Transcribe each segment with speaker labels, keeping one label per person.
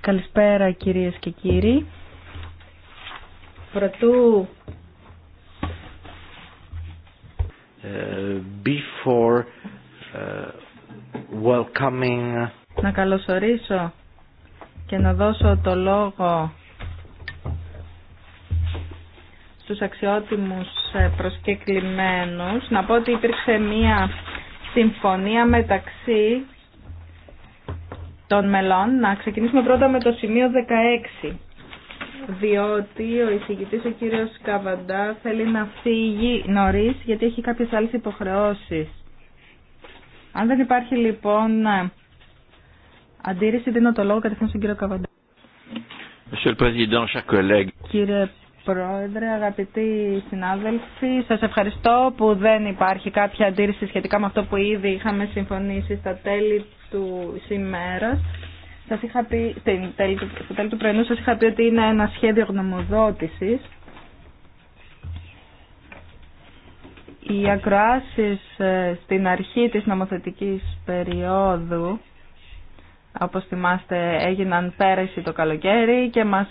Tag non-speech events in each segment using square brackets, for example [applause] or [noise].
Speaker 1: Καλησπέρα κυρίες και κύριοι. Πρωτού
Speaker 2: ε, before ε,
Speaker 1: να καλωσορίσω και να δώσω το λόγο στους αξιότιμους ε, προσκεκλημένους να πω ότι υπήρξε μία συμφωνία μεταξύ των μελών. Να ξεκινήσουμε πρώτα με το σημείο 16 διότι ο εισηγητής ο κύριος Καβαντά θέλει να φύγει νωρίς γιατί έχει κάποιες άλλες υποχρεώσεις. Αν δεν υπάρχει λοιπόν αντίρρηση δίνω το λόγο κατευθείαν στον κύριο Καβαντά. Πρόεδρε, αγαπητοί συνάδελφοι, σας ευχαριστώ που δεν υπάρχει κάποια αντίρρηση σχετικά με αυτό που ήδη είχαμε συμφωνήσει στα τέλη του σήμερα. Σας είχα πει, τέλη, στο τέλη του πρωινού σας είχα πει ότι είναι ένα σχέδιο γνωμοδότησης. Οι ακροάσεις ε, στην αρχή της νομοθετικής περίοδου όπως θυμάστε έγιναν πέρυσι το καλοκαίρι και μας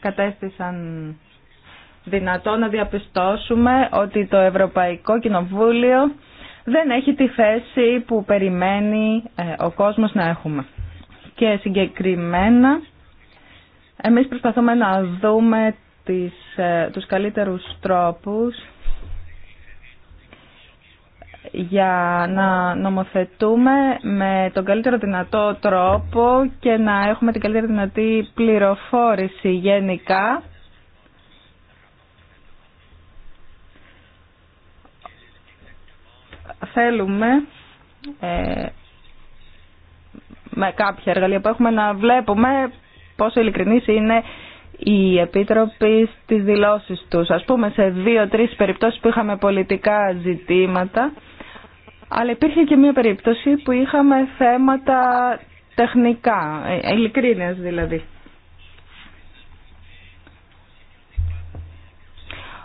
Speaker 1: κατέστησαν δυνατό να διαπιστώσουμε ότι το Ευρωπαϊκό Κοινοβούλιο δεν έχει τη θέση που περιμένει ε, ο κόσμος να έχουμε. Και συγκεκριμένα εμείς προσπαθούμε να δούμε τις, ε, τους καλύτερους τρόπους για να νομοθετούμε με τον καλύτερο δυνατό τρόπο και να έχουμε την καλύτερη δυνατή πληροφόρηση γενικά θέλουμε ε, με κάποια εργαλεία που έχουμε να βλέπουμε πόσο ειλικρινής είναι η Επίτροπη στις δηλώσεις τους. Ας πούμε σε δύο-τρεις περιπτώσεις που είχαμε πολιτικά ζητήματα αλλά υπήρχε και μία περίπτωση που είχαμε θέματα τεχνικά, ειλικρίνειας δηλαδή.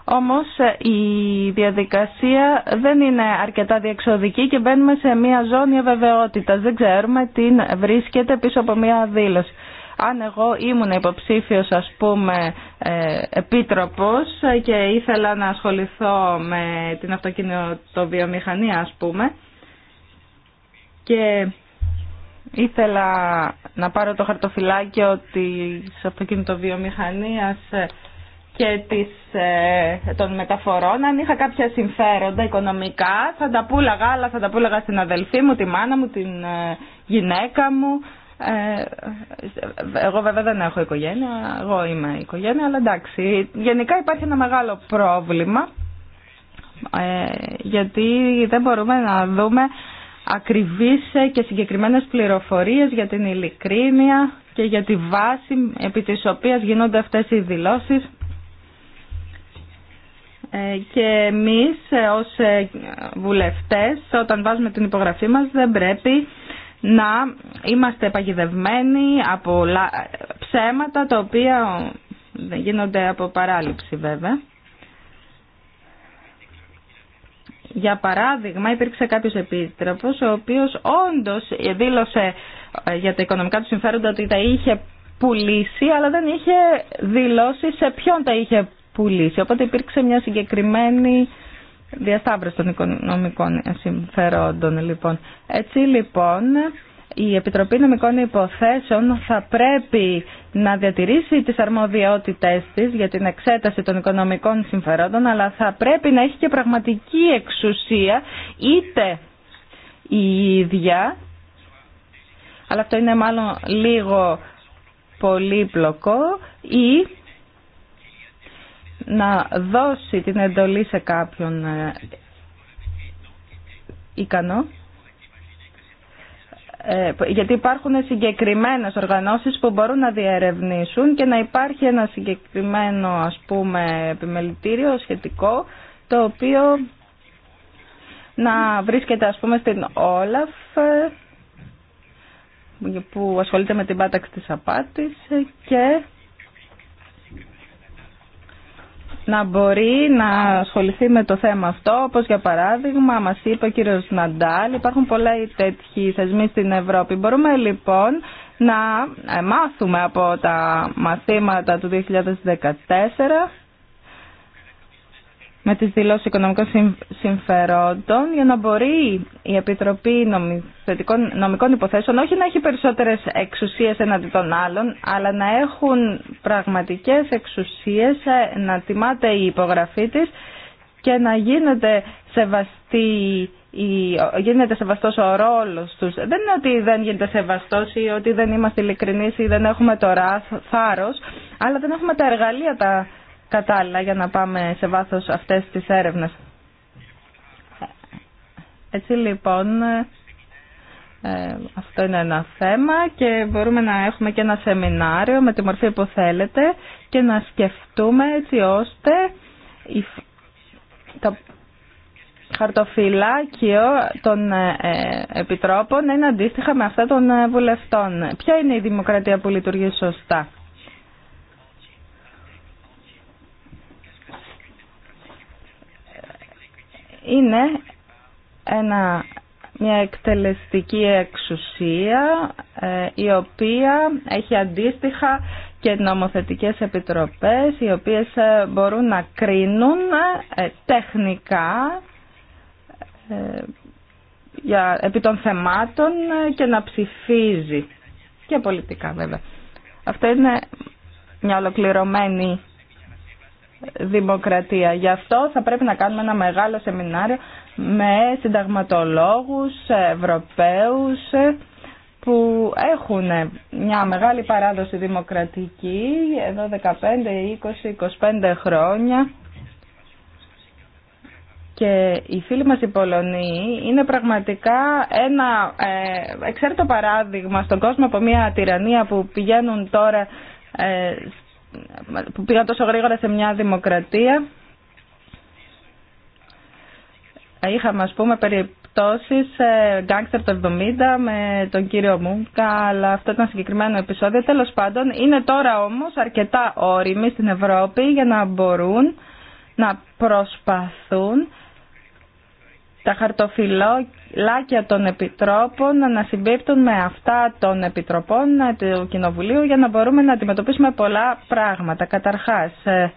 Speaker 1: Όμως ε, η διαδικασία δεν είναι αρκετά διεξοδική και μπαίνουμε σε μια ζώνη αβεβαιότητας. Δεν ξέρουμε τι βρίσκεται πίσω από μια δήλωση αν εγώ ήμουν υποψήφιος ας πούμε ε, επίτροπος και ήθελα να ασχοληθώ με την αυτοκινητοβιομηχανία ας πούμε και ήθελα να πάρω το χαρτοφυλάκιο της αυτοκινητοβιομηχανίας και ε, των μεταφορών. Αν είχα κάποια συμφέροντα οικονομικά θα τα πούλαγα, αλλά θα τα πούλαγα στην αδελφή μου, τη μάνα μου, την ε, γυναίκα μου, ε, εγώ βέβαια δεν έχω οικογένεια, εγώ είμαι οικογένεια, αλλά εντάξει. Γενικά υπάρχει ένα μεγάλο πρόβλημα, ε, γιατί δεν μπορούμε να δούμε ακριβείς και συγκεκριμένες πληροφορίες για την ειλικρίνεια και για τη βάση επί της οποίας γίνονται αυτές οι δηλώσεις. Ε, και εμείς ως βουλευτές όταν βάζουμε την υπογραφή μας δεν πρέπει να είμαστε παγιδευμένοι από ψέματα τα οποία γίνονται από παράληψη βέβαια. Για παράδειγμα, υπήρξε κάποιος επίτροπος ο οποίος όντως δήλωσε ε, για τα οικονομικά του συμφέροντα ότι τα είχε πουλήσει, αλλά δεν είχε δηλώσει σε ποιον τα είχε πουλήσει. Οπότε υπήρξε μια συγκεκριμένη διασταύρωση των οικονομικών συμφερόντων λοιπόν. Έτσι λοιπόν η Επιτροπή Νομικών Υποθέσεων θα πρέπει να διατηρήσει τις αρμοδιότητές της για την εξέταση των οικονομικών συμφερόντων αλλά θα πρέπει να έχει και πραγματική εξουσία είτε η ίδια αλλά αυτό είναι μάλλον λίγο πολύπλοκο ή να δώσει την εντολή σε κάποιον ε, ικανό ε, γιατί υπάρχουν συγκεκριμένες οργανώσεις που μπορούν να διερευνήσουν και να υπάρχει ένα συγκεκριμένο ας πούμε επιμελητήριο σχετικό το οποίο να βρίσκεται ας πούμε στην Όλαφ ε, που ασχολείται με την πάταξη της απάτης και να μπορεί να ασχοληθεί με το θέμα αυτό, όπως για παράδειγμα μας είπε ο κύριος Ναντάλ, υπάρχουν πολλά τέτοιοι θεσμοί στην Ευρώπη. Μπορούμε λοιπόν να ε, μάθουμε από τα μαθήματα του 2014 με τις δηλώσεις οικονομικών συμφερόντων για να μπορεί η Επιτροπή Νομικών Υποθέσεων όχι να έχει περισσότερες εξουσίες εναντί των άλλων, αλλά να έχουν πραγματικές εξουσίες, ε, να τιμάται η υπογραφή της και να γίνεται, σεβαστή, γίνεται σεβαστός ο ρόλος τους. Δεν είναι ότι δεν γίνεται σεβαστός ή ότι δεν είμαστε ειλικρινείς ή δεν έχουμε το θάρρος, αλλά δεν έχουμε τα εργαλεία τα κατάλληλα για να πάμε σε βάθος αυτές τις έρευνες. Έτσι λοιπόν, ε, αυτό είναι ένα θέμα και μπορούμε να έχουμε και ένα σεμινάριο με τη μορφή που θέλετε και να σκεφτούμε έτσι ώστε το χαρτοφυλάκιο των ε, ε, επιτρόπων να είναι αντίστοιχα με αυτά των βουλευτών. Ποια είναι η δημοκρατία που λειτουργεί σωστά. είναι μια εκτελεστική εξουσία ε, η οποία έχει αντίστοιχα και νομοθετικές επιτροπές οι οποίες ε, μπορούν να κρίνουν ε, τεχνικά για, επί των θεμάτων και να ψηφίζει και πολιτικά βέβαια. Αυτό είναι μια ολοκληρωμένη δημοκρατία. Γι' αυτό θα πρέπει να κάνουμε ένα μεγάλο σεμινάριο με συνταγματολόγους, Ευρωπαίους που έχουν μια μεγάλη παράδοση δημοκρατική εδώ 15, 20, 25 χρόνια και οι φίλοι μας οι Πολωνοί είναι πραγματικά ένα ε, εξαίρετο παράδειγμα στον κόσμο από μια τυραννία που πηγαίνουν τώρα ε, που πήγαν τόσο γρήγορα σε μια δημοκρατία. Είχαμε ας πούμε περιπτώσεις ε, γκάγκστερ το 70 με τον κύριο Μούγκα, αλλά αυτό ήταν συγκεκριμένο επεισόδιο. Τέλος πάντων είναι τώρα όμως αρκετά όριμοι στην Ευρώπη για να μπορούν να προσπαθούν τα χαρτοφυλάκια των επιτρόπων να συμπίπτουν με αυτά των επιτροπών ε, του Κοινοβουλίου για να μπορούμε να αντιμετωπίσουμε πολλά πράγματα. Καταρχάς, ε,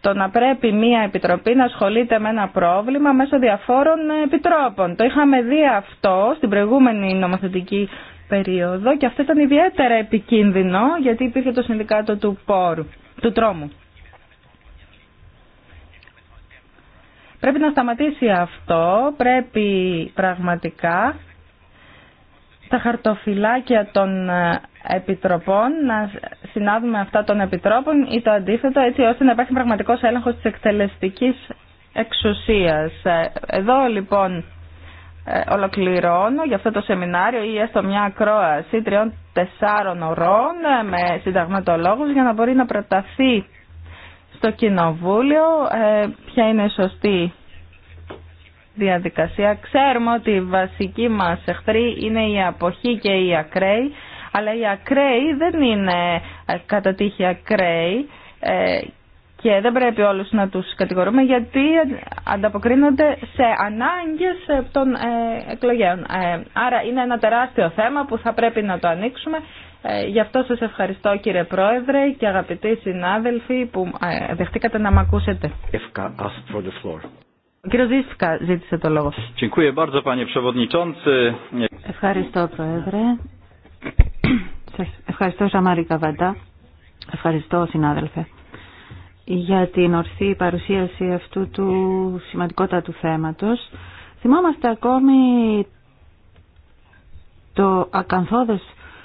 Speaker 1: το να πρέπει μία επιτροπή να ασχολείται με ένα πρόβλημα μέσω διαφόρων ε, επιτρόπων. Το είχαμε δει αυτό στην προηγούμενη νομοθετική περίοδο και αυτό ήταν ιδιαίτερα επικίνδυνο γιατί υπήρχε το συνδικάτο του του τρόμου. Πρέπει να σταματήσει αυτό, πρέπει πραγματικά τα χαρτοφυλάκια των ε, επιτροπών να συνάδουμε αυτά των επιτρόπων ή το αντίθετο έτσι ώστε να υπάρχει πραγματικός έλεγχος της εκτελεστικής εξουσίας. Ε, εδώ λοιπόν ε, ολοκληρώνω για αυτό το σεμινάριο ή έστω μια ακρόαση τριών-τεσσάρων ωρών με συνταγματολόγους για να μπορεί να προταθεί στο Κοινοβούλιο ε, ποια είναι σωστή διαδικασία. Ξέρουμε ότι η βασική μας εχθρή είναι η αποχή και η ακραίοι, αλλά η ακραίοι δεν είναι ε, κατά τύχη ακραίοι ε, και δεν πρέπει όλους να τους κατηγορούμε γιατί ανταποκρίνονται σε ανάγκες των εκλογέων. Άρα είναι ένα τεράστιο θέμα που θα πρέπει να το ανοίξουμε ε, γι' αυτό σας ευχαριστώ κύριε Πρόεδρε και αγαπητοί συνάδελφοι που ε, δεχτήκατε να με ακούσετε. Ο κύριος Ζήσκα
Speaker 3: ζήτησε το λόγο. Ευχαριστώ Πρόεδρε. ευχαριστώ Σαμάρη Καβαντά. Ευχαριστώ συνάδελφε για την ορθή παρουσίαση αυτού του σημαντικότατου θέματος. Θυμόμαστε ακόμη το ακαθόδες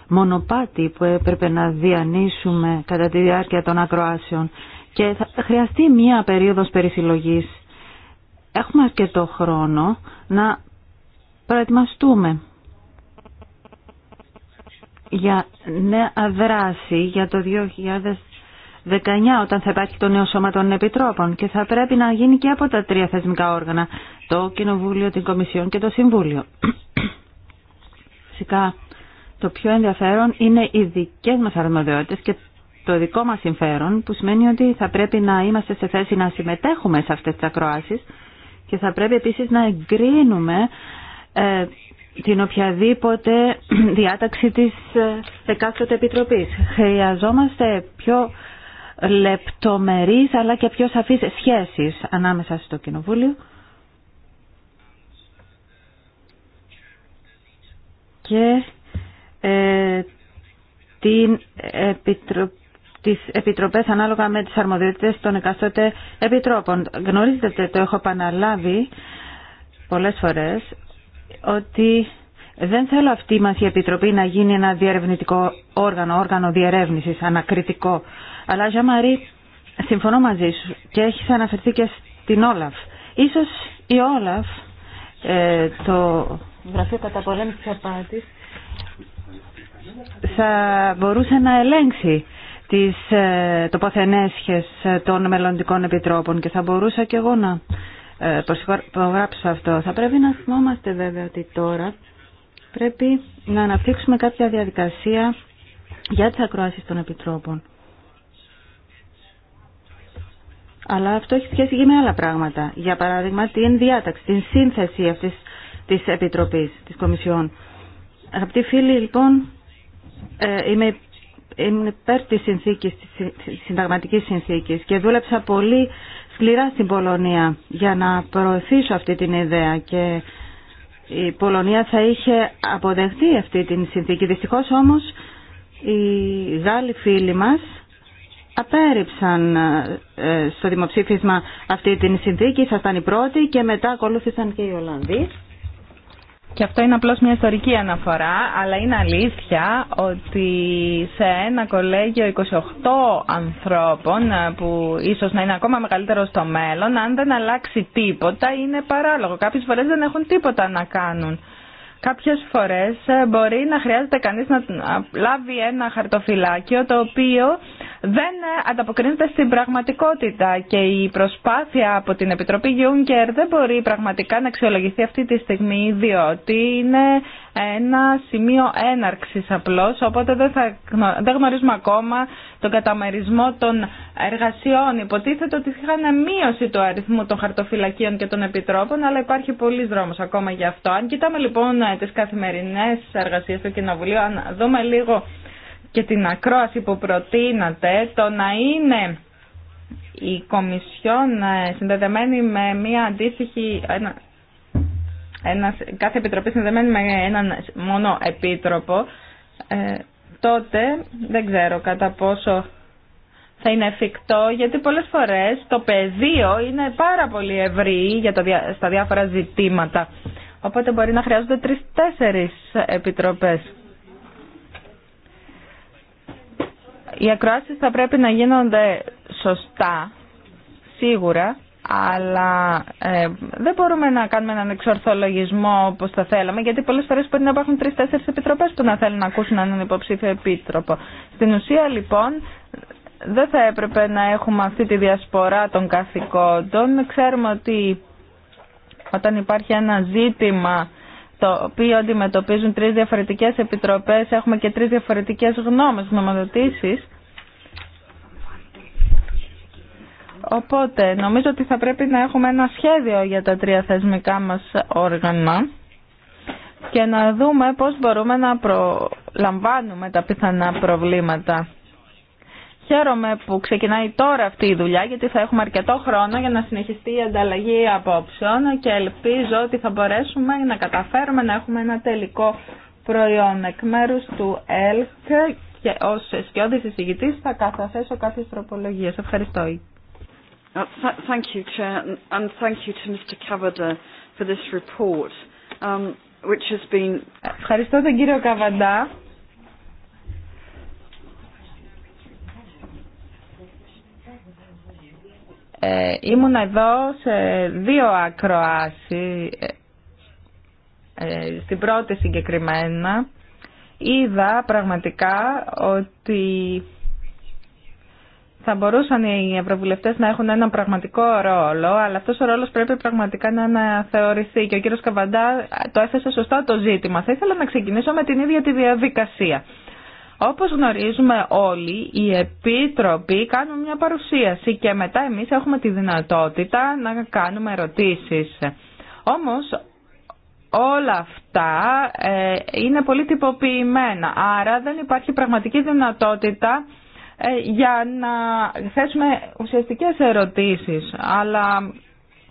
Speaker 3: μονοπάτι που έπρεπε να διανύσουμε κατά τη διάρκεια των ακροάσεων και θα χρειαστεί μία περίοδος περισυλλογής. Έχουμε αρκετό χρόνο να προετοιμαστούμε για νέα δράση για το 2019 όταν θα υπάρχει το νέο σώμα των επιτρόπων και θα πρέπει να γίνει και από τα τρία θεσμικά όργανα, το Κοινοβούλιο, την Κομισιόν και το Συμβούλιο. [coughs] Φυσικά το πιο ενδιαφέρον είναι οι δικέ μα αρμοδιότητε και το δικό μα συμφέρον, που σημαίνει ότι θα πρέπει να είμαστε σε θέση να συμμετέχουμε σε αυτέ τι ακροάσει και θα πρέπει επίση να εγκρίνουμε ε, την οποιαδήποτε [clears throat] διάταξη της ε, εκάστοτε επιτροπής. Χρειαζόμαστε πιο λεπτομερείς αλλά και πιο σαφείς σχέσεις ανάμεσα στο Κοινοβούλιο και ε, την Επιτροπή τις επιτροπές ανάλογα με τις αρμοδιότητες των εκάστοτε επιτρόπων. Γνωρίζετε, το έχω επαναλάβει πολλές φορές, ότι δεν θέλω αυτή μας η επιτροπή να γίνει ένα διερευνητικό όργανο, όργανο διερεύνησης, ανακριτικό. Αλλά, Ζαμαρή, συμφωνώ μαζί σου και έχει αναφερθεί και στην Όλαφ. Ίσως η Όλαφ, ε, το γραφείο τη απάτης, θα μπορούσε να ελέγξει τις ε, τοποθενέσχες ε, των μελλοντικών επιτρόπων και θα μπορούσα και εγώ να ε, προγράψω αυτό. Θα πρέπει να θυμόμαστε βέβαια ότι τώρα πρέπει να αναπτύξουμε κάποια διαδικασία για τις ακροάσεις των επιτρόπων. Αλλά αυτό έχει σχέση και με άλλα πράγματα. Για παράδειγμα, την διάταξη, την σύνθεση αυτής της Επιτροπής, της Κομισιόν. Αγαπητοί φίλοι, λοιπόν, ε, είμαι Είμαι υπέρ της συνθήκης, της συνταγματικής συνθήκης και δούλεψα πολύ σκληρά στην Πολωνία για να προωθήσω αυτή την ιδέα και η Πολωνία θα είχε αποδεχτεί αυτή την συνθήκη. Δυστυχώς όμως οι Γάλλοι φίλοι μας απέρριψαν ε, στο δημοψήφισμα αυτή την συνθήκη, θα ήταν οι πρώτοι και μετά ακολούθησαν και οι Ολλανδοί. Και αυτό είναι απλώς μια ιστορική αναφορά, αλλά είναι
Speaker 1: αλήθεια ότι σε ένα κολέγιο 28 ανθρώπων, ε, που ίσως να είναι ακόμα μεγαλύτερο στο μέλλον, αν δεν αλλάξει τίποτα είναι παράλογο. Κάποιες φορές δεν έχουν τίποτα να κάνουν. Κάποιες φορές ε, μπορεί να χρειάζεται κανείς να λάβει ένα χαρτοφυλάκιο το οποίο δεν ανταποκρίνεται στην πραγματικότητα και η προσπάθεια από την Επιτροπή Γιούγκερ δεν μπορεί πραγματικά να αξιολογηθεί αυτή τη στιγμή διότι είναι ένα σημείο έναρξης απλώς οπότε δεν, δεν γνωρίζουμε ακόμα τον καταμερισμό των εργασιών. Υποτίθεται ότι είχαν μείωση του αριθμού των χαρτοφυλακίων και των επιτρόπων αλλά υπάρχει πολλή δρόμος ακόμα γι' αυτό. Αν κοιτάμε λοιπόν ε, τις καθημερινές εργασίες του Κοινοβουλίου, αν δούμε λίγο και την ακρόαση που προτείνατε, το να είναι η Κομισιόν ε, συνδεδεμένη με μια αντίστοιχη, ένα, ένας, κάθε επιτροπή συνδεδεμένη με έναν μόνο επίτροπο, ε, τότε δεν ξέρω κατά πόσο θα είναι εφικτό, γιατί πολλές φορές το πεδίο είναι πάρα πολύ ευρύ για τα, στα διάφορα ζητήματα. Οπότε μπορεί να χρειάζονται τρεις-τέσσερις επιτροπές. Οι ακρόασει θα πρέπει να γίνονται σωστά, σίγουρα, αλλά ε, δεν μπορούμε να κάνουμε έναν εξορθολογισμό όπως θα θέλαμε, γιατί πολλές φορές μπορεί να υπαρχουν τρει τρει-τέσσερι επιτροπές που να θέλουν να ακούσουν έναν υποψήφιο επίτροπο. Στην ουσία λοιπόν δεν θα έπρεπε να έχουμε αυτή τη διασπορά των καθηκόντων. Ξέρουμε ότι όταν υπάρχει ένα ζήτημα το οποίο αντιμετωπίζουν τρεις διαφορετικές επιτροπές, έχουμε και τρεις διαφορετικές γνώμες γνωμοδοτήσεις. Οπότε, νομίζω ότι θα πρέπει να έχουμε ένα σχέδιο για τα τρία θεσμικά μας όργανα και να δούμε πώς μπορούμε να προλαμβάνουμε τα πιθανά προβλήματα. Χαίρομαι που ξεκινάει τώρα αυτή η δουλειά γιατί θα έχουμε αρκετό χρόνο για να συνεχιστεί η ανταλλαγή απόψεων και ελπίζω ότι θα μπορέσουμε να καταφέρουμε να έχουμε ένα τελικό προϊόν εκ μέρους του ΕΛΚ και ως σκιώδης εισηγητής θα καταθέσω κάποιες τροπολογίες. Ευχαριστώ. Ευχαριστώ τον κύριο Καβαντά Ε, ήμουν εδώ σε δύο ακροάσει, ε, στην πρώτη συγκεκριμένα, είδα πραγματικά ότι θα μπορούσαν οι ευρωβουλευτές να έχουν έναν πραγματικό ρόλο, αλλά αυτός ο ρόλος πρέπει πραγματικά να αναθεωρηθεί. Και ο κύριος Καβαντά το έθεσε σωστά το ζήτημα. Θα ήθελα να ξεκινήσω με την ίδια τη διαδικασία. Όπως γνωρίζουμε όλοι, οι επίτροποι κάνουν μια παρουσίαση και μετά εμείς έχουμε τη δυνατότητα να κάνουμε ερωτήσεις. Όμως όλα αυτά ε, είναι πολύ τυποποιημένα, άρα δεν υπάρχει πραγματική δυνατότητα ε, για να θέσουμε ουσιαστικές ερωτήσεις, αλλά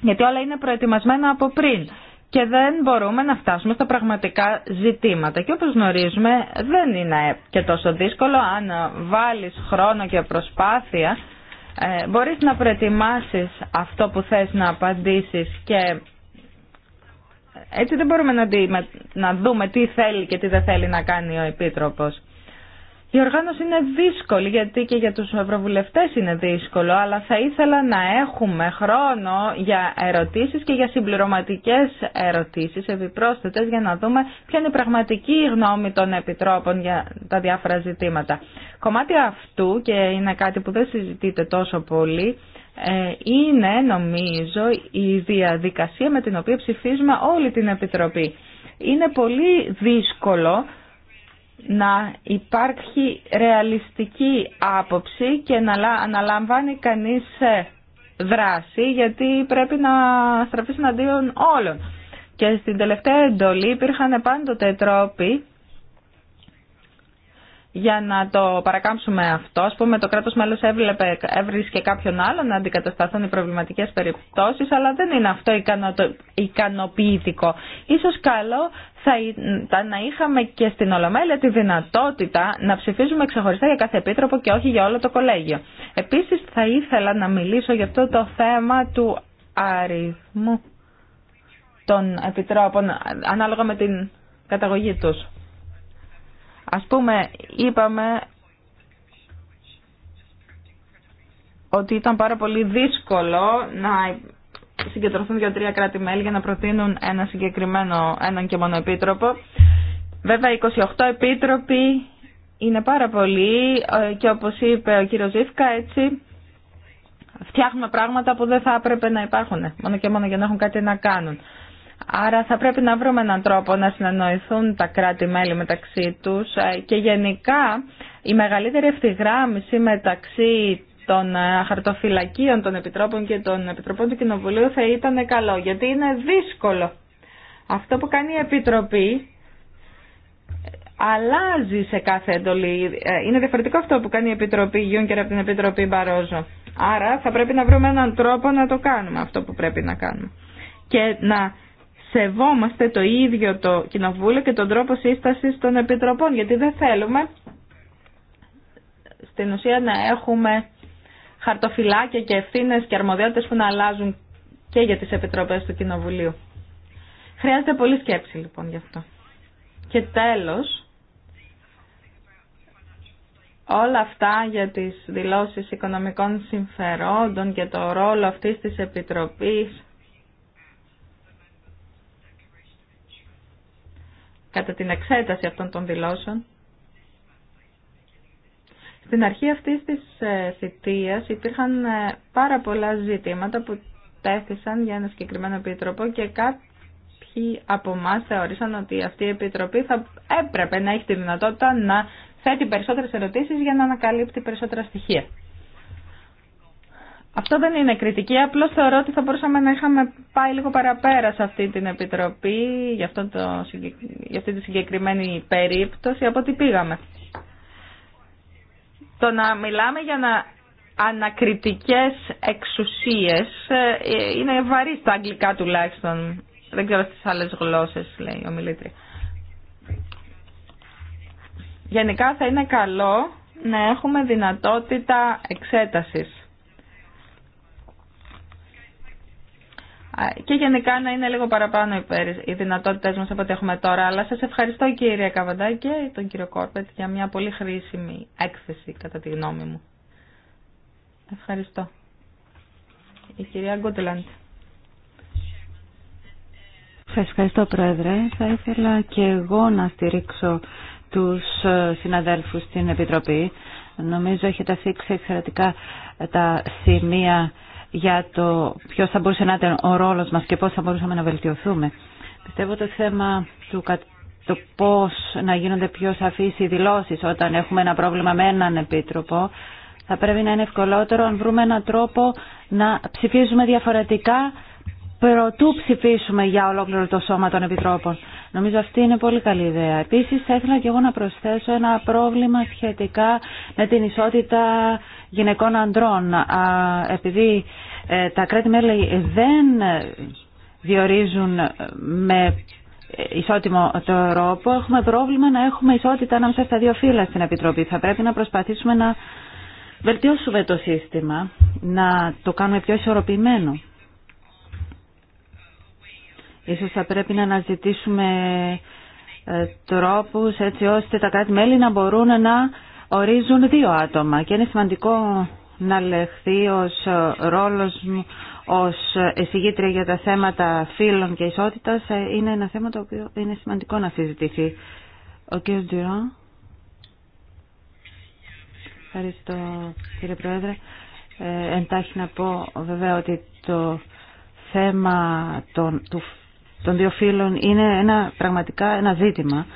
Speaker 1: γιατί όλα είναι προετοιμασμένα από πριν και δεν μπορούμε να φτάσουμε στα πραγματικά ζητήματα. Και όπως γνωρίζουμε δεν είναι και τόσο δύσκολο αν βάλεις χρόνο και προσπάθεια ε, μπορείς να προετοιμάσεις αυτό που θες να απαντήσεις και έτσι δεν μπορούμε να, δούμε τι θέλει και τι δεν θέλει να κάνει ο Επίτροπος. Η οργάνωση είναι δύσκολη γιατί και για τους ευρωβουλευτές είναι δύσκολο αλλά θα ήθελα να έχουμε χρόνο για ερωτήσεις και για συμπληρωματικές ερωτήσεις επιπρόσθετες για να δούμε ποια είναι η πραγματική γνώμη των επιτρόπων για τα διάφορα ζητήματα. Κομμάτι αυτού και είναι κάτι που δεν συζητείται τόσο πολύ ε, είναι νομίζω η διαδικασία με την οποία ψηφίζουμε όλη την Επιτροπή. Είναι πολύ δύσκολο να υπάρχει ρεαλιστική άποψη και να αναλαμβάνει κανείς ε, δράση γιατί πρέπει να στραφείς εναντίον όλων. Και στην τελευταία εντολή υπήρχαν πάντοτε τρόποι για να το παρακάμψουμε αυτό, Α πούμε το κράτος μέλος έβρισκε κάποιον άλλον να αντικατασταθούν οι προβληματικές περιπτώσεις, αλλά δεν είναι αυτό ικανοποιητικό. Ίσως καλό θα ήταν να είχαμε και στην Ολομέλεια τη δυνατότητα να ψηφίζουμε ξεχωριστά για κάθε επίτροπο και όχι για όλο το κολέγιο. Επίσης θα ήθελα να μιλήσω για αυτό το θέμα του αριθμού των επιτρόπων, ανάλογα με την καταγωγή τους. Ας πούμε, είπαμε ότι ήταν πάρα πολύ δύσκολο να συγκεντρωθούν δύο-τρία κράτη-μέλη για να προτείνουν ένα συγκεκριμένο, έναν και μόνο επίτροπο. Βέβαια, 28 επίτροποι είναι πάρα πολλοί ε, και όπως είπε ο κύριος Ζήφκα, έτσι φτιάχνουμε πράγματα που δεν θα έπρεπε να υπάρχουν, μόνο και μόνο για να έχουν κάτι να κάνουν. Άρα θα πρέπει να βρούμε έναν τρόπο να συνεννοηθούν τα κράτη-μέλη μεταξύ τους ε, και γενικά η μεγαλύτερη ευθυγράμμιση μεταξύ των ε, χαρτοφυλακίων των Επιτρόπων και των Επιτροπών του Κοινοβουλίου θα ήταν καλό, γιατί είναι δύσκολο. Αυτό που κάνει η Επιτροπή ε, αλλάζει σε κάθε εντολή. Είναι διαφορετικό αυτό που κάνει η Επιτροπή Γιούνκερ από την Επιτροπή Μπαρόζο. Άρα θα πρέπει να βρούμε έναν τρόπο να το κάνουμε αυτό που πρέπει να κάνουμε. Και να σεβόμαστε το ίδιο το κοινοβούλιο και τον τρόπο σύστασης των επιτροπών, γιατί δεν θέλουμε στην ουσία να έχουμε χαρτοφυλάκια και ευθύνε και αρμοδιότητες που να αλλάζουν και για τις επιτροπές του Κοινοβουλίου. Χρειάζεται πολύ σκέψη λοιπόν γι' αυτό. Και τέλος, όλα αυτά για τις δηλώσεις οικονομικών συμφερόντων και το ρόλο αυτής της Επιτροπής κατά την εξέταση αυτών των δηλώσεων. Στην αρχή αυτής της ε, θητείας υπήρχαν ε, πάρα πολλά ζητήματα που τέθησαν για ένα συγκεκριμένο επίτροπο και κάποιοι από εμά θεώρησαν ότι αυτή η επιτροπή θα έπρεπε να έχει τη δυνατότητα να θέτει περισσότερες ερωτήσεις για να ανακαλύπτει περισσότερα στοιχεία. Αυτό δεν είναι κριτική, απλώς θεωρώ ότι θα μπορούσαμε να είχαμε πάει λίγο παραπέρα σε αυτή την Επιτροπή για, αυτό το, για αυτή τη συγκεκριμένη περίπτωση από ό,τι πήγαμε. Το να μιλάμε για να ανακριτικές εξουσίες ε, είναι βαρύ στα αγγλικά τουλάχιστον. Δεν ξέρω στις άλλες γλώσσες λέει ο Μιλήτρη. Γενικά θα είναι καλό να έχουμε δυνατότητα εξέτασης και γενικά να είναι λίγο παραπάνω υπέρ οι δυνατότητε μα από ό,τι έχουμε τώρα. Αλλά σα ευχαριστώ κύριε Καβαντά και τον κύριο Κόρπετ για μια πολύ χρήσιμη έκθεση κατά τη γνώμη μου. Ευχαριστώ. Η κυρία Γκούτλαντ.
Speaker 3: Σα ευχαριστώ Πρόεδρε. Θα ήθελα και εγώ να στηρίξω του ε, συναδέλφου στην Επιτροπή. Νομίζω έχετε αφήξει εξαιρετικά τα σημεία για το ποιο θα μπορούσε να ήταν ο ρόλο μα και πώ θα μπορούσαμε να βελτιωθούμε. Πιστεύω το θέμα του το πώς να γίνονται πιο σαφείς οι δηλώσεις όταν έχουμε ένα πρόβλημα με έναν επίτροπο, θα πρέπει να είναι ευκολότερο αν βρούμε έναν τρόπο να ψηφίζουμε διαφορετικά προτού ψηφίσουμε για ολόκληρο το σώμα των επιτρόπων. Νομίζω αυτή είναι πολύ καλή ιδέα. Επίσης θα ήθελα και εγώ να προσθέσω ένα πρόβλημα σχετικά με την ισότητα γυναικών ανδρών. Επειδή ε, τα κράτη-μέλη δεν διορίζουν με ισότιμο τρόπο, έχουμε πρόβλημα να έχουμε ισότητα ανάμεσα στα δύο φύλλα στην Επιτροπή. Θα πρέπει να προσπαθήσουμε να βελτιώσουμε το σύστημα, να το κάνουμε πιο ισορροπημένο. Ίσως θα πρέπει να αναζητήσουμε ε, τρόπους έτσι ώστε τα κράτη-μέλη να μπορούν να ορίζουν δύο άτομα και είναι σημαντικό να λεχθεί ως ε, ρόλος μου ως εισηγήτρια για τα θέματα φύλων και ισότητας ε, είναι ένα θέμα το οποίο είναι σημαντικό να συζητηθεί. Ο κ. Ντυρό. Ευχαριστώ κύριε Πρόεδρε. Ε, εντάχει να πω βέβαια ότι το θέμα των, του, των δύο φύλων είναι ένα, πραγματικά ένα ζήτημα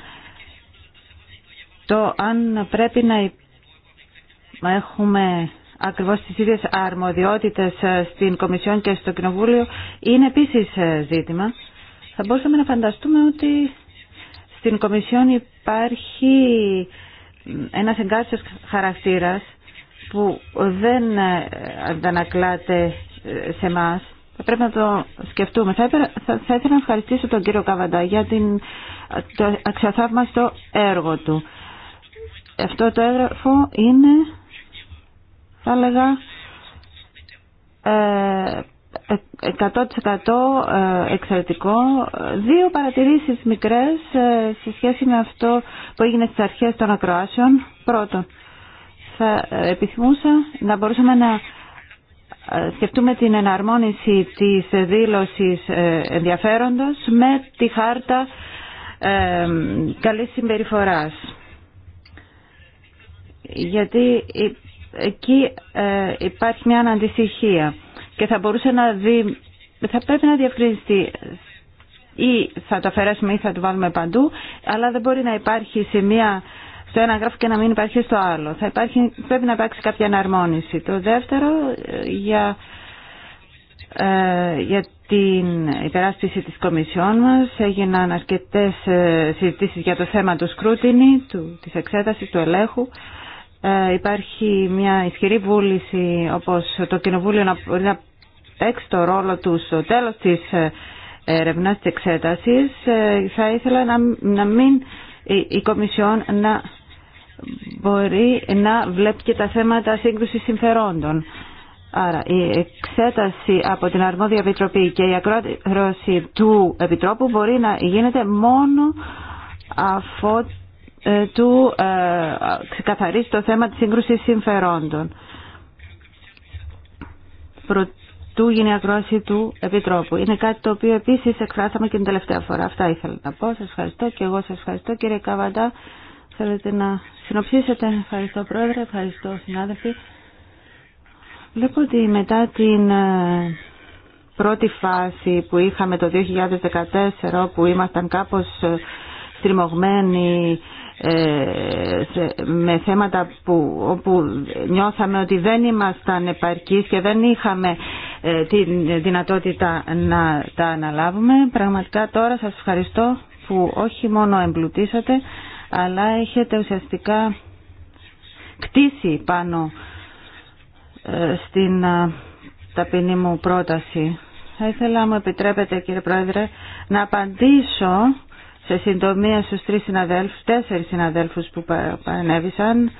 Speaker 3: το αν πρέπει να έχουμε ακριβώς τις ίδιες αρμοδιότητες ε, στην Κομισιόν και στο Κοινοβούλιο είναι επίσης ε, ζήτημα. Θα μπορούσαμε να φανταστούμε ότι στην Κομισιόν υπάρχει ένας εγκάρσιος χαρακτήρας που δεν αντανακλάται ε, σε εμά. Θα πρέπει να το σκεφτούμε. Θα, θα, ήθελα να ευχαριστήσω τον κύριο Καβαντά για την, το αξιοθαύμαστο έργο του. Αυτό το έγγραφο είναι, θα έλεγα, 100% ε, ε, εξαιρετικό. Δύο παρατηρήσεις μικρές ε, σε σχέση με αυτό που έγινε στις αρχές των ακροάσεων. Πρώτον, θα επιθυμούσα να μπορούσαμε να σκεφτούμε την εναρμόνιση της δήλωσης ενδιαφέροντος με τη χάρτα καλής συμπεριφοράς γιατί εκεί ε, υπάρχει μια αναντιστοιχία και θα μπορούσε να δει, θα πρέπει να διευκρινιστεί ή θα το αφαιρέσουμε ή θα το βάλουμε παντού, αλλά δεν μπορεί να υπάρχει σε μία, στο ένα γράφο και να μην υπάρχει στο άλλο. Θα υπάρχει, πρέπει να υπάρξει κάποια αναρμόνιση. Το δεύτερο ε, για, ε, για την υπεράσπιση της Κομισιόν μας έγιναν αρκετές ε, συζητήσεις για το θέμα του σκρούτινη, του, της εξέτασης, του ελέγχου. Ε, υπάρχει μια ισχυρή βούληση όπως το Κοινοβούλιο να, να παίξει το ρόλο του στο τέλος της ε, έρευνας της εξέτασης ε, θα ήθελα να, μην η, Κομισιόν να μπορεί να βλέπει και τα θέματα σύγκρουσης συμφερόντων. Άρα η εξέταση από την αρμόδια επιτροπή και η ακρόαση του επιτρόπου μπορεί να γίνεται μόνο αφού ε, του ε, ξεκαθαρίσει το θέμα της σύγκρουσης συμφερόντων. του γίνει ακρόαση του Επιτρόπου. Είναι κάτι το οποίο επίσης εκφράσαμε και την τελευταία φορά. Αυτά ήθελα να πω. Σας ευχαριστώ και εγώ σας ευχαριστώ. Κύριε Καβαντά, θέλετε να συνοψίσετε. Ευχαριστώ Πρόεδρε, ευχαριστώ συνάδελφοι. Βλέπω ότι μετά την ε, πρώτη φάση που είχαμε το 2014 που ήμασταν κάπως στριμωγμένοι ε, με θέματα που, όπου νιώθαμε ότι δεν ήμασταν επαρκείς και δεν είχαμε ε, τη δυνατότητα να τα αναλάβουμε. Πραγματικά τώρα σας ευχαριστώ που όχι μόνο εμπλουτίσατε αλλά έχετε ουσιαστικά κτίσει πάνω ε, στην ταπεινή μου πρόταση. Θα ήθελα, μου επιτρέπετε κύριε Πρόεδρε, να απαντήσω σε συντομία στους τρεις συναδέλφους, τέσσερις συναδέλφους που παρενέβησαν,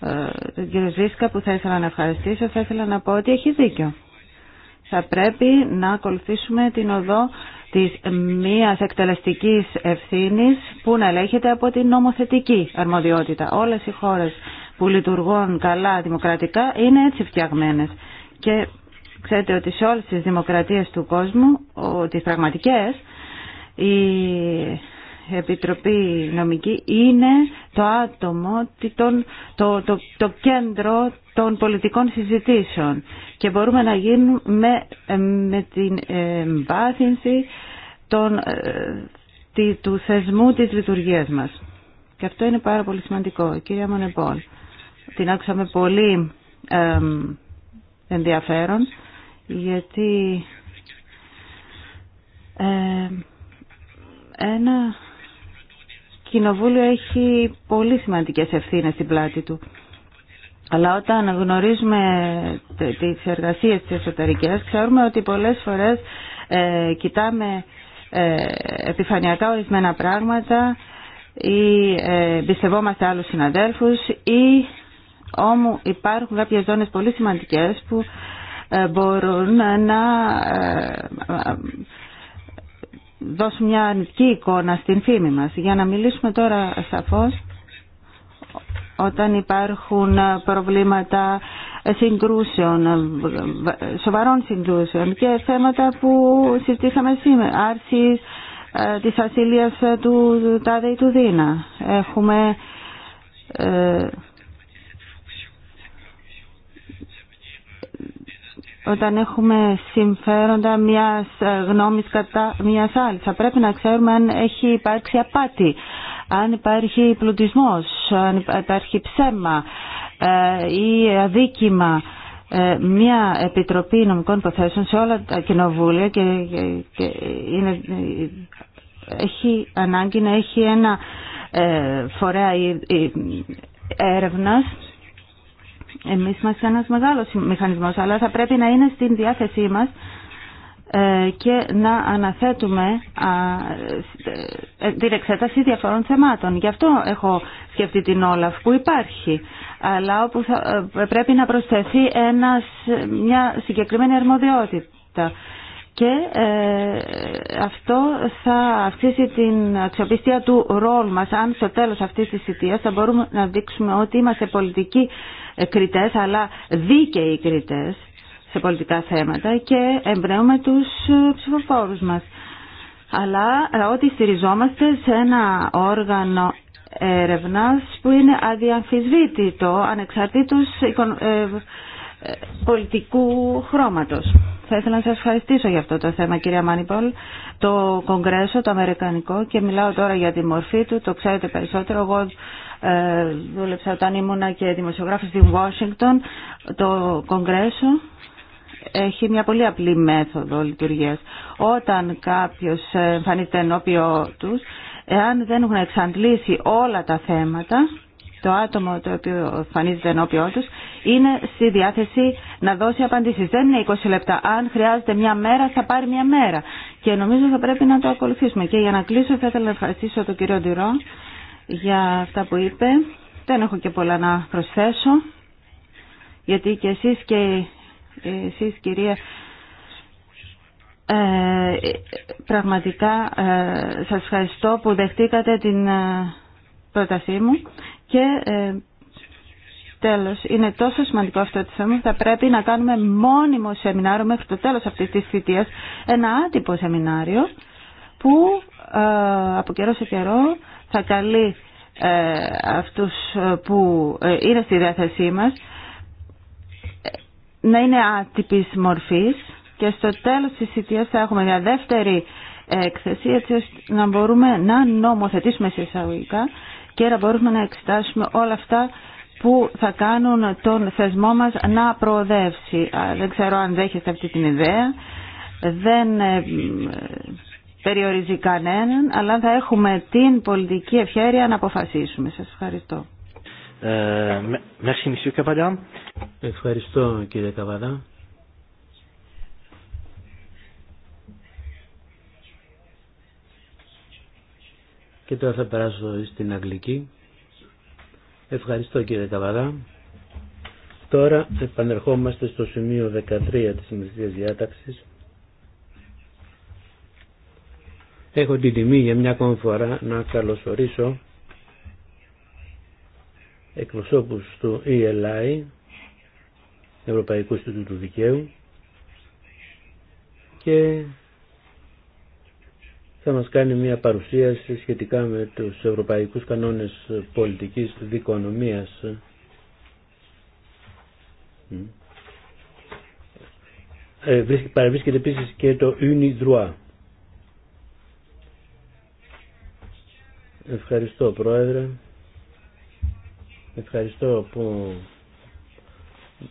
Speaker 3: ε, τον κύριο Ζήσκα που θα ήθελα να ευχαριστήσω, θα ήθελα να πω ότι έχει δίκιο. Θα πρέπει να ακολουθήσουμε την οδό της μίας εκτελεστικής ευθύνης που να ελέγχεται από την νομοθετική αρμοδιότητα. Όλες οι χώρες που λειτουργούν καλά δημοκρατικά είναι έτσι φτιαγμένες. Και ξέρετε ότι σε όλες τις δημοκρατίες του κόσμου, τις πραγματικές, η Επιτροπή Νομική είναι το άτομο, το, το, το κέντρο των πολιτικών συζητήσεων και μπορούμε να γίνουμε με την βάθυνση των, ε, του θεσμού της λειτουργίας μας. Και αυτό είναι πάρα πολύ σημαντικό. Κυρία Μονεπόλ, την άκουσα με πολύ ενδιαφέρον γιατί ε, ένα Κοινοβούλιο έχει πολύ σημαντικές ευθύνες στην πλάτη του. Αλλά όταν γνωρίζουμε τις εργασίες της εσωτερικές, ξέρουμε ότι πολλές φορές ε, κοιτάμε ε, επιφανειακά ορισμένα πράγματα ή ε, άλλους συναδέλφους ή όμως υπάρχουν κάποιες ζώνες πολύ σημαντικές που ε, μπορούν να ε, δώσουν μια αρνητική εικόνα στην φήμη μας. Για να μιλήσουμε τώρα σαφώς, όταν υπάρχουν προβλήματα συγκρούσεων, σοβαρών συγκρούσεων και θέματα που συζητήσαμε σήμερα, άρση ε, της ασυλίας του τάδε ή του δίνα. Έχουμε ε, όταν έχουμε συμφέροντα μιας ε, γνώμης κατά μιας άλλης. Θα πρέπει να ξέρουμε αν έχει υπάρξει απάτη, αν υπάρχει πλουτισμός, αν υπάρχει ψέμα ε, ή αδίκημα. Ε, μια Επιτροπή Νομικών Υποθέσεων σε όλα τα κοινοβούλια και είναι, έχει ανάγκη να έχει ένα φορέα έρευνας εμείς είμαστε ένας μεγάλος μηχανισμός, αλλά θα πρέπει να είναι στην διάθεσή μας ε, και να αναθέτουμε ε, την εξέταση διαφορών θεμάτων. Γι' αυτό έχω σκεφτεί την Όλαφ που υπάρχει, αλλά όπου ε, πρέπει να προσθεθεί ένας, μια συγκεκριμένη αρμοδιότητα. Και αυτό θα αυξήσει την αξιοπιστία του ρόλου μας αν στο τέλος αυτής της θητείας θα μπορούμε να δείξουμε ότι είμαστε πολιτικοί κριτές αλλά δίκαιοι κριτές σε πολιτικά θέματα και εμπνέουμε τους ε, ψηφοφόρους μας. Αλλά ε, ότι στηριζόμαστε σε ένα όργανο έρευνας που είναι αδιαμφισβήτητο ανεξαρτήτως ε, πολιτικού χρώματος. Θα ήθελα να σας ευχαριστήσω για αυτό το θέμα κυρία Μάνιπολ. Το Κογκρέσο, το Αμερικανικό και μιλάω τώρα για τη μορφή του, το ξέρετε περισσότερο. Εγώ ε, δούλεψα όταν ήμουνα και δημοσιογράφος στην Washington, το Κογκρέσο έχει μια πολύ απλή μέθοδο λειτουργίας. Όταν κάποιος εμφανίζεται ενώπιό τους, εάν δεν έχουν εξαντλήσει όλα τα θέματα, το άτομο το οποίο εμφανίζεται ενώπιό τους, είναι στη διάθεση να δώσει απαντήσεις. Δεν είναι 20 λεπτά. Αν χρειάζεται μια μέρα, θα πάρει μια μέρα. Και νομίζω θα πρέπει να το ακολουθήσουμε. Και για να κλείσω θα ήθελα να ευχαριστήσω τον κύριο Ντυρό για αυτά που είπε. Δεν έχω και πολλά να προσθέσω, γιατί και εσείς και εσείς κυρία ε, πραγματικά ε, σας ευχαριστώ που δεχτήκατε την ε, πρότασή μου και ε, τέλος είναι τόσο σημαντικό αυτό το θέμα θα πρέπει να κάνουμε μόνιμο σεμινάριο μέχρι το τέλος αυτής της θητείας ένα άτυπο σεμινάριο που ε, από καιρό σε καιρό θα καλεί ε, αυτούς ε, που ε, είναι στη διάθεσή μας να είναι άτυπης μορφής και στο τέλος της θητείας θα έχουμε μια δεύτερη έκθεση έτσι ώστε να μπορούμε να νομοθετήσουμε σε εισαγωγικά και να μπορούμε να εξετάσουμε όλα αυτά που θα κάνουν τον θεσμό μας να προοδεύσει. Δεν ξέρω αν δέχεστε αυτή την ιδέα. Δεν περιορίζει κανέναν, αλλά θα έχουμε την πολιτική ευχαίρεια να αποφασίσουμε. Σας ευχαριστώ.
Speaker 2: Ε, ευχαριστώ κύριε Καβαδά. Και τώρα θα περάσω στην Αγγλική. Ευχαριστώ κύριε Καβαδά. Τώρα επανερχόμαστε στο σημείο 13 της Συνδυσίας Διάταξης Έχω την τιμή για μια ακόμη φορά να καλωσορίσω εκπροσώπους του ELI, Ευρωπαϊκού του Δικαίου και θα μας κάνει μια παρουσίαση σχετικά με τους ευρωπαϊκούς κανόνες πολιτικής δικονομίας. Ε, Παραβρίσκεται επίσης και το UNIDROIT Ευχαριστώ Πρόεδρε. Ευχαριστώ που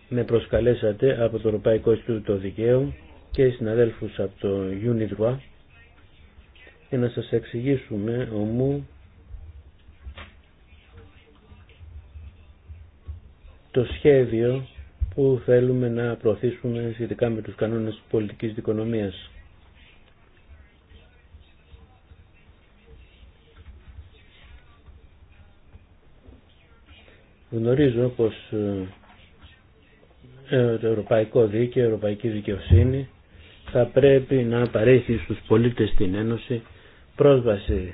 Speaker 2: με προσκαλέσατε από το Ευρωπαϊκό Ινστιτούτο Δικαίου και συναδέλφους από το UNIDROIT για να σας εξηγήσουμε ομού το σχέδιο που θέλουμε να προωθήσουμε σχετικά με τους κανόνες της πολιτικής δικονομίας. Γνωρίζω πως ε, ε, το ευρωπαϊκό δίκαιο, η ευρωπαϊκή δικαιοσύνη θα πρέπει να παρέχει στους πολίτες στην Ένωση πρόσβαση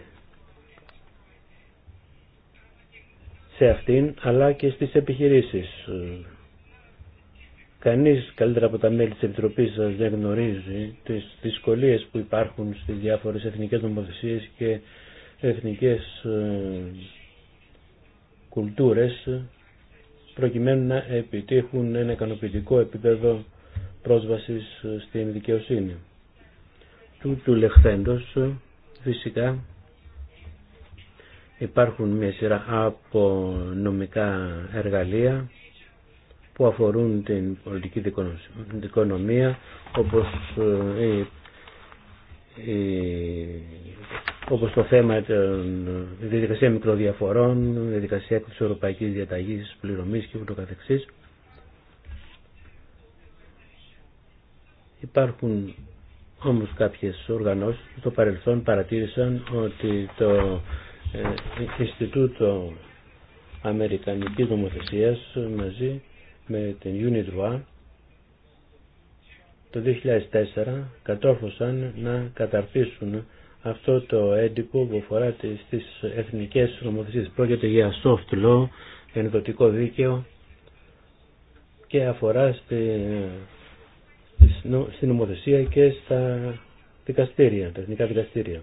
Speaker 2: σε αυτήν αλλά και στις επιχειρήσεις. Ε, κανείς καλύτερα από τα μέλη της Επιτροπής σας δεν γνωρίζει τις δυσκολίες που υπάρχουν στις διάφορες εθνικές νομοθεσίες και εθνικές κουλτούρες προκειμένου να επιτύχουν ένα ικανοποιητικό επίπεδο πρόσβασης στην δικαιοσύνη. Του του λεχθέντος φυσικά υπάρχουν μια σειρά από νομικά εργαλεία που αφορούν την πολιτική δικονομία όπως ε, η όπως το θέμα των διαδικασία μικροδιαφορών, διαδικασία της Ευρωπαϊκής Διαταγής Πληρωμής και ούτω καθεξής. Υπάρχουν όμως κάποιες οργανώσεις που στο παρελθόν παρατήρησαν ότι το ε, Ινστιτούτο Αμερικανικής Νομοθεσίας μαζί με την UNIDROIT το 2004 κατόρθωσαν να καταρτήσουν αυτό το έντυπο που αφορά στις εθνικές νομοθεσίες. Πρόκειται για soft law, ενδοτικό δίκαιο και αφορά στη, στην νομοθεσία και στα δικαστήρια, τα εθνικά δικαστήρια.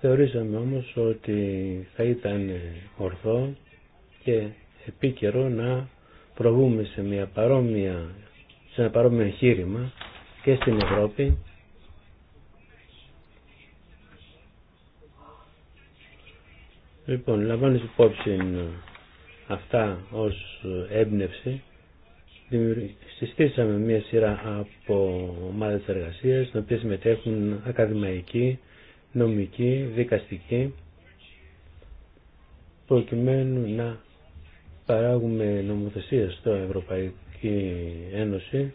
Speaker 2: Θεωρήσαμε όμως ότι θα ήταν ορθό και επίκαιρο να προβούμε σε μια παρόμοια σε ένα παρόμοιο εγχείρημα και στην Ευρώπη Λοιπόν, λαμβάνεις υπόψη αυτά ως έμπνευση. Συστήσαμε μια σειρά από ομάδες εργασίας, στις οποίες συμμετέχουν ακαδημαϊκοί, νομικοί, δικαστικοί, προκειμένου να παράγουμε νομοθεσία στο ευρωπαϊκό Ευρωπαϊκή Ένωση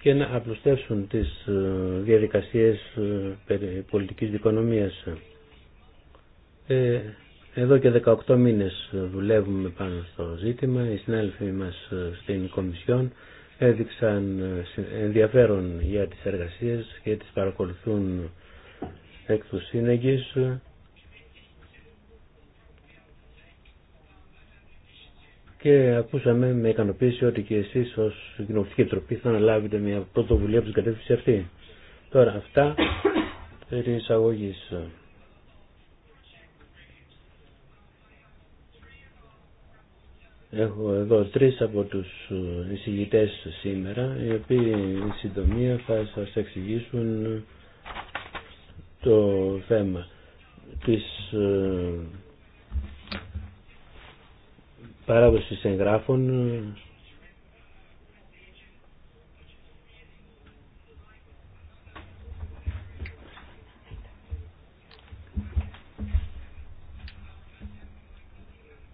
Speaker 2: και να απλουστεύσουν τις ε, διαδικασίες ε, πολιτικής δικονομίας. Ε, εδώ και 18 μήνες δουλεύουμε πάνω στο ζήτημα. Οι συνάδελφοι μας στην Κομισιόν έδειξαν ενδιαφέρον για τις εργασίες και τις παρακολουθούν εκ του και ακούσαμε με ικανοποίηση ότι και εσείς ως Κοινοβουλευτική Επιτροπή θα αναλάβετε μια πρωτοβουλία από την κατεύθυνση αυτή. Τώρα αυτά περί εισαγωγή. Έχω εδώ τρεις από τους εισηγητές σήμερα, οι οποίοι η συντομία θα σας εξηγήσουν το θέμα της ε, παράδοση εγγράφων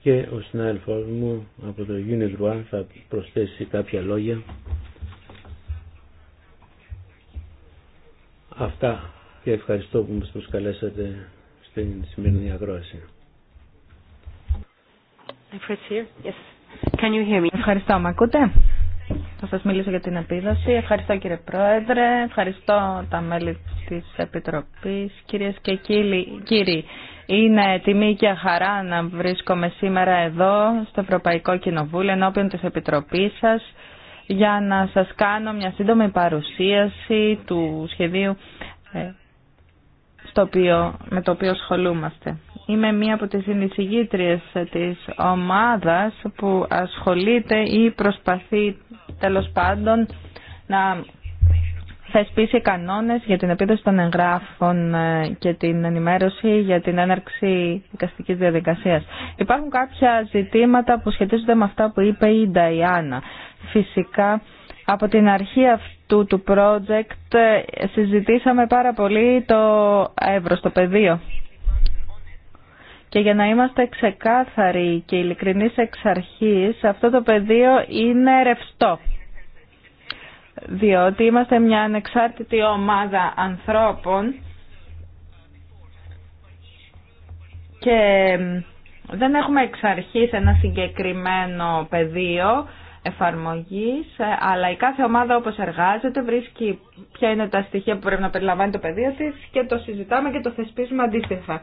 Speaker 2: και ο συνάδελφός μου από το Unit θα προσθέσει κάποια λόγια. Αυτά και ευχαριστώ που μας προσκαλέσατε στην σημερινή ακρόαση.
Speaker 1: Ευχαριστώ, με ακούτε. Θα σας μιλήσω για την επίδοση. Ευχαριστώ κύριε Πρόεδρε, ευχαριστώ τα μέλη της Επιτροπής. Κυρίες και κύριοι, είναι τιμή και χαρά να βρίσκομαι σήμερα εδώ στο Ευρωπαϊκό Κοινοβούλιο ενώπιον της Επιτροπής σας για να σας κάνω μια σύντομη παρουσίαση του σχεδίου ε, με το οποίο ασχολούμαστε. Είμαι μία από τις συνεισηγήτριες της ομάδας που ασχολείται ή προσπαθεί τέλος πάντων να θεσπίσει κανόνες για την επίδοση των εγγράφων ε, και την ενημέρωση για την έναρξη δικαστική διαδικασίας. Υπάρχουν κάποια ζητήματα που σχετίζονται με αυτά που είπε η Νταϊάννα. Φυσικά από την αρχή αυτού του project ε, συζητήσαμε πάρα πολύ το εύρος, το πεδίο και για να είμαστε ξεκάθαροι και ειλικρινεί εξ αυτό το πεδίο είναι ρευστό. Διότι είμαστε μια ανεξάρτητη ομάδα ανθρώπων και δεν έχουμε εξ αρχής ένα συγκεκριμένο πεδίο εφαρμογής, αλλά η κάθε ομάδα όπως εργάζεται βρίσκει ποια είναι τα στοιχεία που πρέπει να περιλαμβάνει το πεδίο της και το συζητάμε και το θεσπίζουμε αντίστοιχα.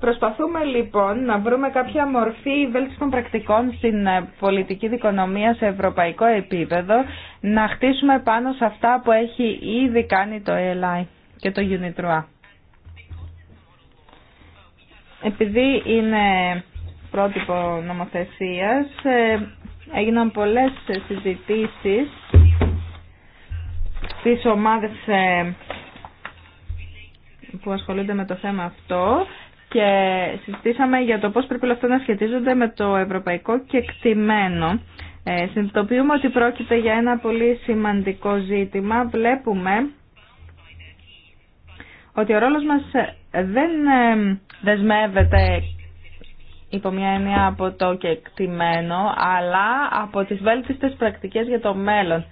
Speaker 1: Προσπαθούμε λοιπόν να βρούμε κάποια μορφή βέλτιστων πρακτικών στην ε, πολιτική δικονομία σε ευρωπαϊκό επίπεδο, να χτίσουμε πάνω σε αυτά που έχει ήδη κάνει το ELI και το UNITROA. Επειδή είναι πρότυπο νομοθεσίας, ε, έγιναν πολλές συζητήσεις στις ομάδες ε, που ασχολούνται με το θέμα αυτό και συζητήσαμε για το πώς πρέπει όλα αυτά να σχετίζονται με το ευρωπαϊκό κεκτημένο. Ε, συνειδητοποιούμε ότι πρόκειται για ένα πολύ σημαντικό ζήτημα. Βλέπουμε ότι ο ρόλος μας δεν ε, δεσμεύεται υπό μια έννοια από το κεκτημένο, αλλά από τις βέλτιστες πρακτικές για το μέλλον.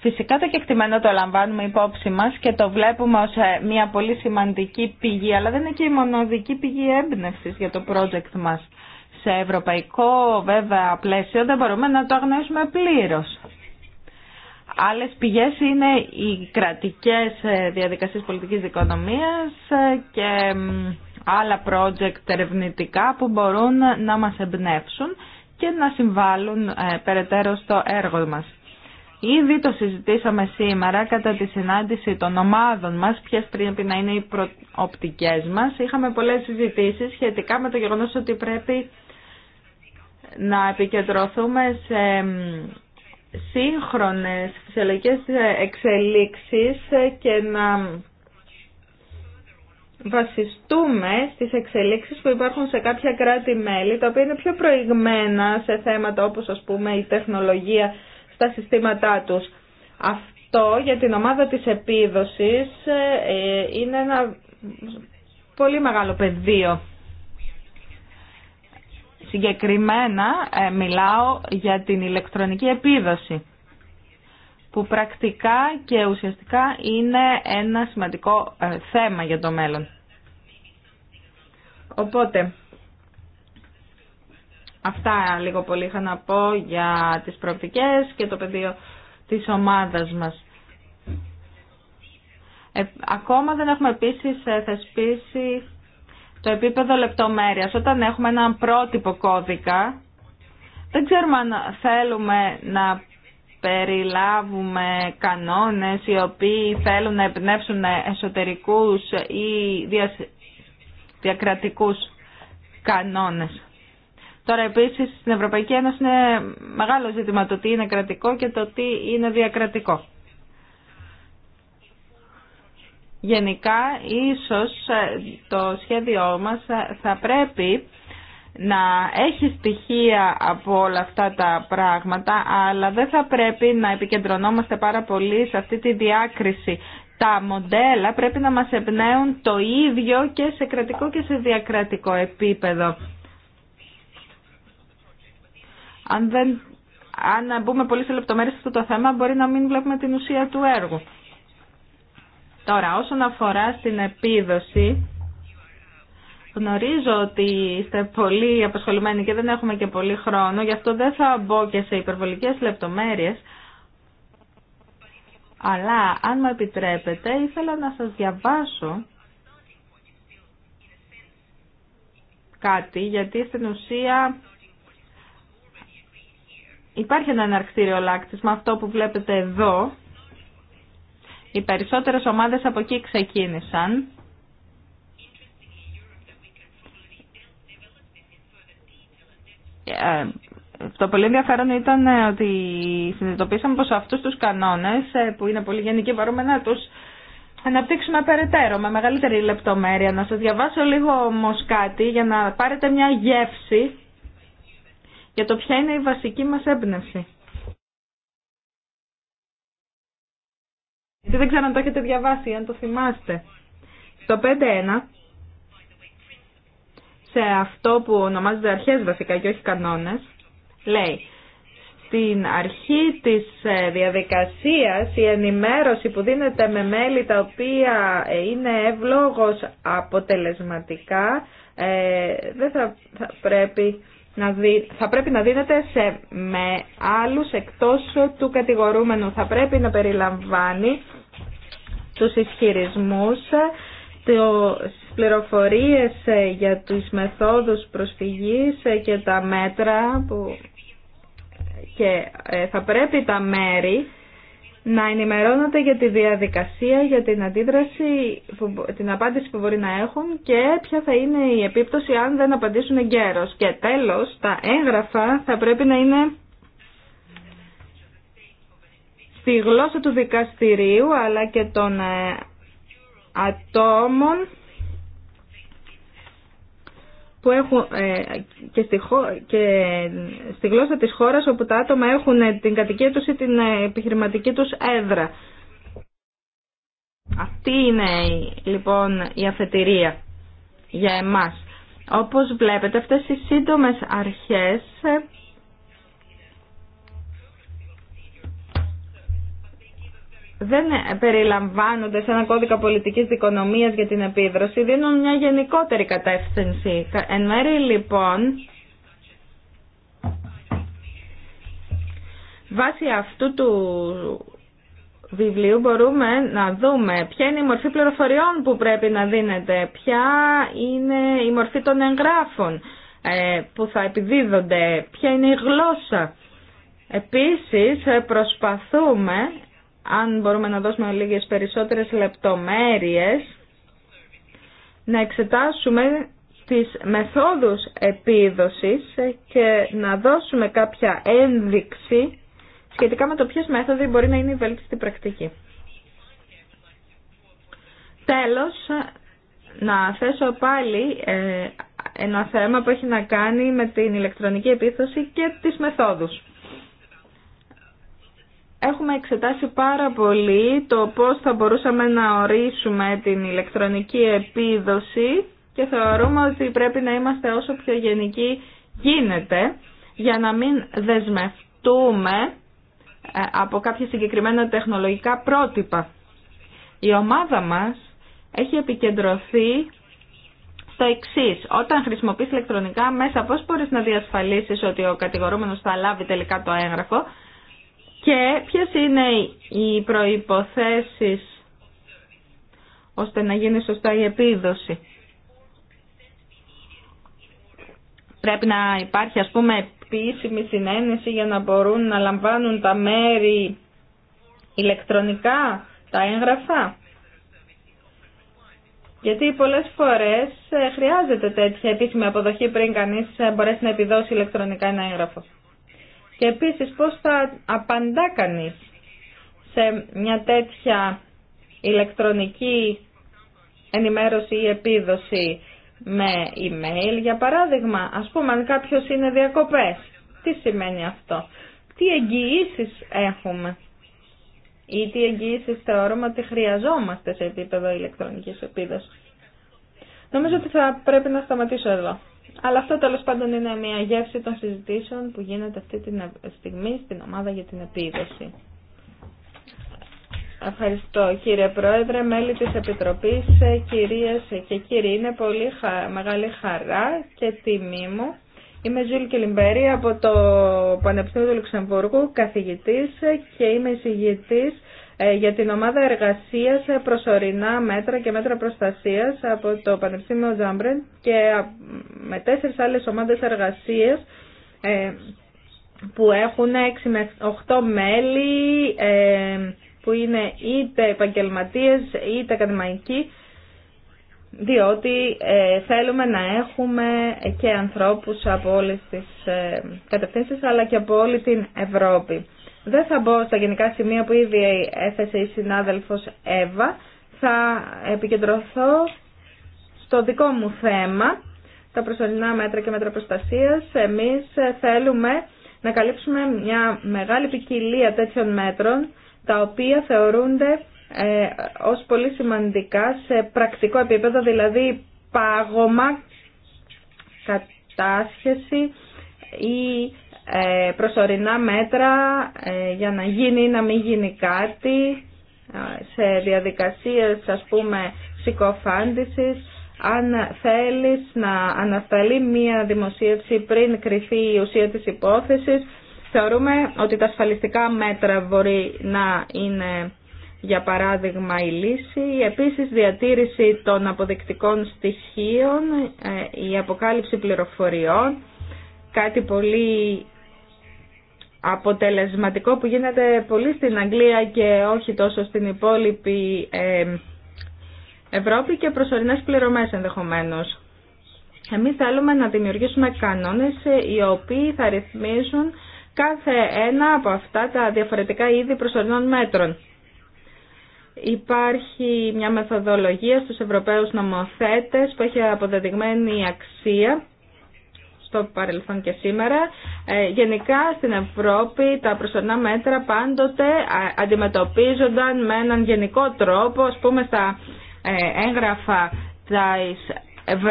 Speaker 1: Φυσικά το κεκτημένο το λαμβάνουμε υπόψη μας και το βλέπουμε ως ε, μια πολύ σημαντική πηγή, αλλά δεν είναι και η μονοδική πηγή έμπνευσης για το project μας. Σε ευρωπαϊκό βέβαια πλαίσιο δεν μπορούμε να το αγνοήσουμε πλήρως. Άλλες πηγές είναι οι κρατικές ε, διαδικασίες πολιτικής οικονομίας ε, και άλλα project ερευνητικά που μπορούν να μας εμπνεύσουν και να συμβάλλουν περαιτέρω στο έργο μας. Ήδη το συζητήσαμε σήμερα κατά τη συνάντηση των ομάδων μας, ποιες πρέπει να είναι οι προοπτικές μας. Είχαμε πολλές συζητήσεις σχετικά με το γεγονός ότι πρέπει να επικεντρωθούμε σε σύγχρονες φυσιολογικές εξελίξεις και να βασιστούμε στις εξελίξεις που υπάρχουν σε κάποια κράτη-μέλη, τα οποία είναι πιο προηγμένα σε θέματα όπως ας πούμε η τεχνολογία τα συστήματά τους. Αυτό για την ομάδα της επίδοσης ε, είναι ένα πολύ μεγάλο πεδίο. Συγκεκριμένα ε, μιλάω για την ηλεκτρονική επίδοση που πρακτικά και ουσιαστικά είναι ένα σημαντικό ε, θέμα για το μέλλον. Οπότε, Αυτά λίγο πολύ είχα να πω για τις προοπτικές και το πεδίο της ομάδας μας. Ε, ακόμα δεν έχουμε επίσης ε, θεσπίσει το επίπεδο λεπτομέρειας. Όταν έχουμε έναν πρότυπο κώδικα, δεν ξέρουμε αν θέλουμε να περιλάβουμε κανόνες οι οποίοι θέλουν να εμπνεύσουν εσωτερικούς ή διακρατικούς κανόνες. Τώρα επίση, στην Ευρωπαϊκή Ένωση είναι μεγάλο ζήτημα το τι είναι κρατικό και το τι είναι διακρατικό. Γενικά, ίσως ε, το σχέδιό μας ε, θα πρέπει να έχει στοιχεία από όλα αυτά τα πράγματα, αλλά δεν θα πρέπει να επικεντρωνόμαστε πάρα πολύ σε αυτή τη διάκριση. Τα μοντέλα πρέπει να μας εμπνέουν το ίδιο και σε κρατικό και σε διακρατικό επίπεδο. Αν, δεν, αν μπούμε πολύ σε λεπτομέρειες σε αυτό το θέμα, μπορεί να μην βλέπουμε την ουσία του έργου. Τώρα, όσον αφορά στην επίδοση, γνωρίζω ότι είστε πολύ απασχολημένοι και δεν έχουμε και πολύ χρόνο, γι' αυτό δεν θα μπω και σε υπερβολικές λεπτομέρειες. Αλλά, αν με επιτρέπετε, ήθελα να σας διαβάσω κάτι, γιατί στην ουσία Υπάρχει ένα εναρκτήριο λάκτισμα, αυτό που βλέπετε εδώ. Οι περισσότερες ομάδες από εκεί ξεκίνησαν. Ε, το πολύ ενδιαφέρον ήταν ε, ότι συνειδητοποίησαμε πως αυτούς τους κανόνες ε, που είναι πολύ γενικοί μπορούμε να τους αναπτύξουμε περαιτέρω με μεγαλύτερη λεπτομέρεια. Να σας διαβάσω λίγο όμως κάτι για να πάρετε μια γεύση για το ποια είναι η βασική μας έμπνευση. δεν ξέρω αν το έχετε διαβάσει, αν το θυμάστε. Στο 5.1, σε αυτό που ονομάζεται αρχές βασικά και όχι κανόνες, λέει στην αρχή της ε, διαδικασίας η ενημέρωση που δίνεται με μέλη τα οποία ε, είναι ευλόγως αποτελεσματικά ε, δεν θα, πρέπει να θα πρέπει να δίνεται σε... με άλλους εκτός του κατηγορούμενου. Θα πρέπει να περιλαμβάνει τους ισχυρισμούς, τις πληροφορίες για τις μεθόδους προσφυγής και τα μέτρα που... και ε, θα πρέπει τα μέρη να ενημερώνονται για τη διαδικασία, για την αντίδραση, την απάντηση που μπορεί να έχουν και ποια θα είναι η επίπτωση αν δεν απαντήσουν εγκαίρως. Και τέλος, τα έγγραφα θα πρέπει να είναι στη γλώσσα του δικαστηρίου αλλά και των ε, ατόμων που έχουν, ε, και, στη, και στη γλώσσα της χώρας όπου τα άτομα έχουν ε, την κατοικία τους ή την ε, επιχειρηματική τους έδρα. Αυτή είναι λοιπόν η αφετηρία για εμάς. Όπως βλέπετε αυτές οι σύντομες αρχές δεν περιλαμβάνονται σε ένα κώδικα πολιτικής δικονομίας για την επίδραση, δίνουν μια γενικότερη κατεύθυνση. Εν μέρει λοιπόν, βάσει αυτού του βιβλίου μπορούμε να δούμε ποια είναι η μορφή πληροφοριών που πρέπει να δίνεται, ποια είναι η μορφή των εγγράφων ε, που θα επιδίδονται, ποια είναι η γλώσσα. Επίσης προσπαθούμε αν μπορούμε να δώσουμε λίγες περισσότερες λεπτομέρειες, να εξετάσουμε τις μεθόδους επίδοσης και να δώσουμε κάποια ένδειξη σχετικά με το ποιες μέθοδοι μπορεί να είναι η βέλτιστη πρακτική. Τέλος, να θέσω πάλι ε, ένα θέμα που έχει να κάνει με την ηλεκτρονική επίδοση και τις μεθόδους. Έχουμε εξετάσει πάρα πολύ το πώς θα μπορούσαμε να ορίσουμε την ηλεκτρονική επίδοση και θεωρούμε ότι πρέπει να είμαστε όσο πιο γενικοί γίνεται για να μην δεσμευτούμε ε, από κάποια συγκεκριμένα τεχνολογικά πρότυπα. Η ομάδα μας έχει επικεντρωθεί στο εξή. Όταν χρησιμοποιείς ηλεκτρονικά μέσα, πώς μπορείς να διασφαλίσεις ότι ο κατηγορούμενος θα λάβει τελικά το έγγραφο και ποιες είναι οι προϋποθέσεις ώστε να γίνει σωστά η επίδοση. Πρέπει να υπάρχει ας πούμε επίσημη συνένεση για να μπορούν να λαμβάνουν τα μέρη ηλεκτρονικά, τα έγγραφα. Γιατί πολλές φορές ε, χρειάζεται τέτοια επίσημη αποδοχή πριν κανείς ε, μπορέσει να επιδώσει ηλεκτρονικά ένα έγγραφο και επίσης πώς θα απαντά κανείς σε μια τέτοια ηλεκτρονική ενημέρωση ή επίδοση με email για παράδειγμα ας πούμε αν κάποιος είναι διακοπές τι σημαίνει αυτό τι εγγυήσει έχουμε ή τι εγγυήσει θεωρούμε ότι χρειαζόμαστε σε επίπεδο ηλεκτρονικής επίδοσης νομίζω ότι θα πρέπει να σταματήσω εδώ αλλά αυτό τέλο πάντων είναι μια γεύση των συζητήσεων που γίνεται αυτή τη στιγμή στην ομάδα για την επίδοση. Ευχαριστώ κύριε Πρόεδρε, μέλη της Επιτροπής, ε, κυρίες και κύριοι. Είναι πολύ μεγάλη χαρά και τιμή μου. Είμαι Ζουλ Κιλιμπέρη από το Πανεπιστήμιο του Λουξεμβούργου, καθηγητής ε, και είμαι εισηγητής ε, για την ομάδα εργασίας ε, προσωρινά μέτρα και μέτρα προστασίας από το Πανεπιστήμιο Ζάμπρεν και με τέσσερις άλλες ομάδες εργασίας ε, που έχουν 6 με 8 μέλη που είναι είτε επαγγελματίες είτε ακαδημαϊκοί διότι θέλουμε να έχουμε και ανθρώπους από όλες τις κατευθύνσεις αλλά και από όλη την Ευρώπη. Δεν θα μπω στα γενικά σημεία που ήδη έθεσε η συνάδελφος Εύα. Θα επικεντρωθώ στο δικό μου θέμα, τα προσωρινά μέτρα και μέτρα προστασίας. Εμείς θέλουμε να καλύψουμε μια μεγάλη ποικιλία τέτοιων μέτρων, τα οποία θεωρούνται ε, ως πολύ σημαντικά σε πρακτικό επίπεδο, δηλαδή πάγωμα, κατάσχεση ή ε, προσωρινά μέτρα ε, για να γίνει ή να μην γίνει κάτι ε, σε διαδικασίες ας πούμε ψυχοφάντησης αν θέλεις να ανασταλεί μία δημοσίευση πριν κρυθεί η ουσία της υπόθεσης θεωρούμε ότι τα ασφαλιστικά μέτρα μπορεί να είναι για παράδειγμα η λύση επίσης διατήρηση των αποδεικτικών στοιχείων η αποκάλυψη πληροφοριών κάτι πολύ αποτελεσματικό που γίνεται πολύ στην Αγγλία και όχι τόσο στην υπόλοιπη ε, Ευρώπη και προσωρινές πληρωμές ενδεχομένως. Εμείς θέλουμε να δημιουργήσουμε κανόνες ε, οι οποίοι θα ρυθμίζουν κάθε ένα από αυτά τα διαφορετικά είδη προσωρινών μέτρων. Υπάρχει μια μεθοδολογία στους Ευρωπαίους νομοθέτες που έχει αποδεδειγμένη αξία στο παρελθόν και σήμερα. Ε, γενικά στην Ευρώπη τα προσωρινά μέτρα πάντοτε αντιμετωπίζονταν με έναν γενικό τρόπο, ας πούμε στα ε, έγγραφα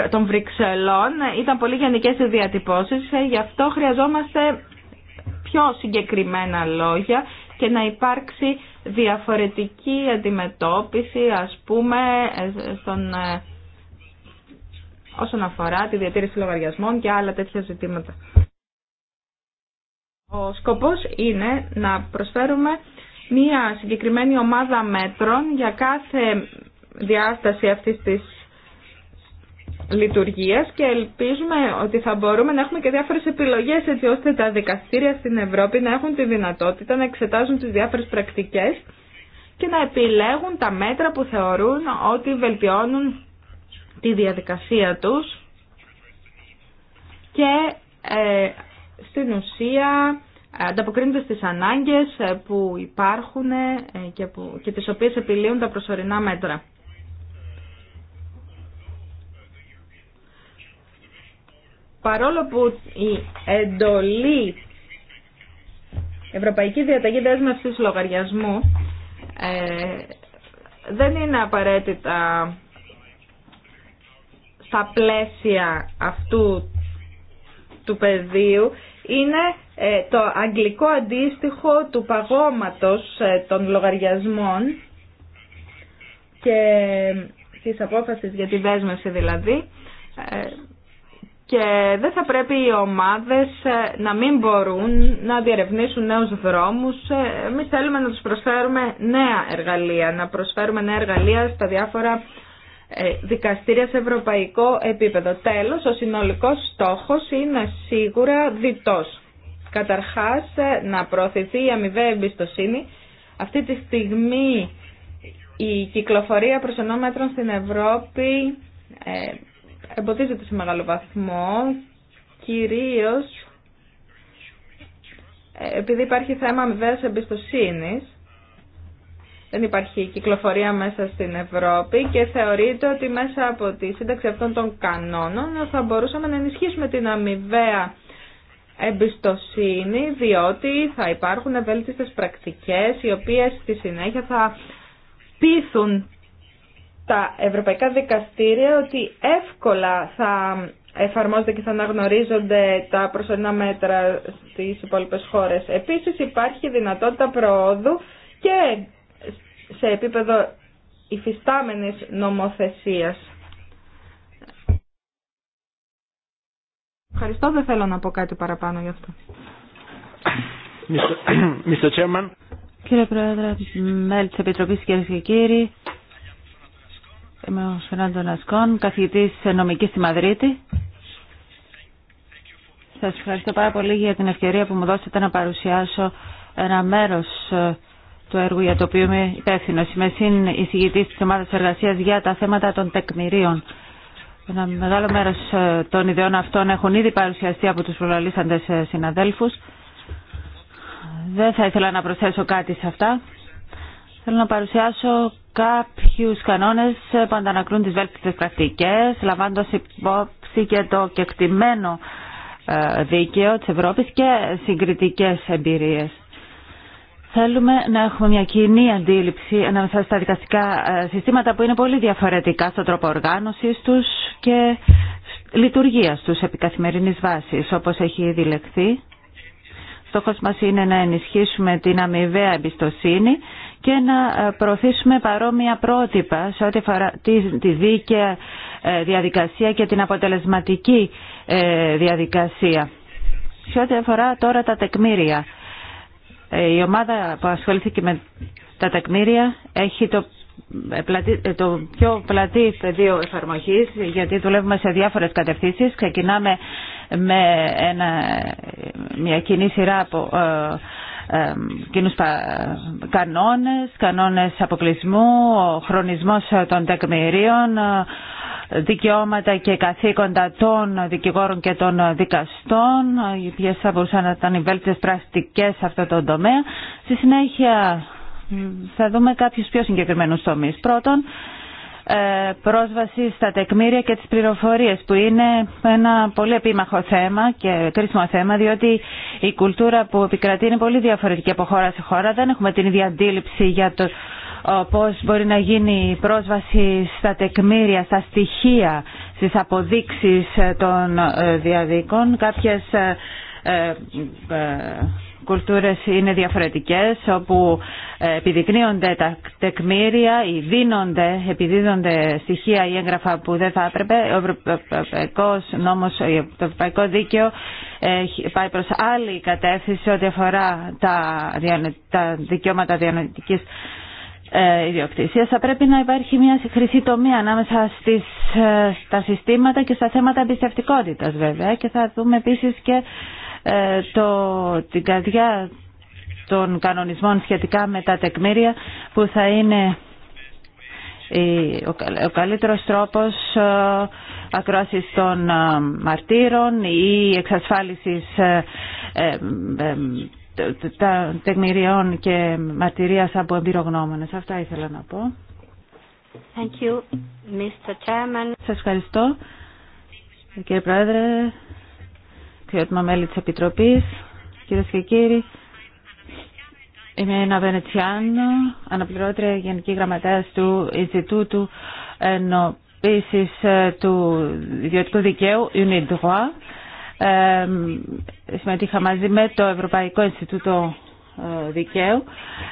Speaker 1: των Βρυξελών ήταν πολύ γενικές οι διατυπώσεις, ε, γι' αυτό χρειαζόμαστε πιο συγκεκριμένα λόγια και να υπάρξει διαφορετική αντιμετώπιση ας πούμε στον όσον αφορά τη διατήρηση λογαριασμών και άλλα τέτοια ζητήματα. Ο σκοπός είναι να προσφέρουμε μία συγκεκριμένη ομάδα μέτρων για κάθε διάσταση αυτής της λειτουργίας και ελπίζουμε ότι θα μπορούμε να έχουμε και διάφορες επιλογές έτσι ώστε τα δικαστήρια στην Ευρώπη να έχουν τη δυνατότητα να εξετάζουν τις διάφορες πρακτικές και να επιλέγουν τα μέτρα που θεωρούν ότι βελτιώνουν τη διαδικασία τους και ε, στην ουσία ανταποκρίνονται στις ανάγκες ε, που υπάρχουν ε, και, που, και τις οποίες επιλύουν τα προσωρινά μέτρα. Παρόλο που η εντολή Ευρωπαϊκή Διαταγή Δέσμευσης Λογαριασμού δεν είναι απαραίτητα στα πλαίσια αυτού του πεδίου είναι ε, το αγγλικό αντίστοιχο του παγώματος ε, των λογαριασμών και της απόφασης για τη δέσμευση δηλαδή ε, και δεν θα πρέπει οι ομάδες να μην μπορούν να διερευνήσουν νέους δρόμους. Εμεί θέλουμε να τους προσφέρουμε νέα εργαλεία, να προσφέρουμε νέα εργαλεία στα διάφορα ε, δικαστήρια σε ευρωπαϊκό επίπεδο. Τέλος, ο συνολικός στόχος είναι σίγουρα διτός. Καταρχάς, ε, να προωθηθεί η αμοιβαία εμπιστοσύνη. Αυτή τη στιγμή η κυκλοφορία προσωνόμετρων στην Ευρώπη ε, εμποτίζεται σε μεγάλο βαθμό, κυρίως επειδή υπάρχει θέμα αμοιβαίας εμπιστοσύνης δεν υπάρχει κυκλοφορία μέσα στην Ευρώπη και θεωρείται ότι μέσα από τη σύνταξη αυτών των κανόνων θα μπορούσαμε να ενισχύσουμε την αμοιβαία εμπιστοσύνη διότι θα υπάρχουν ευέλτιστες πρακτικές οι οποίες στη συνέχεια θα πείθουν τα ευρωπαϊκά δικαστήρια ότι εύκολα θα εφαρμόζονται και θα αναγνωρίζονται τα προσωρινά μέτρα στις υπόλοιπες χώρες. Επίσης υπάρχει δυνατότητα προόδου και σε επίπεδο υφιστάμενης νομοθεσίας. Ευχαριστώ, δεν θέλω να πω κάτι παραπάνω γι' αυτό.
Speaker 2: [clears throat]
Speaker 3: Κύριε Πρόεδρε, μέλη της Επιτροπής κύριε. και κύριοι, είμαι ο Φερνάντο Νασκόν, καθηγητής νομικής στη Μαδρίτη. Σας ευχαριστώ πάρα πολύ για την ευκαιρία που μου δώσετε να παρουσιάσω ένα μέρος ε, το έργο για το οποίο είμαι υπεύθυνο. Είμαι συν εισηγητή τη ομάδα εργασία για τα θέματα των τεκμηρίων. Ένα μεγάλο μέρο ε, των ιδεών αυτών έχουν ήδη παρουσιαστεί από του προλαλήσαντε ε, συναδέλφου. Δεν θα ήθελα να προσθέσω κάτι σε αυτά. Θέλω να παρουσιάσω κάποιου κανόνε που αντανακλούν τι βέλτιστε πρακτικέ, λαμβάνοντα υπόψη και το κεκτημένο ε, δίκαιο της Ευρώπης και συγκριτικές εμπειρίες. Θέλουμε να έχουμε μια κοινή αντίληψη ανάμεσα στα δικαστικά ε, συστήματα που είναι πολύ διαφορετικά στον τρόπο οργάνωσης τους και λειτουργίας τους επί καθημερινής βάσης, όπως έχει ήδη λεχθεί. Στόχος μας είναι να ενισχύσουμε την αμοιβαία εμπιστοσύνη και να ε, προωθήσουμε παρόμοια πρότυπα σε ό,τι αφορά τη δίκαια ε, διαδικασία και την αποτελεσματική διαδικασία. Σε ό,τι αφορά τώρα τα τεκμήρια. Ε, η ομάδα που ασχολήθηκε με τα τεκμήρια έχει το ε, το πιο πλατή πεδίο εφαρμογής γιατί δουλεύουμε σε διάφορες κατευθύνσεις. Ξεκινάμε με ένα, μια κοινή σειρά από ε, κοινού κανόνες, κανόνες αποκλεισμού, ο των τεκμηρίων, ε, δικαιώματα και καθήκοντα των δικηγόρων και των δικαστών, ε, οι οποίε θα μπορούσαν να ήταν οι βέλτιστε πρακτικέ σε αυτό το τομέα. Στη συνέχεια θα δούμε κάποιου πιο συγκεκριμένου τομεί. Πρώτον, ε, πρόσβαση στα τεκμήρια και τις πληροφορίες που είναι ένα πολύ επίμαχο θέμα και κρίσιμο θέμα διότι η κουλτούρα που επικρατεί είναι πολύ διαφορετική από χώρα σε χώρα. Δεν έχουμε την ίδια αντίληψη για το πώς μπορεί να γίνει η πρόσβαση στα τεκμήρια, στα στοιχεία, στις αποδείξεις των ε, διαδίκων. Κάποιες ε, κουλτούρες είναι διαφορετικές όπου ε, επιδεικνύονται τα τεκμήρια ή δίνονται, επιδίδονται στοιχεία ή έγγραφα που δεν θα έπρεπε. Ο νόμος, ε, το Ευρωπαϊκό Δίκαιο ε, πάει προς άλλη κατεύθυνση ό,τι αφορά τα, δικαιώματα διανοητικής ιδιοκτησία. Θα πρέπει να υπάρχει μια χρυσή τομή ανάμεσα στις, στα συστήματα και στα θέματα εμπιστευτικότητα βέβαια και θα δούμε επίσης και ε, το, την καρδιά των κανονισμών σχετικά με τα τεκμήρια που θα είναι ο καλύτερος τρόπος ε, ακρόασης των ε, μαρτύρων ή εξασφάλισης τα τεκμηριών και μαρτυρίας από εμπειρογνώμονες. Αυτά ήθελα να πω. Thank you, Mr. Chairman. Σας ευχαριστώ. Κύριε Πρόεδρε, αξιότιμα μέλη της Επιτροπής, κυρίε και κύριοι. Είμαι ένα Βενετσιάνο, αναπληρώτρια Γενική Γραμματέας του Ινστιτούτου Ενωπήσης του Ιδιωτικού Δικαίου, UNIDROIT. Ε, συμμετείχα μαζί με το Ευρωπαϊκό Ινστιτούτο ε, Δικαίου.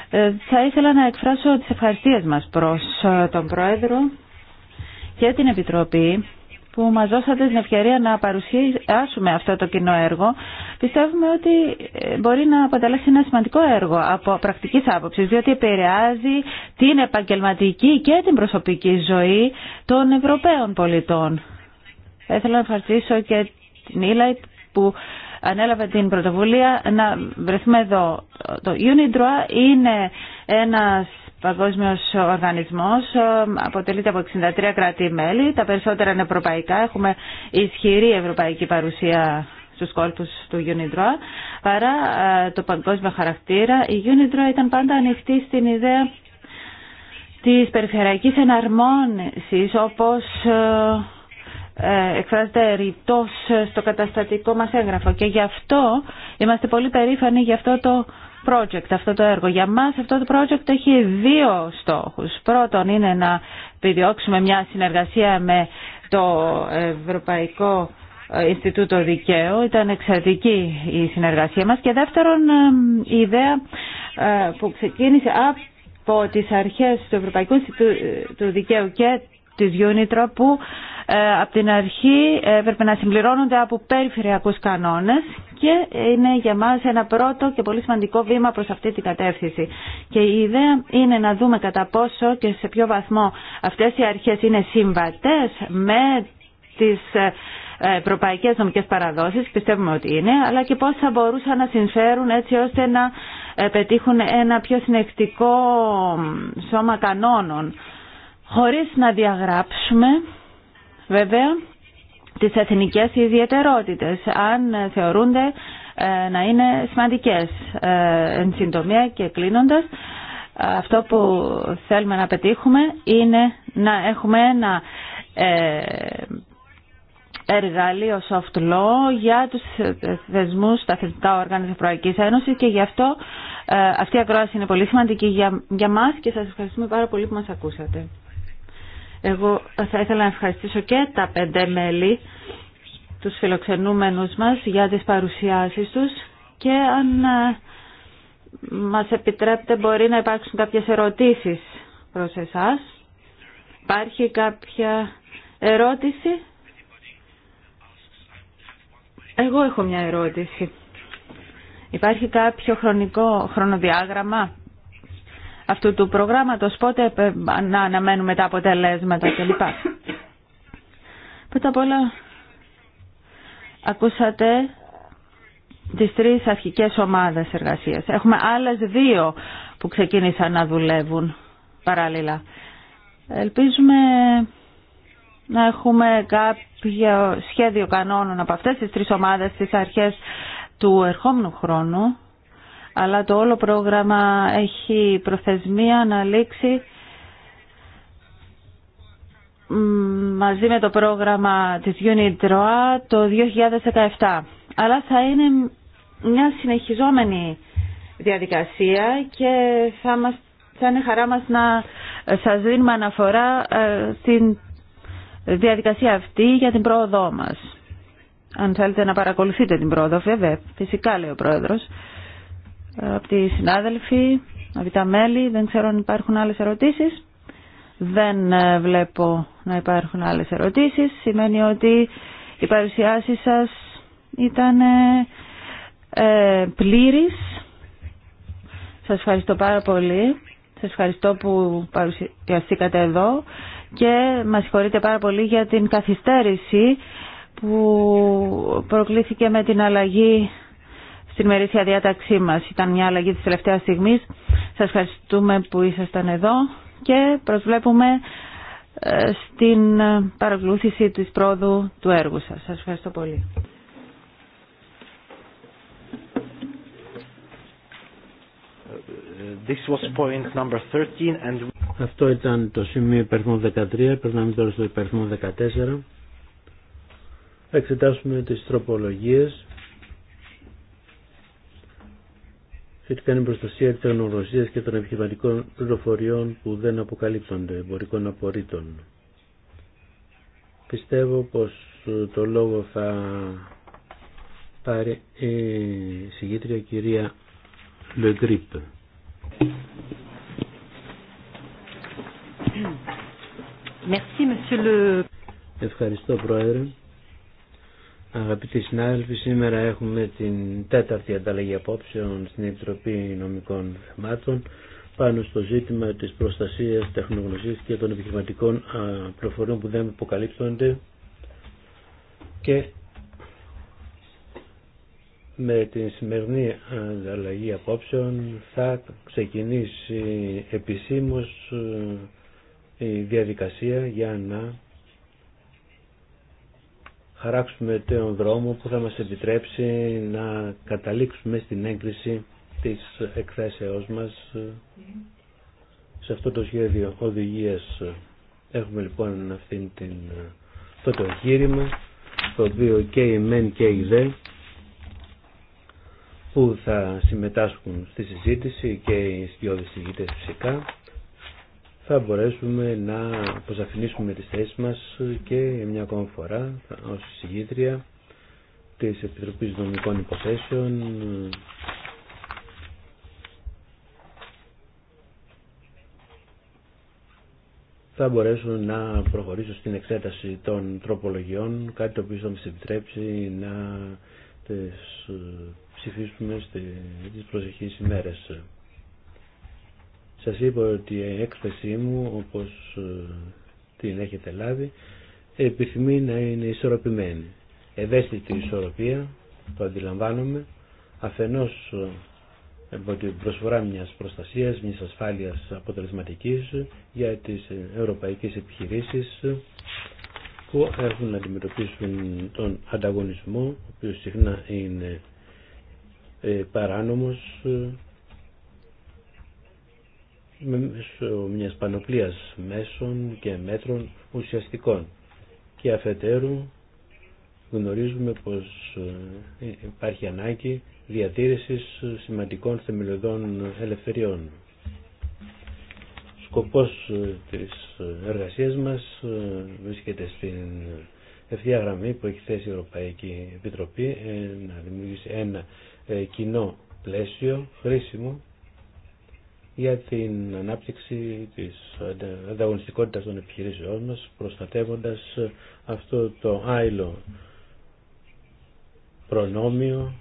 Speaker 3: Ε, θα ήθελα να εκφράσω τις ευχαριστίες μας προς ε, τον Πρόεδρο και την Επιτροπή που μας δώσατε την ευκαιρία να παρουσιάσουμε αυτό το κοινό έργο. Πιστεύουμε ότι ε, μπορεί να αποτελέσει ένα σημαντικό έργο από πρακτική άποψη, διότι επηρεάζει την επαγγελματική και την προσωπική ζωή των Ευρωπαίων πολιτών. Θα ήθελα να ευχαριστήσω και την Ήλαϊτ που ανέλαβε την πρωτοβουλία να βρεθούμε εδώ. Το UNIDROIT είναι ένας Παγκόσμιος Οργανισμός ε, αποτελείται από 63 κράτη-μέλη, τα περισσότερα είναι ευρωπαϊκά, έχουμε ισχυρή ευρωπαϊκή παρουσία στους κόλπους του UNIDROA. Παρά ε, το παγκόσμιο χαρακτήρα, η UNIDROA ήταν πάντα ανοιχτή στην ιδέα της περιφερειακής εναρμόνισης, όπως ε, εκφράζεται ρητός στο καταστατικό μας έγγραφο. Και γι' αυτό είμαστε πολύ περήφανοι γι' αυτό το project, αυτό το έργο. Για μας αυτό το project έχει δύο στόχους. Πρώτον είναι να επιδιώξουμε μια συνεργασία με το Ευρωπαϊκό Ινστιτούτο Δικαίου. Ήταν εξαιρετική η συνεργασία μας. Και δεύτερον ε, η ιδέα ε, που ξεκίνησε από τις αρχές του Ευρωπαϊκού Ινστιτούτου Δικαίου και της UNITRO που ε, από την αρχή ε, έπρεπε να συμπληρώνονται από περιφερειακούς κανόνες και είναι για μας ένα πρώτο και πολύ σημαντικό βήμα προς αυτή την κατεύθυνση. Και η ιδέα είναι να δούμε κατά πόσο και σε ποιο βαθμό αυτές οι αρχές είναι συμβατές με τις ε, ευρωπαϊκές νομικές παραδόσεις, πιστεύουμε ότι είναι, αλλά και πώς θα μπορούσαν να συμφέρουν έτσι ώστε να πετύχουν ένα πιο συνεχτικό σώμα κανόνων, χωρίς να διαγράψουμε βέβαια τις εθνικές ιδιαιτερότητες, αν θεωρούνται ε, να είναι σημαντικές. Ε, εν συντομία και κλείνοντας, αυτό που θέλουμε να πετύχουμε είναι να έχουμε ένα ε, εργαλείο soft law για τους θεσμούς, τα θεσμικά όργανα της Ευρωπαϊκής Ένωσης και γι' αυτό αυτή η ακρόαση είναι πολύ σημαντική για, για μας και σας ευχαριστούμε πάρα πολύ που μας ακούσατε. Εγώ θα ήθελα να ευχαριστήσω και τα πέντε μέλη, τους φιλοξενούμενους μας, για τις παρουσιάσεις τους και αν ε, μας επιτρέπετε μπορεί να υπάρξουν κάποιες ερωτήσεις προς εσάς. Υπάρχει κάποια ερώτηση? Εγώ έχω μια ερώτηση. Υπάρχει κάποιο χρονικό χρονοδιάγραμμα αυτού του προγράμματος, πότε ε, να αναμένουμε τα αποτελέσματα κλπ. Πρώτα απ' όλα ακούσατε τις τρεις αρχικές ομάδες εργασίας. Έχουμε άλλες δύο που ξεκίνησαν να δουλεύουν παράλληλα. Ελπίζουμε να έχουμε κάποιο σχέδιο κανόνων από αυτές τις τρεις ομάδες στις αρχές του ερχόμενου χρόνου αλλά το όλο πρόγραμμα έχει προθεσμία να λήξει μαζί με το πρόγραμμα της UNITROA το 2017. Αλλά θα είναι μια συνεχιζόμενη διαδικασία και θα, μας, θα είναι χαρά μας να σας δίνουμε αναφορά ε, στην διαδικασία αυτή για την πρόοδό μας. Αν θέλετε να παρακολουθείτε την πρόοδο, βέβαια, φυσικά λέει ο Πρόεδρος από τη συνάδελφη, από τα μέλη. Δεν ξέρω αν υπάρχουν άλλες ερωτήσεις. Δεν ε, βλέπω να υπάρχουν άλλες ερωτήσεις. Σημαίνει ότι η παρουσιάση σας ήταν ε, ε πλήρης. Σας ευχαριστώ πάρα πολύ. Σας ευχαριστώ που παρουσιαστήκατε εδώ και μας συγχωρείτε πάρα πολύ για την καθυστέρηση που προκλήθηκε με την αλλαγή στην μερίσια διάταξή μας. Ήταν μια αλλαγή της τελευταίας στιγμής. Σας ευχαριστούμε που ήσασταν εδώ και προσβλέπουμε ε, στην ε, παρακολούθηση της πρόοδου του έργου σας. Σας ευχαριστώ πολύ.
Speaker 2: This was point number 13 and... Αυτό ήταν το σημείο υπερθμό 13, περνάμε τώρα στο υπερθμό 14. Θα εξετάσουμε τις τροπολογίες. σχετικά με προστασία της αναγνωσίας και των επιχειρηματικών πληροφοριών που δεν αποκαλύπτονται εμπορικών απορρίτων. Πιστεύω πως ε, το λόγο θα πάρει η συγγήτρια κυρία Λεγκρίπ. Ευχαριστώ Πρόεδρε. Αγαπητοί συνάδελφοι, σήμερα έχουμε την τέταρτη ανταλλαγή απόψεων στην Επιτροπή Νομικών Θεμάτων πάνω στο ζήτημα της προστασίας τεχνογνωσίας και των επιχειρηματικών προφορών που δεν αποκαλύπτονται και με την σημερινή ανταλλαγή απόψεων θα ξεκινήσει επισήμως ε, η διαδικασία για να χαράξουμε τον δρόμο που θα μας επιτρέψει να καταλήξουμε στην έγκριση της εκθέσεώς μας σε αυτό το σχέδιο οδηγίες. Έχουμε λοιπόν αυτήν την, αυτό το εγχείρημα το οποίο και οι μεν και η δε που θα συμμετάσχουν στη συζήτηση και οι σκιώδεις συζητήτες φυσικά θα μπορέσουμε να αποσαφηνίσουμε τις θέσεις μας και μια ακόμα φορά ως συγγήτρια της Επιτροπής Δομικών Υποθέσεων θα μπορέσω να προχωρήσω στην εξέταση των τροπολογιών, κάτι το οποίο θα μας επιτρέψει να τις ε, ψηφίσουμε στις προσεχείς ημέρες. Σας είπα ότι η έκθεσή μου, όπως ε, την έχετε λάβει, επιθυμεί να είναι ισορροπημένη. Ευαίσθητη ισορροπία, το αντιλαμβάνομαι, αφενός ε, από την προσφορά μιας προστασίας, μιας ασφάλειας αποτελεσματικής για τις ε, ευρωπαϊκές επιχειρήσεις που έχουν να αντιμετωπίσουν τον ανταγωνισμό, ο οποίος συχνά είναι παράνομος μέσω μιας πανοπλίας μέσων και μέτρων ουσιαστικών. Και αφετέρου γνωρίζουμε πως ε, υπάρχει ανάγκη διατήρησης σημαντικών θεμελιωδών ελευθεριών. Σκοπός ε, της εργασίας μας ε, βρίσκεται στην ευθεία γραμμή που έχει θέσει η Ευρωπαϊκή Επιτροπή να δημιουργήσει ένα κοινό πλαίσιο χρήσιμο για την ανάπτυξη της ανταγωνιστικότητας των επιχειρήσεών μας προστατεύοντας αυτό το άειλο προνόμιο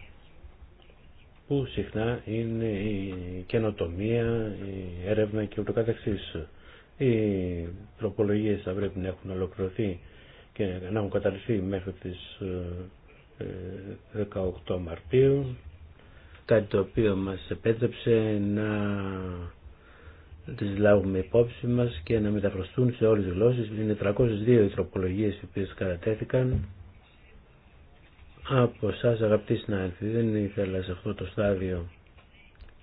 Speaker 2: που συχνά είναι η καινοτομία, η έρευνα και ούτω καθεξής. Οι τροπολογίες θα πρέπει να έχουν ολοκληρωθεί και να έχουν καταληφθεί μέχρι τις 18 ε, ε, Μαρτίου κάτι το οποίο μας επέτρεψε να τις λάβουμε υπόψη μας και να μεταφραστούν σε όλες τις γλώσσες. Είναι 302 οι τροπολογίες οι οποίες κατατέθηκαν. Από εσά αγαπητοί συνάδελφοι, δεν ήθελα σε αυτό το στάδιο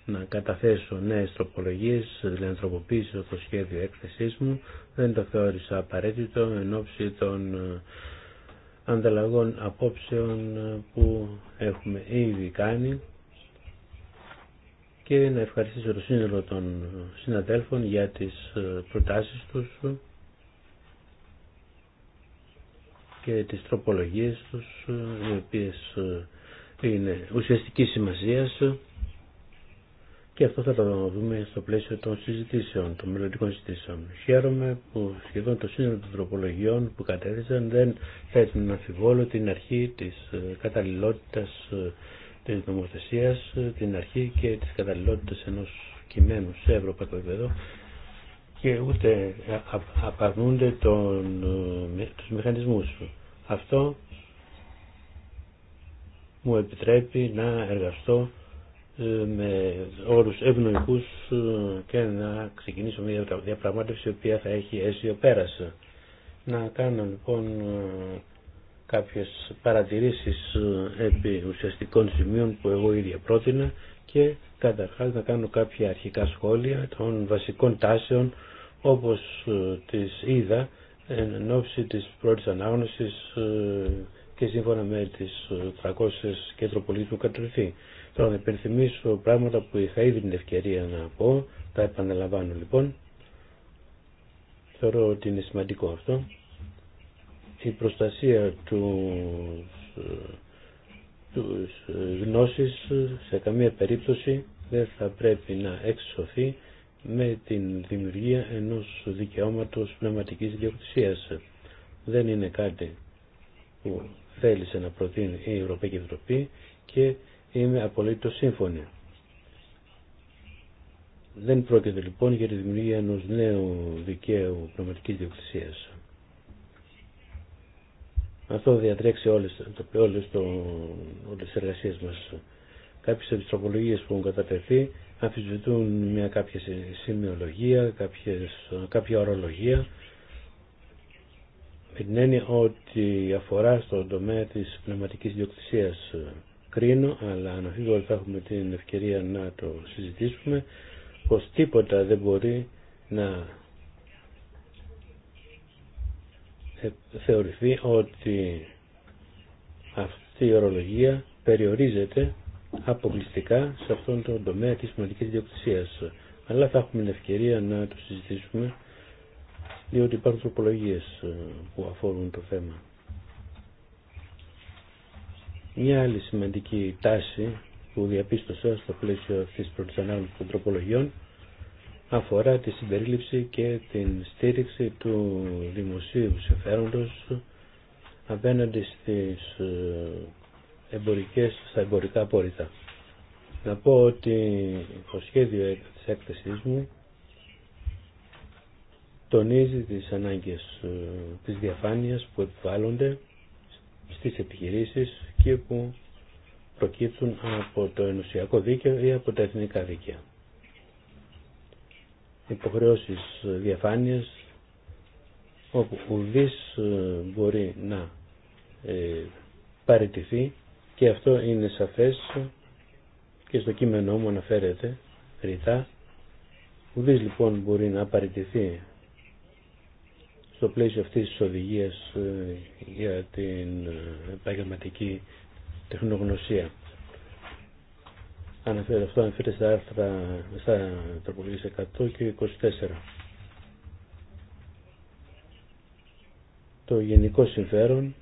Speaker 2: να καταθέσω νέες τροπολογίες, δηλαδή να τροποποιήσω το σχέδιο έκθεσής μου. Δεν το θεώρησα απαραίτητο εν ώψη των ε, ανταλλαγών απόψεων που έχουμε ήδη κάνει και να ευχαριστήσω το σύνολο των συναδέλφων για τις ε, προτάσεις τους και τις τροπολογίες τους, ε, οι οποίες ε, είναι ουσιαστική σημασία και αυτό θα το δούμε στο πλαίσιο των συζητήσεων, των μελλοντικών συζητήσεων. Χαίρομαι που σχεδόν το σύνολο των τροπολογιών που κατέθεσαν δεν θέτουν αμφιβόλου την αρχή της καταλληλότητας της νομοθεσίας, την αρχή και της καταλληλότητας ενός κειμένου σε ευρωπαϊκό επίπεδο και ούτε απαρνούνται τον, ε, τους μηχανισμούς. Αυτό μου επιτρέπει να εργαστώ ε, με όρους ευνοϊκούς ε, και να ξεκινήσω μια διαπραγμάτευση η οποία θα έχει αίσιο πέρασε. Να κάνω λοιπόν κάποιες παρατηρήσεις ε, επί ουσιαστικών σημείων που εγώ ίδια πρότεινα και καταρχάς να κάνω κάποια αρχικά σχόλια των βασικών τάσεων όπως ε, τις είδα εν ώψη της πρώτης ανάγνωσης ε, και σύμφωνα με τις 300 κέντρο πολίτου κατρυφή. Τώρα να υπενθυμίσω πράγματα που είχα ήδη την ευκαιρία να πω, τα επαναλαμβάνω λοιπόν. Θεωρώ ότι είναι σημαντικό αυτό η προστασία του, του σε καμία περίπτωση δεν θα πρέπει να εξωθεί με την δημιουργία ενός δικαιώματος πνευματικής διοκτησίας. Δεν είναι κάτι που θέλησε να προτείνει η Ευρωπαϊκή Ευρωπή και είμαι απολύτως σύμφωνη. Δεν πρόκειται λοιπόν για τη δημιουργία ενός νέου δικαίου πνευματικής διοκτησίας. Αυτό διατρέξει όλες, όλες, το, όλες τις εργασίες μας. Κάποιες επιστροπολογίες που έχουν κατατεθεί αμφισβητούν μια κάποια σημειολογία, κάποιες, κάποια ορολογία με την έννοια ότι αφορά στον τομέα της πνευματικής διοκτησίας κρίνω, αλλά αναφίβολα θα έχουμε την ευκαιρία να το συζητήσουμε, πως τίποτα δεν μπορεί να Ε, θεωρηθεί ότι αυτή η ορολογία περιορίζεται αποκλειστικά σε αυτόν τον τομέα της σημαντικής διοκτησίας. Αλλά θα έχουμε την ευκαιρία να το συζητήσουμε διότι υπάρχουν τροπολογίες ε, που αφορούν το θέμα. Μια άλλη σημαντική τάση που διαπίστωσα στο πλαίσιο αυτής της πρώτης ανάλυσης των τροπολογιών αφορά τη συμπερίληψη και την στήριξη του δημοσίου συμφέροντος απέναντι στις ε, εμπορικές, στα εμπορικά απόρριτα. Να πω ότι το σχέδιο της έκθεσής μου τονίζει τις ανάγκες ε, της διαφάνειας που επιβάλλονται στις επιχειρήσεις και που προκύπτουν από το ενωσιακό δίκαιο ή από τα εθνικά δίκαια υποχρεώσεις διαφάνειας όπου ουδής ε, μπορεί να ε, παραιτηθεί και αυτό είναι σαφές και στο κείμενό μου αναφέρεται ρητά. Ουδής λοιπόν μπορεί να παραιτηθεί στο πλαίσιο αυτής της οδηγίας ε, για την ε, επαγγελματική τεχνογνωσία. Αναφέρεται αυτό αναφέρεται στα άρθρα στα τροπολογίες 100 και 24. Το γενικό συμφέρον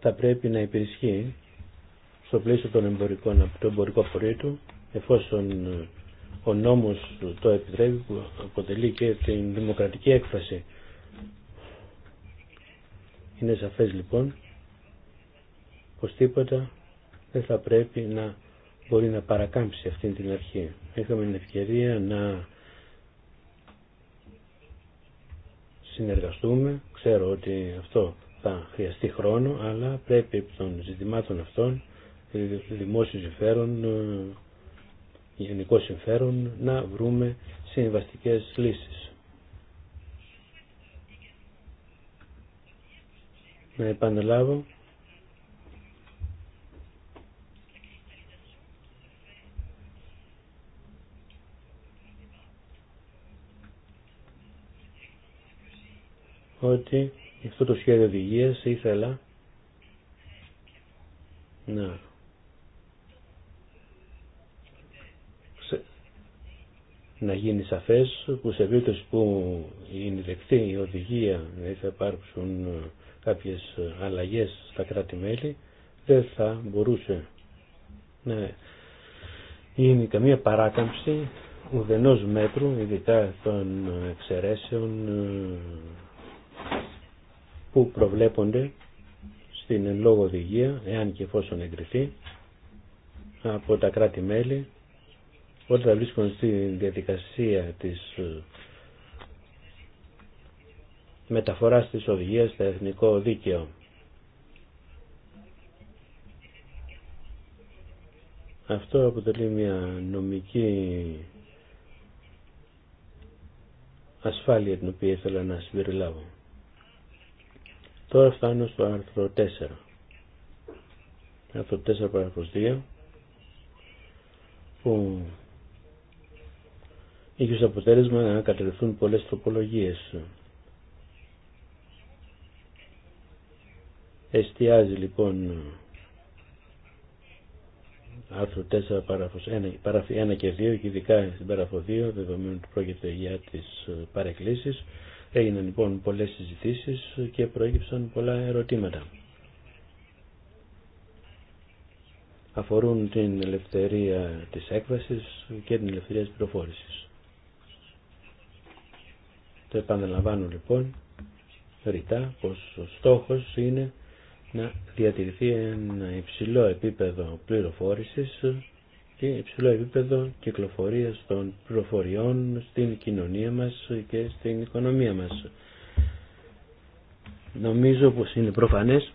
Speaker 2: θα πρέπει να υπηρεσχεί στο πλαίσιο των εμπορικών, από το εμπορικό απορρίτου, εφόσον ο νόμος το επιτρέπει που αποτελεί και την δημοκρατική έκφραση. Είναι σαφές λοιπόν πως τίποτα δεν θα πρέπει να μπορεί να παρακάμψει αυτή την αρχή. Είχαμε την ευκαιρία να συνεργαστούμε. Ξέρω ότι αυτό θα χρειαστεί χρόνο, αλλά πρέπει από των ζητημάτων αυτών, δημόσιο συμφέρον, ε, γενικό συμφέρον, να βρούμε συμβαστικέ λύσεις. Να επαναλάβω ότι αυτό το σχέδιο οδηγία ήθελα να να γίνει σαφές που σε περίπτωση που είναι δεκτή η οδηγία να θα υπάρξουν ε, κάποιες αλλαγές στα κράτη-μέλη δεν θα μπορούσε να γίνει καμία παράκαμψη ουδενός μέτρου ειδικά των εξαιρέσεων ε, που προβλέπονται στην λόγω οδηγία, εάν και εφόσον εγκριθεί, από τα κράτη-μέλη, όταν θα βρίσκονται στη διαδικασία της ε, μεταφοράς της οδηγίας στο εθνικό δίκαιο. Αυτό αποτελεί μια νομική ασφάλεια την οποία ήθελα να συμπεριλάβω. Τώρα φτάνω στο άρθρο 4. Άρθρο 4 παραγωγός 2 που είχε ως αποτέλεσμα να κατελευθούν πολλές τροπολογίες. Εστιάζει λοιπόν άρθρο 4 παράγραφος 1, παράφη 1 και 2 και ειδικά στην παράγραφο 2 δεδομένου ότι πρόκειται για τις παρεκκλήσεις Έγιναν λοιπόν πολλές συζητήσεις και προέκυψαν πολλά ερωτήματα. Αφορούν την ελευθερία της έκβασης και την ελευθερία της πληροφόρησης. Το επαναλαμβάνω λοιπόν ρητά πως ο στόχος είναι να διατηρηθεί ένα υψηλό επίπεδο πληροφόρησης και υψηλό επίπεδο κυκλοφορίας των πληροφοριών στην κοινωνία μας και στην οικονομία μας. Νομίζω πως είναι προφανές,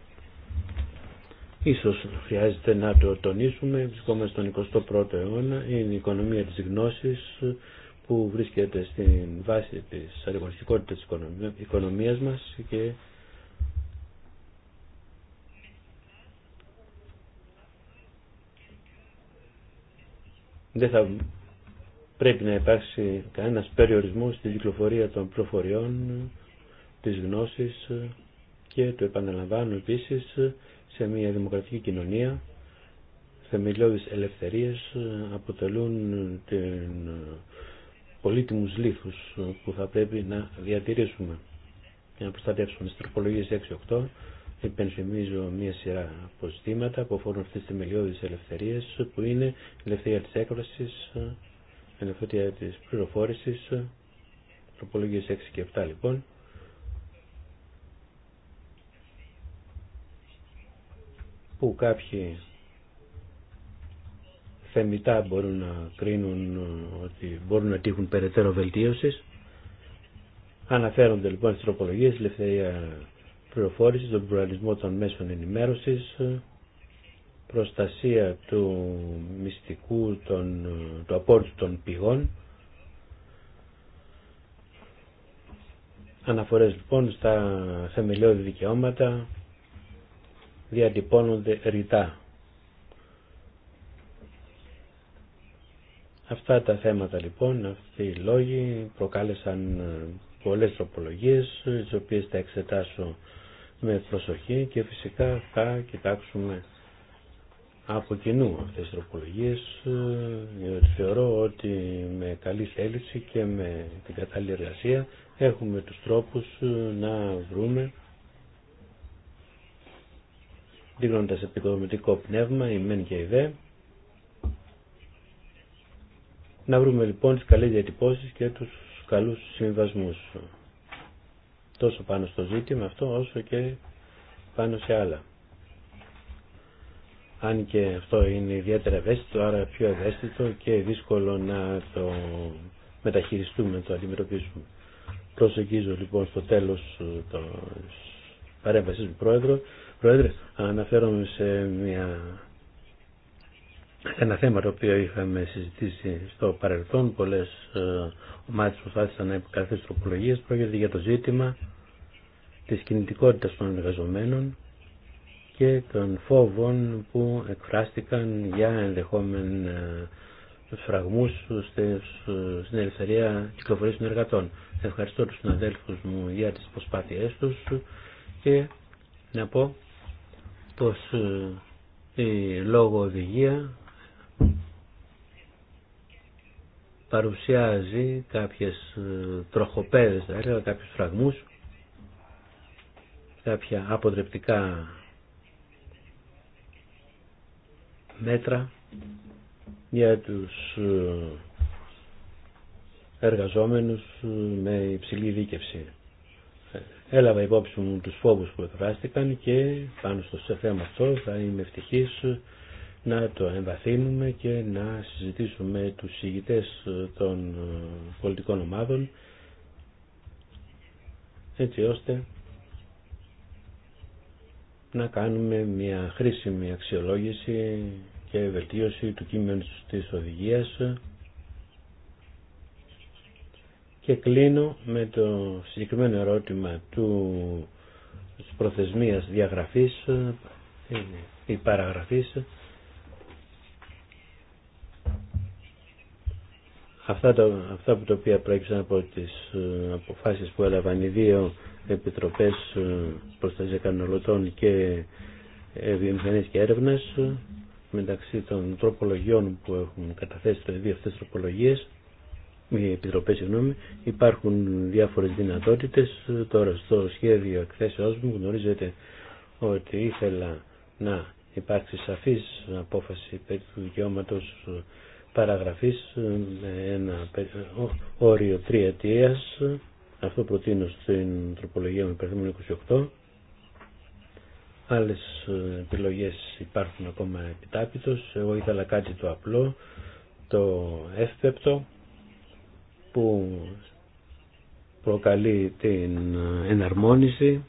Speaker 2: ίσως χρειάζεται να το τονίσουμε, βρισκόμαστε στον 21ο αιώνα, είναι η οικονομία της γνώσης που βρίσκεται στην βάση της αργοριστικότητας της οικονομίας μας και δεν θα πρέπει να υπάρξει κανένας περιορισμός στην κυκλοφορία των προφοριών, της γνώσης και το επαναλαμβάνω επίσης σε μια δημοκρατική κοινωνία θεμελιώδεις ελευθερίες αποτελούν την πολύτιμους λήθους που θα πρέπει να διατηρήσουμε και να προστατεύσουμε στις τροπολογίες 6-8 υπενθυμίζω μία σειρά από που αφορούν αυτέ τι θεμελιώδει ελευθερίες που είναι ελευθερία της έκφρασης, ελευθερία της πληροφόρηση, τροπολογίε 6 και 7 λοιπόν. που κάποιοι θεμητά μπορούν να κρίνουν ότι μπορούν να τύχουν περαιτέρω βελτίωσης. Αναφέρονται λοιπόν στις τροπολογίες ελευθερία πληροφόρηση, τον πλουραλισμό των μέσων ενημέρωσης, προστασία του μυστικού, των, του απόρριτου των πηγών. Αναφορές λοιπόν στα θεμελιώδη δικαιώματα διατυπώνονται ρητά. Αυτά τα θέματα λοιπόν, αυτοί οι λόγοι προκάλεσαν ε, πολλές τροπολογίες, τις οποίες θα εξετάσω με προσοχή και φυσικά θα κοιτάξουμε από κοινού αυτές τις τροπολογίες ε, διότι θεωρώ ότι με καλή θέληση και με την κατάλληλη εργασία έχουμε τους τρόπους ε, να βρούμε δίνοντας επικοδομητικό πνεύμα η μεν και η δε να βρούμε λοιπόν τις καλές διατυπώσεις και τους καλούς συμβασμούς τόσο πάνω στο ζήτημα αυτό όσο και πάνω σε άλλα. Αν και αυτό είναι ιδιαίτερα ευαίσθητο, άρα πιο ευαίσθητο και δύσκολο να το μεταχειριστούμε, να το αντιμετωπίσουμε. Προσεγγίζω λοιπόν στο τέλος ε, το παρέμβαση του πρόεδρο. Πρόεδρε, αναφέρομαι σε μια... ένα θέμα το οποίο είχαμε συζητήσει στο παρελθόν πολλές ε, που προσπάθησα να επικαθέσω τροπολογίες, πρόκειται για το ζήτημα της κινητικότητας των εργαζομένων και των φόβων που εκφράστηκαν για ενδεχόμενα φραγμούς στην ελευθερία κυκλοφορίας των εργατών. Ευχαριστώ τους συναδέλφους μου για τις προσπάθειές τους και να πω πως ε, η λόγω οδηγία παρουσιάζει κάποιες ε, τροχοπέδες, θα έλεγα, κάποιους φραγμούς, κάποια αποτρεπτικά μέτρα για τους ε, εργαζόμενους ε, με υψηλή δίκευση. Έλαβα υπόψη μου τους φόβους που εκφράστηκαν και πάνω στο θέμα αυτό θα είμαι ευτυχής να το εμβαθύνουμε και να συζητήσουμε τους ηγητές των ε, πολιτικών ομάδων έτσι ώστε να κάνουμε μια χρήσιμη αξιολόγηση και βελτίωση του κείμενου της οδηγίας και κλείνω με το συγκεκριμένο ερώτημα του προθεσμίας διαγραφής ή ε, παραγραφής Αυτά, τα, αυτά που τα οποία προέκυψαν από τις ε, αποφάσεις που έλαβαν οι δύο επιτροπές ε, προστασία κανολωτών και ε, βιομηχανίες και έρευνες μεταξύ των τροπολογιών που έχουν καταθέσει το δύο αυτές τροπολογίες οι επιτροπές συγγνώμη, υπάρχουν διάφορες δυνατότητες τώρα στο σχέδιο εκθέσεώς μου γνωρίζετε ότι ήθελα να υπάρξει σαφής απόφαση περί του δικαιώματος παραγραφής ε, με ένα όριο τριετίας. Αυτό προτείνω στην τροπολογία με περίπτωση 28. Άλλες ε, επιλογές υπάρχουν ακόμα επιτάπητος. Εγώ ήθελα κάτι το απλό, το εύπεπτο που προκαλεί την ε, εναρμόνιση.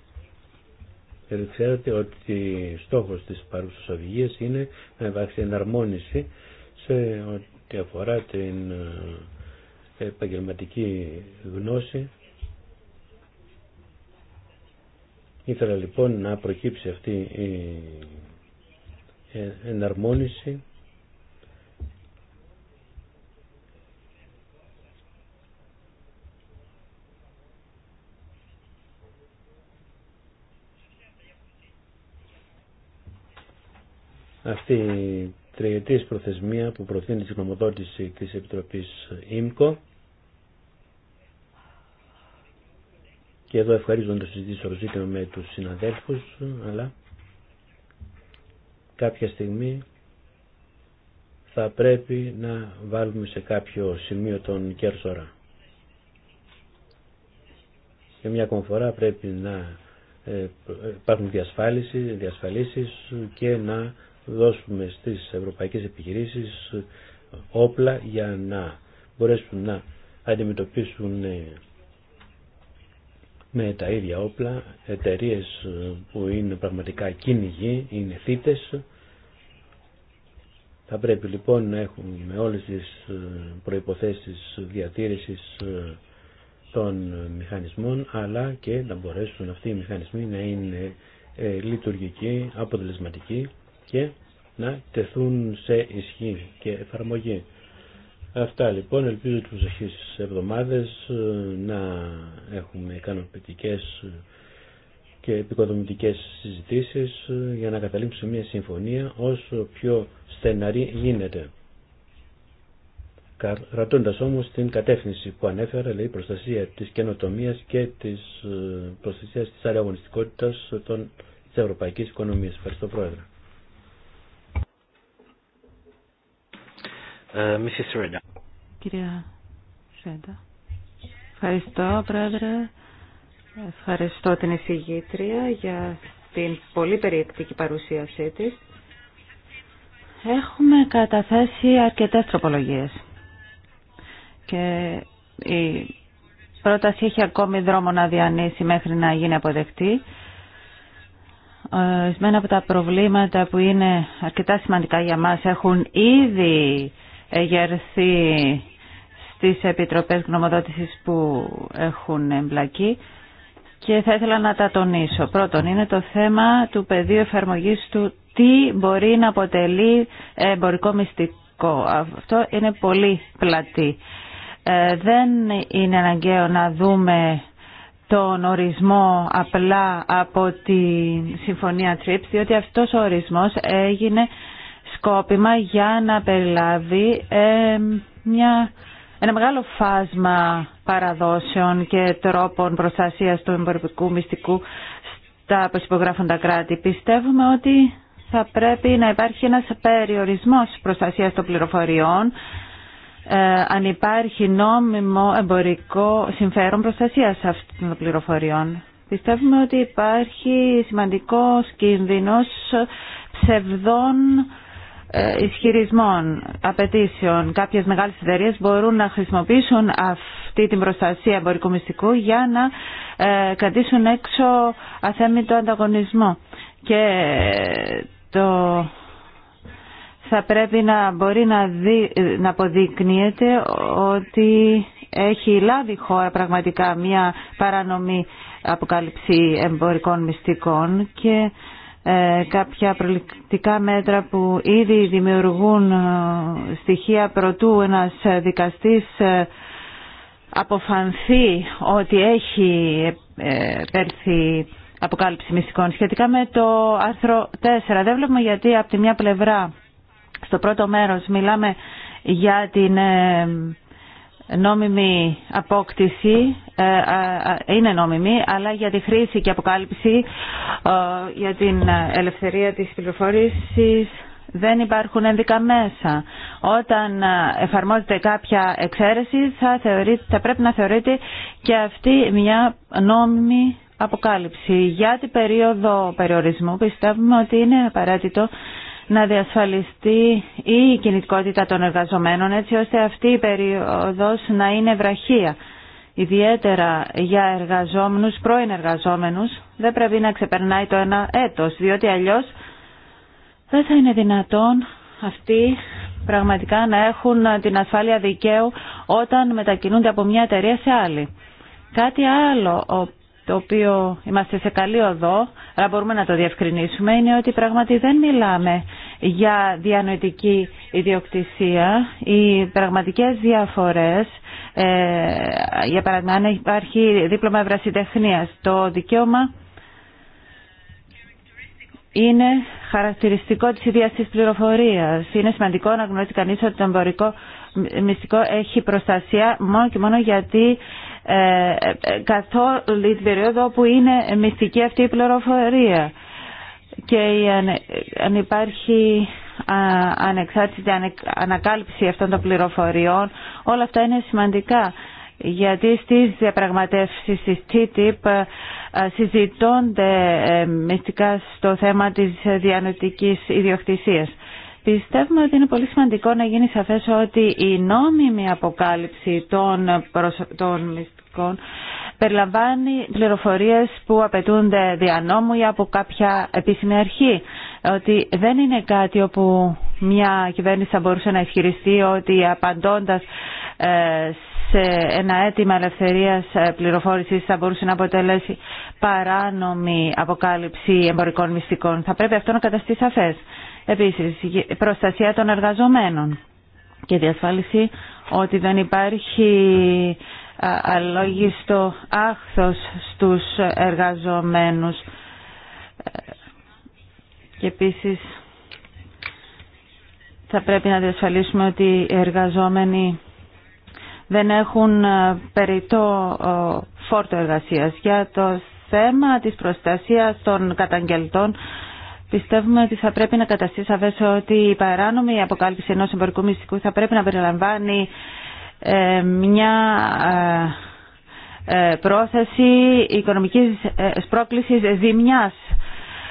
Speaker 2: Ξέρετε ότι στόχος της παρούσας οδηγίας είναι να υπάρξει εναρμόνιση σε τι αφορά την ε, επαγγελματική γνώση. Ήθελα λοιπόν να προκύψει αυτή η ε, εναρμόνιση αυτή τριετής προθεσμία που προτείνει τη γνωμοδότηση της Επιτροπής ΙΜΚΟ και εδώ ευχαρίζω να το συζητήσω με τους συναδέλφους αλλά κάποια στιγμή θα πρέπει να βάλουμε σε κάποιο σημείο τον Κέρσορα. Και μια ακόμα πρέπει να ε, υπάρχουν διασφάλιση διασφαλίσεις και να δώσουμε στις ευρωπαϊκές επιχειρήσεις όπλα για να μπορέσουν να αντιμετωπίσουν ε, με τα ίδια όπλα εταιρείε ε, που είναι πραγματικά κυνηγοί, είναι θύτες. Θα πρέπει λοιπόν να έχουμε όλες τις ε, προϋποθέσεις διατήρησης των μηχανισμών αλλά και να μπορέσουν αυτοί οι μηχανισμοί να είναι λειτουργικοί, αποτελεσματικοί και να τεθούν σε ισχύ και εφαρμογή. Αυτά λοιπόν, ελπίζω τις προσεχείς εβδομάδες ε, να έχουμε ικανοποιητικές και επικοδομητικές συζητήσεις ε, για να καταλήξουμε μια συμφωνία όσο πιο στεναρή γίνεται. Κρατώντα όμω την κατεύθυνση που ανέφερα, δηλαδή προστασία της καινοτομίας και της ε, προστασία της αεραγωνιστικότητας των, Ευρωπαϊκή ευρωπαϊκής Ευχαριστώ Πρόεδρε. Ε,
Speaker 3: Κυρία Ρέντα. Ευχαριστώ, Πρόεδρε. Ευχαριστώ την εισηγήτρια για την πολύ περιεκτική παρουσίασή της. Έχουμε καταθέσει αρκετές τροπολογίες και η πρόταση έχει ακόμη δρόμο να διανύσει μέχρι να γίνει αποδεκτή. Ορισμένα από τα προβλήματα που είναι αρκετά σημαντικά για μας έχουν ήδη εγερθεί στις επιτροπές γνωμοδότησης που έχουν εμπλακεί και θα ήθελα να τα τονίσω. Πρώτον, είναι το θέμα του πεδίου εφαρμογής του τι μπορεί να αποτελεί εμπορικό μυστικό. Αυτό είναι πολύ πλατή. Ε, δεν είναι αναγκαίο να δούμε τον ορισμό απλά από τη Συμφωνία TRIPS, διότι αυτός ο ορισμός έγινε σκόπιμα για να περιλάβει ε, μια, ένα μεγάλο φάσμα παραδόσεων και τρόπων προστασίας του εμπορικού μυστικού στα προσυπογράφοντα κράτη. Πιστεύουμε ότι θα πρέπει να υπάρχει ένας περιορισμός προστασίας των πληροφοριών ε, αν υπάρχει νόμιμο εμπορικό συμφέρον προστασίας αυτών των πληροφοριών. Πιστεύουμε ότι υπάρχει σημαντικός κίνδυνος ψευδών ε, ισχυρισμών, απαιτήσεων. Κάποιες μεγάλες εταιρείε μπορούν να χρησιμοποιήσουν αυτή την προστασία εμπορικού μυστικού για να ε, κρατήσουν έξω αθέμητο ανταγωνισμό. Και ε, το θα πρέπει να μπορεί να, να αποδεικνύεται ότι έχει λάβει χώρα πραγματικά μια παρανομή αποκάλυψη εμπορικών μυστικών και ε, κάποια προληπτικά μέτρα που ήδη δημιουργούν ε, στοιχεία προτού ένας ε, δικαστής αποφανθεί ότι έχει πέρθει αποκάλυψη μυστικών. Σχετικά με το άρθρο 4, δεν βλέπουμε γιατί από τη μια πλευρά στο πρώτο μέρος μιλάμε για την νόμιμη απόκτηση ε, ε, ε, είναι νόμιμη, αλλά για τη χρήση και αποκάλυψη για την ελευθερία της πληροφορήσης δεν υπάρχουν ένδικα μέσα. Όταν εφαρμόζεται κάποια εξαίρεση θα, θεωρεί, θα πρέπει να θεωρείται και αυτή μια νόμιμη αποκάλυψη. Για την περίοδο περιορισμού πιστεύουμε ότι είναι απαραίτητο να διασφαλιστεί η κινητικότητα των εργαζομένων έτσι ώστε αυτή η περίοδος να είναι βραχία ιδιαίτερα για εργαζόμενους, πρώην εργαζόμενους, δεν πρέπει να ξεπερνάει το ένα έτος, διότι αλλιώς δεν θα είναι δυνατόν αυτοί πραγματικά να έχουν την ασφάλεια δικαίου όταν μετακινούνται από μια εταιρεία σε άλλη. Κάτι άλλο το οποίο είμαστε σε καλή οδό, αλλά μπορούμε να το διευκρινίσουμε, είναι ότι πράγματι δεν μιλάμε για διανοητική ιδιοκτησία. Οι πραγματικές διαφορές ε, για παράδειγμα, αν υπάρχει δίπλωμα ευρασιτεχνίας, το δικαίωμα είναι χαρακτηριστικό της ίδιας τη πληροφορίας. Είναι σημαντικό να γνωρίζει κανείς ότι το εμπορικό μυστικό έχει προστασία μόνο και μόνο γιατί ε, ε καθ' την περίοδο που είναι μυστική αυτή η πληροφορία. Και αν υπάρχει ανεξάρτητη ανακάλυψη αυτών των πληροφοριών. Όλα αυτά είναι σημαντικά γιατί στις διαπραγματεύσεις της TTIP ε, συζητώνται ε, μυστικά στο θέμα της διανοητικής ιδιοκτησίας. Πιστεύουμε ότι είναι πολύ σημαντικό να γίνει σαφές ότι η νόμιμη αποκάλυψη των, των μυστικών περιλαμβάνει πληροφορίες που απαιτούνται δια ή από κάποια επίσημη αρχή ότι δεν είναι κάτι όπου μια κυβέρνηση θα μπορούσε να ισχυριστεί ότι απαντώντας ε, σε ένα αίτημα ελευθερίας ε, πληροφόρησης θα μπορούσε να αποτελέσει παράνομη αποκάλυψη εμπορικών μυστικών. Θα πρέπει αυτό να καταστεί σαφές. Επίσης, προστασία των εργαζομένων και διασφάλιση ότι δεν υπάρχει ε, αλόγιστο άχθος στους εργαζομένους και επίση θα πρέπει να διασφαλίσουμε ότι οι εργαζόμενοι δεν έχουν ε, περιττό ε, φόρτο εργασίας. Για το θέμα της προστασίας των καταγγελτών πιστεύουμε ότι θα πρέπει να καταστεί ότι η παράνομη αποκάλυψη ενός εμπορικού μυστικού θα πρέπει να περιλαμβάνει ε, μια πρόθεση οικονομικής πρόκλησης ζημιάς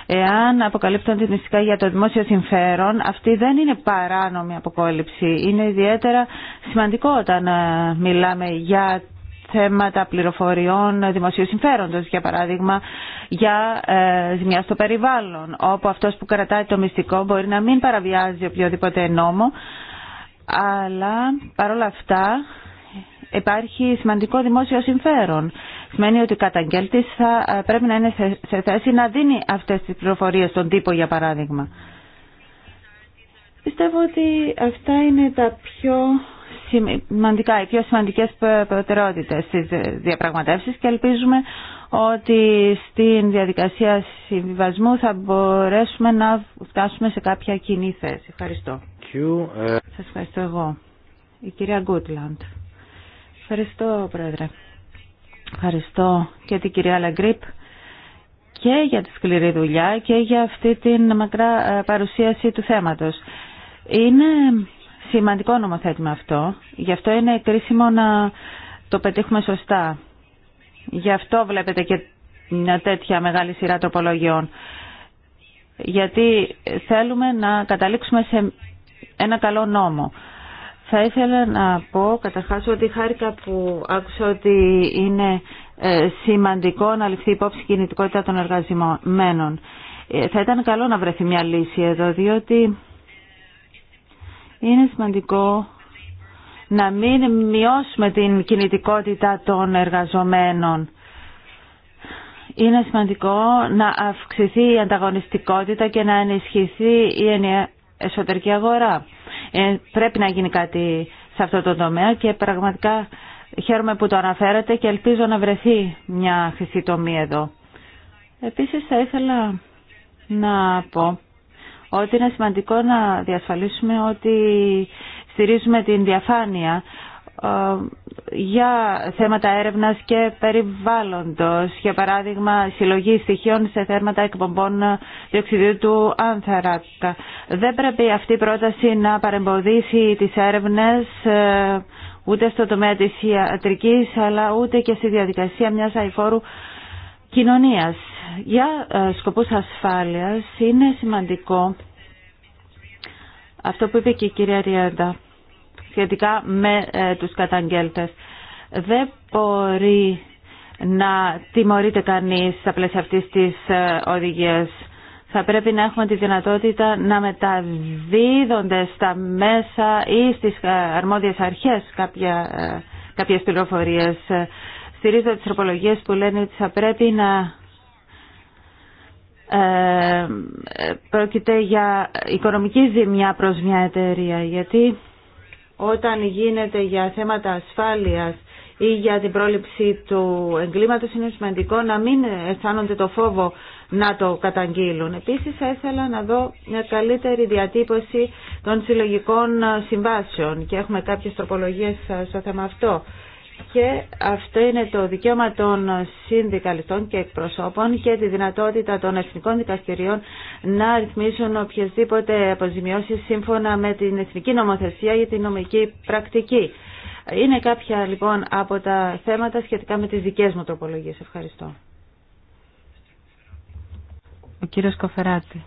Speaker 3: Εάν αποκαλύπτονται μυστικά για το δημόσιο συμφέρον, αυτή δεν είναι παράνομη αποκόλληψη. Είναι ιδιαίτερα σημαντικό όταν ε, μιλάμε για θέματα πληροφοριών δημοσίου συμφέροντος, για παράδειγμα για ε, ζημιά στο περιβάλλον, όπου αυτός που κρατάει το μυστικό μπορεί να μην παραβιάζει οποιοδήποτε νόμο, αλλά παρόλα αυτά υπάρχει σημαντικό δημόσιο συμφέρον. Σημαίνει ότι ο θα ε, πρέπει να είναι σε θέση να δίνει αυτές τις πληροφορίες στον τύπο για παράδειγμα. Πιστεύω ότι αυτά είναι τα πιο σημαντικά, οι πιο σημαντικές προτεραιότητες στις διαπραγματεύσεις και ελπίζουμε ότι στην διαδικασία συμβιβασμού θα μπορέσουμε να φτάσουμε σε κάποια κοινή θέση. Ευχαριστώ.
Speaker 2: Ε. Σας
Speaker 3: ευχαριστώ εγώ. Η κυρία Γκούτλαντ. Ευχαριστώ, Πρόεδρε. Ευχαριστώ και την κυρία Λαγκρίπ και για τη σκληρή δουλειά και για αυτή την μακρά ε, παρουσίαση του θέματος. Είναι σημαντικό νομοθέτημα αυτό, γι' αυτό είναι κρίσιμο να το πετύχουμε σωστά. Γι' αυτό βλέπετε και μια τέτοια μεγάλη σειρά τροπολογιών. Γιατί θέλουμε να καταλήξουμε σε ένα καλό νόμο. Θα ήθελα να πω καταρχάς ότι χάρηκα που άκουσα ότι είναι ε, σημαντικό να ληφθεί υπόψη η κινητικότητα των εργαζομένων. Ε, θα ήταν καλό να βρεθεί μια λύση εδώ, διότι είναι σημαντικό να μην μειώσουμε την κινητικότητα των εργαζομένων. Είναι σημαντικό να αυξηθεί η ανταγωνιστικότητα και να ενισχυθεί η εσωτερική αγορά. Ε, πρέπει να γίνει κάτι σε αυτό το τομέα και πραγματικά χαίρομαι που το αναφέρατε και ελπίζω να βρεθεί μια χρυσή τομή εδώ. Επίσης θα ήθελα να πω ότι είναι σημαντικό να διασφαλίσουμε ότι στηρίζουμε την διαφάνεια ε, για θέματα έρευνας και περιβάλλοντος. Για παράδειγμα, συλλογή στοιχείων σε θέματα εκπομπών διοξιδίου του άνθρακα. Δεν πρέπει αυτή η πρόταση να παρεμποδίσει τις έρευνες ε, ούτε στο τομέα της ιατρικής αλλά ούτε και στη διαδικασία μιας αηφόρου κοινωνίας. Για ε, σκοπούς ασφάλειας είναι σημαντικό αυτό που είπε και η κυρία Ριέντα σχετικά με ε, τους καταγγέλτες. Δεν μπορεί να τιμωρείται κανείς στα πλαίσια αυτής της ε, οδηγίας. Θα πρέπει να έχουμε τη δυνατότητα να μεταδίδονται στα μέσα ή στις ε, αρμόδιες αρχές κάποια, κάποιες πληροφορίες. Στηρίζω τις τροπολογίες που λένε ότι θα πρέπει να ε, πρόκειται για οικονομική ζημιά προς μια εταιρεία γιατί όταν γίνεται για θέματα ασφάλειας ή για την πρόληψη του εγκλήματος είναι σημαντικό να μην αισθάνονται το φόβο να το καταγγείλουν. Επίσης θα ήθελα να δω μια καλύτερη διατύπωση των συλλογικών συμβάσεων και έχουμε κάποιες τροπολογίες στο θέμα αυτό και αυτό είναι το δικαίωμα των συνδικαλιστών και εκπροσώπων και τη δυνατότητα των εθνικών δικαστηριών να ρυθμίσουν οποιασδήποτε αποζημιώσεις σύμφωνα με την εθνική νομοθεσία για την νομική πρακτική. Είναι κάποια λοιπόν από τα θέματα σχετικά με τις δικές μου τροπολογίες. Ευχαριστώ.
Speaker 2: Ο κύριος Κοφεράτη.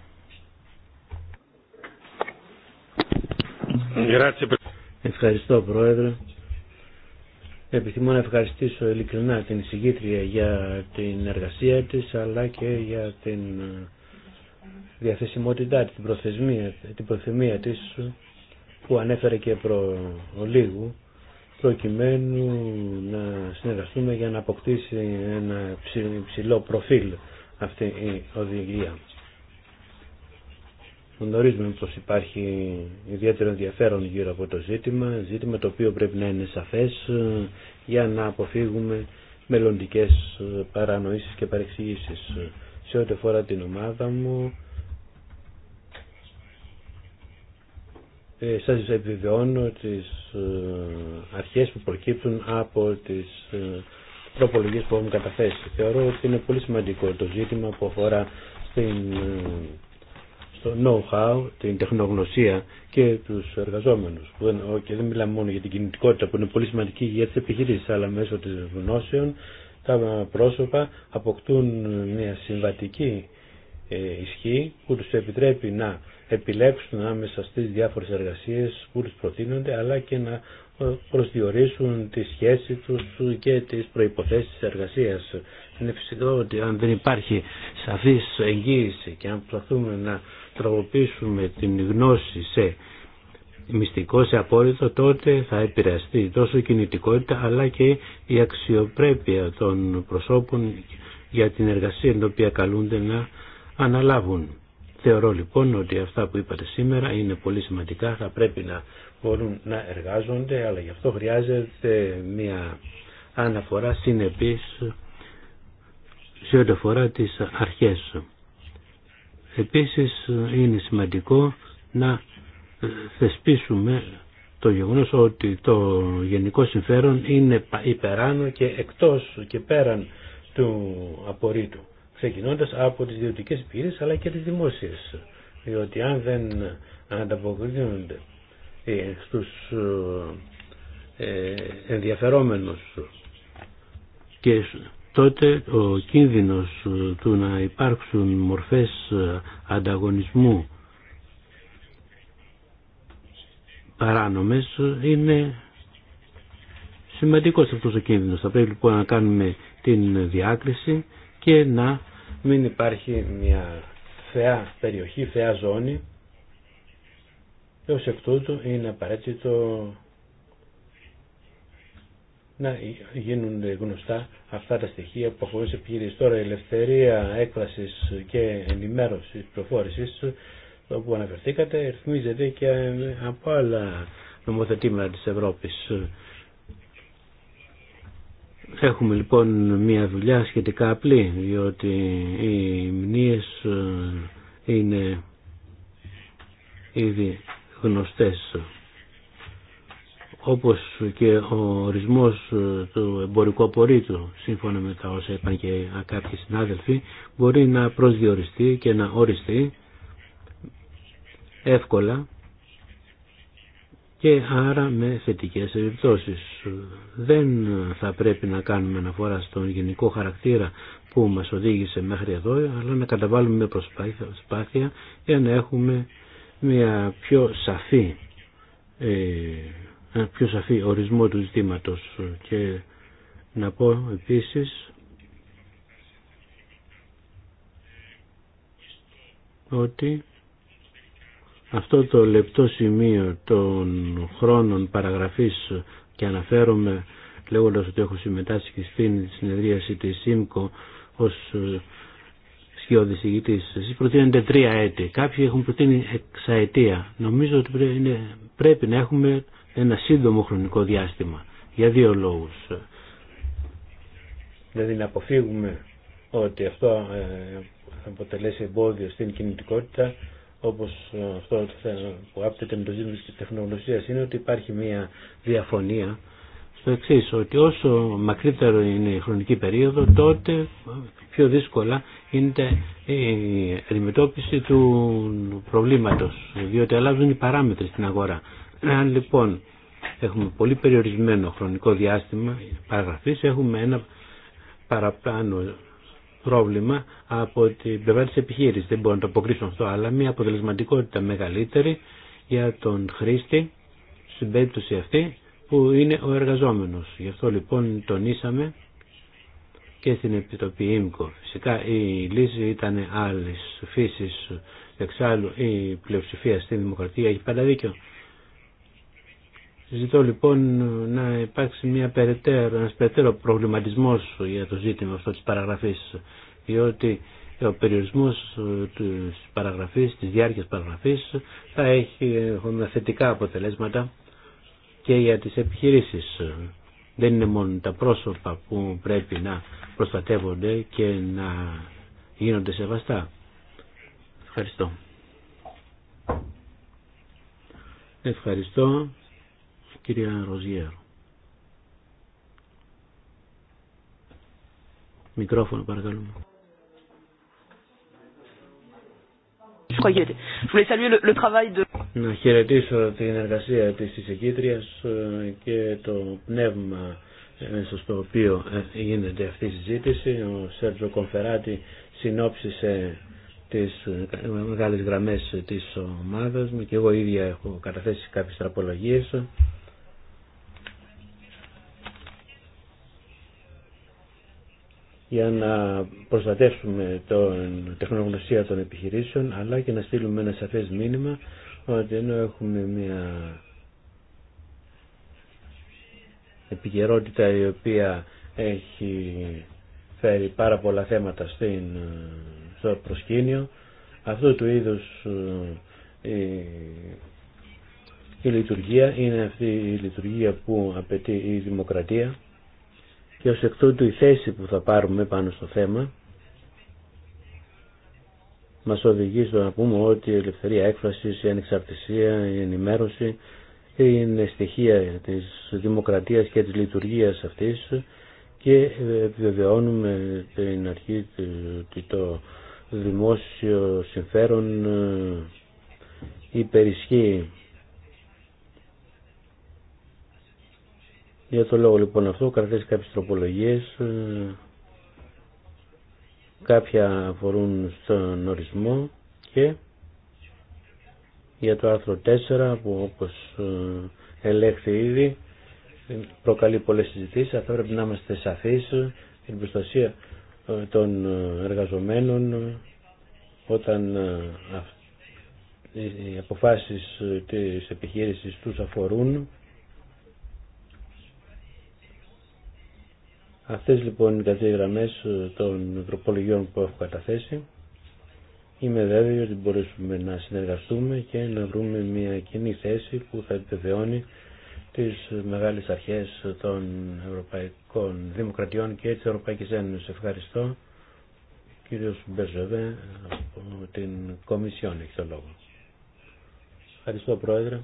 Speaker 2: Ευχαριστώ Πρόεδρε. Επιθυμώ να ευχαριστήσω ειλικρινά την εισηγήτρια για την εργασία της αλλά και για την ε, διαθεσιμότητά της, την, προθεσμία, την προθυμία της που ανέφερε και προ λίγου προκειμένου να συνεργαστούμε για να αποκτήσει ένα ψηλό προφίλ αυτή η οδηγία. Γνωρίζουμε πως υπάρχει ιδιαίτερο ενδιαφέρον γύρω από το ζήτημα, ζήτημα το οποίο πρέπει να είναι σαφές ε, για να αποφύγουμε μελλοντικές ε, παρανοήσεις και παρεξηγήσεις. Ε, σε ό,τι αφορά την ομάδα μου, σα σας επιβεβαιώνω τις αρχές που προκύπτουν από τις τροπολογίες που έχουμε καταθέσει. Θεωρώ ότι είναι πολύ σημαντικό το ζήτημα που αφορά στην στο know-how, την τεχνογνωσία και του εργαζόμενου. Και δεν μιλάμε μόνο για την κινητικότητα που είναι πολύ σημαντική για τι επιχείρησει, αλλά μέσω των γνώσεων τα πρόσωπα αποκτούν μια συμβατική ε, ισχύ που του επιτρέπει να επιλέξουν άμεσα στι διάφορε εργασίε που του προτείνονται, αλλά και να ε, προσδιορίσουν τη σχέση τους και τις προϋποθέσεις της εργασίας. Είναι φυσικό ότι αν δεν υπάρχει σαφής εγγύηση και αν προσπαθούμε να τραγουδήσουμε την γνώση σε μυστικό, σε απόλυτο, τότε θα επηρεαστεί τόσο η κινητικότητα αλλά και η αξιοπρέπεια των προσώπων για την εργασία την οποία καλούνται να αναλάβουν. Θεωρώ λοιπόν ότι αυτά που είπατε σήμερα είναι πολύ σημαντικά, θα πρέπει να μπορούν να εργάζονται, αλλά γι' αυτό χρειάζεται μια αναφορά συνεπής σε ό,τι αφορά τις αρχές. Επίσης είναι σημαντικό να ε, θεσπίσουμε το γεγονός ότι το γενικό συμφέρον είναι υπεράνω και εκτός και πέραν του απορρίτου, ξεκινώντας από τις ιδιωτικές επιχειρήσεις αλλά και τις δημόσιες, διότι αν δεν ανταποκρίνονται ε, στους ε, ενδιαφερόμενους και τότε ο κίνδυνος ε, του να υπάρξουν μορφές ε, ανταγωνισμού παράνομες ε, είναι σημαντικός αυτός ο κίνδυνος. Θα πρέπει λοιπόν να κάνουμε την διάκριση και να μην υπάρχει μια θεά περιοχή, θεά ζώνη. Έως εκ τούτου είναι απαραίτητο να γίνουν γνωστά αυτά τα στοιχεία που αφορούν σε Τώρα η ελευθερία έκφρασης και ενημέρωσης, προφόρησης, όπου αναφερθήκατε, ρυθμίζεται και από άλλα νομοθετήματα της Ευρώπης. Έχουμε λοιπόν μια δουλειά σχετικά απλή, διότι οι μνήες ε, είναι ήδη γνωστές όπως και ο ορισμός ε, του εμπορικού απορρίτου, σύμφωνα με τα όσα είπαν και κάποιοι συνάδελφοι, μπορεί να προσδιοριστεί και να οριστεί εύκολα και άρα με θετικές επιπτώσεις. Δεν θα πρέπει να κάνουμε αναφορά στον γενικό χαρακτήρα που μας οδήγησε μέχρι εδώ, αλλά να καταβάλουμε προσπάθεια για να έχουμε μια πιο σαφή ε, ε, πιο σαφή ορισμό του ζητήματος και να πω επίσης ότι αυτό το λεπτό σημείο των χρόνων παραγραφής και αναφέρομαι λέγοντας ότι έχω συμμετάσχει στην συνεδρίαση της ΣΥΜΚΟ ως ε, σκιώδης ηγητής. Εσείς προτείνετε τρία έτη. Κάποιοι έχουν προτείνει εξαετία. Νομίζω ότι πρέπει να έχουμε ένα σύντομο χρονικό διάστημα. Για δύο λόγους. Δηλαδή να αποφύγουμε ότι αυτό ε, θα αποτελέσει εμπόδιο στην κινητικότητα όπως αυτό που άπτεται με το ζήτημα της τεχνογνωσίας είναι ότι υπάρχει μια διαφωνία στο εξή ότι όσο μακρύτερο είναι η χρονική περίοδο τότε πιο δύσκολα είναι η αντιμετώπιση του προβλήματος διότι αλλάζουν οι παράμετροι στην αγορά. Εάν λοιπόν έχουμε πολύ περιορισμένο χρονικό διάστημα παραγραφής, έχουμε ένα παραπάνω πρόβλημα από την πλευρά της επιχείρησης. Δεν μπορώ να το αποκρίσω αυτό, αλλά μια αποτελεσματικότητα μεγαλύτερη για τον χρήστη στην περίπτωση αυτή που είναι ο εργαζόμενος. Γι' αυτό λοιπόν τονίσαμε και στην Επιτροπή ΙΜΚΟ. Φυσικά η λύση ήταν άλλη φύση. εξάλλου η πλειοψηφία στην Δημοκρατία έχει πάντα δίκιο. Ζητώ λοιπόν να υπάρξει μια περαιτέρω, ένας περαιτέρω προβληματισμός για το ζήτημα αυτό της παραγραφής, διότι ο περιορισμός ε, της παραγραφής, της διάρκειας παραγραφής θα έχει ε, θετικά αποτελέσματα και για τις επιχειρήσεις. Δεν είναι μόνο τα πρόσωπα που πρέπει να προστατεύονται και να γίνονται σεβαστά. Ευχαριστώ. Ευχαριστώ. Κυρία Ροζιέρ. Μικρόφωνο παρακαλούμε. Να χαιρετήσω την εργασία της εισηγήτριας ε, και το πνεύμα μέσα ε, στο οποίο ε, γίνεται αυτή η συζήτηση. Ο Σέρτζο Κομφεράτη συνόψισε τις μεγάλες γραμμές της ομάδας μου και εγώ ίδια έχω καταθέσει κάποιες τραπολογίες για να προστατεύσουμε την τεχνογνωσία των επιχειρήσεων αλλά και να στείλουμε ένα σαφές μήνυμα ότι ενώ έχουμε μια επικαιρότητα η οποία έχει φέρει πάρα πολλά θέματα στην, στο προσκήνιο αυτού του είδους ε, η, η λειτουργία είναι αυτή η λειτουργία που απαιτεί η δημοκρατία και ως εκ τούτου η θέση που θα πάρουμε πάνω στο θέμα μας οδηγεί στο να πούμε ότι η ελευθερία έκφρασης, η ανεξαρτησία, η ενημέρωση είναι στοιχεία της δημοκρατίας και της λειτουργίας αυτής και επιβεβαιώνουμε την αρχή ότι το δημόσιο συμφέρον ε, υπερισχύει Για το λόγο λοιπόν αυτό κρατήσει κάποιες τροπολογίες, ε, κάποια αφορούν στον ορισμό και για το άρθρο 4 που όπως ε, ελέγχθη ήδη προκαλεί πολλές συζητήσεις, θα πρέπει να είμαστε σαφείς στην προστασία ε, των εργαζομένων όταν οι αποφάσεις της επιχείρησης τους αφορούν Αυτές λοιπόν είναι οι γραμμές ε, των τροπολογιών που έχω καταθέσει. Είμαι βέβαιο ότι μπορούμε να συνεργαστούμε και να βρούμε μια κοινή θέση που θα επιβεβαιώνει τις μεγάλες αρχές των ευρωπαϊκών δημοκρατιών και της Ευρωπαϊκής Ένωσης. Ευχαριστώ. Κύριος Μπεζεβέ από την Κομισιόν έχει το λόγο. Ευχαριστώ Πρόεδρε.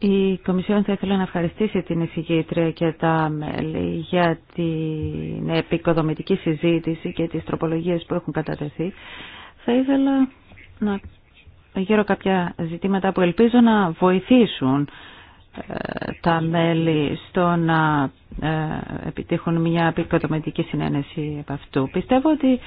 Speaker 3: Η Κομισιόν θα ήθελα να ευχαριστήσει την εισηγήτρια και τα μέλη για την επικοδομητική συζήτηση και τις τροπολογίες που έχουν κατατεθεί. Θα ήθελα να γύρω κάποια ζητήματα που ελπίζω να βοηθήσουν ε, τα μέλη στο να ε, επιτύχουν μια επικοδομητική συνένεση από αυτού. Πιστεύω ότι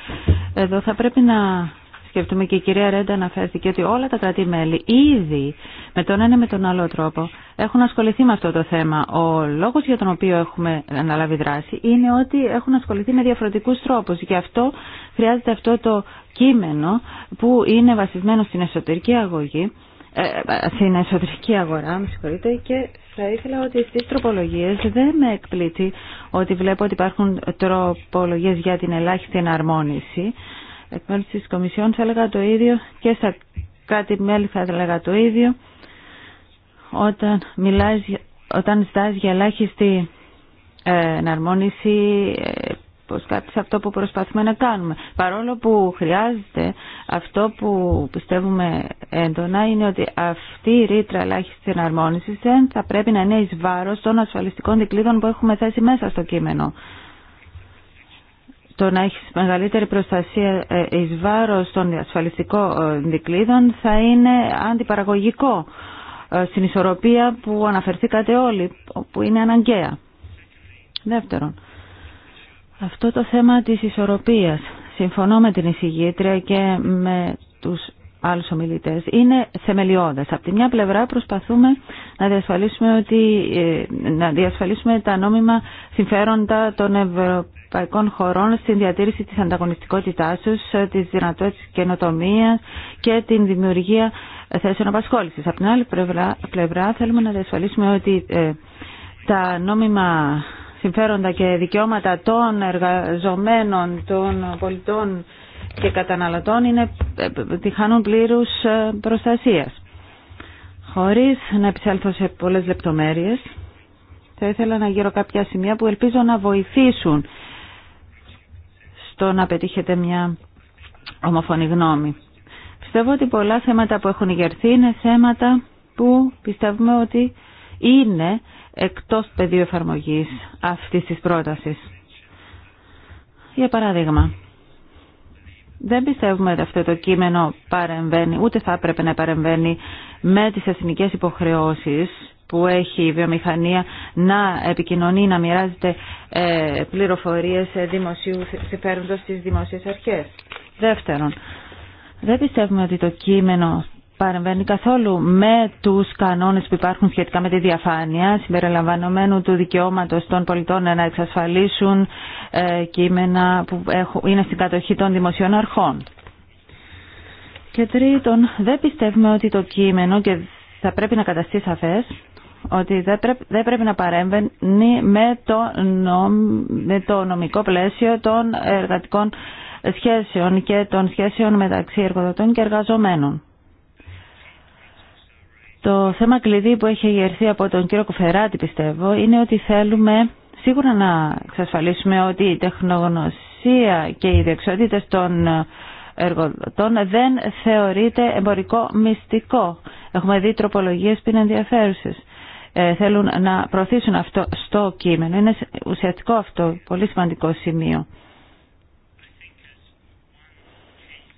Speaker 3: εδώ θα πρέπει να σκεφτούμε και η κυρία Ρέντα αναφέρθηκε ότι όλα τα κράτη-μέλη ήδη με τον ένα με τον άλλο τρόπο έχουν ασχοληθεί με αυτό το θέμα. Ο λόγος για τον οποίο έχουμε αναλάβει δράση είναι ότι έχουν ασχοληθεί με διαφορετικούς τρόπους. Γι' αυτό χρειάζεται αυτό το κείμενο που είναι βασισμένο στην εσωτερική αγωγή ε, ε, στην εσωτερική αγορά, με συγχωρείτε, και θα ήθελα ότι στις τροπολογίες δεν με εκπλήττει ότι βλέπω ότι υπάρχουν τροπολογίες για την ελάχιστη εναρμόνιση εκ μέρους της Κομισιόν θα έλεγα το ίδιο και στα κάτι μελη θα έλεγα το ίδιο όταν, μιλάς, όταν ζητάς για ελάχιστη ε, εναρμόνιση ε, πως κάτι σε αυτό που προσπαθούμε να κάνουμε. Παρόλο που χρειάζεται, αυτό που πιστεύουμε έντονα είναι ότι αυτή η ρήτρα ελάχιστη εναρμόνιση δεν θα πρέπει να είναι εις βάρος των ασφαλιστικών δικλείδων που έχουμε θέσει μέσα στο κείμενο το να έχει μεγαλύτερη προστασία ε, εις βάρος των ασφαλιστικών ε, δικλείδων θα είναι αντιπαραγωγικό ε, στην ισορροπία που αναφερθήκατε όλοι, που είναι αναγκαία. Δεύτερον, αυτό το θέμα της ισορροπίας. Συμφωνώ με την εισηγήτρια και με τους άλλους ομιλητές είναι θεμελιώδες. Από τη μια πλευρά προσπαθούμε να διασφαλίσουμε, ότι, ε, να διασφαλίσουμε τα νόμιμα συμφέροντα των ευρωπαϊκών χωρών στην διατήρηση της ανταγωνιστικότητάς τους, ε, της δυνατότητας καινοτομίας και την δημιουργία θέσεων απασχόλησης. Από την άλλη πλευρά, πλευρά θέλουμε να διασφαλίσουμε ότι ε, τα νόμιμα συμφέροντα και δικαιώματα των εργαζομένων, των πολιτών και καταναλωτών είναι, ε, τυχάνουν πλήρους ε, προστασίας. Χωρίς να επισέλθω σε πολλές λεπτομέρειες, θα ήθελα να γύρω κάποια σημεία που ελπίζω να βοηθήσουν στο να πετύχετε μια ομοφωνή γνώμη. Πιστεύω ότι πολλά θέματα που έχουν γερθεί είναι θέματα που πιστεύουμε ότι είναι εκτός πεδίου εφαρμογής αυτής της πρότασης. Για παράδειγμα, δεν πιστεύουμε ότι αυτό το κείμενο παρεμβαίνει, ούτε θα έπρεπε να παρεμβαίνει με τις εθνικές υποχρεώσεις που έχει η βιομηχανία να επικοινωνεί, να μοιράζεται ε, πληροφορίες δημοσίου συμφέροντος στις δημόσιες αρχές. Δεύτερον, δεν πιστεύουμε ότι το κείμενο παρεμβαίνει καθόλου με τους κανόνες που υπάρχουν σχετικά με τη διαφάνεια συμπεριλαμβανομένου του δικαιώματος των πολιτών να εξασφαλίσουν ε, κείμενα που είναι στην κατοχή των δημοσίων αρχών. Και τρίτον, δεν πιστεύουμε ότι το κείμενο και θα πρέπει να καταστεί σαφές ότι δεν πρέπει, να παρέμβαίνει με το, με το νομικό πλαίσιο των εργατικών σχέσεων και των σχέσεων μεταξύ εργοδοτών και εργαζομένων. Το θέμα κλειδί που έχει γερθεί από τον κύριο Κουφεράτη, πιστεύω είναι ότι θέλουμε σίγουρα να εξασφαλίσουμε ότι η τεχνογνωσία και οι δεξιότητες των εργοδοτών δεν θεωρείται εμπορικό μυστικό. Έχουμε δει τροπολογίες που είναι ενδιαφέρουσες. Ε, θέλουν να προωθήσουν αυτό στο κείμενο. Είναι ουσιαστικό αυτό, πολύ σημαντικό σημείο.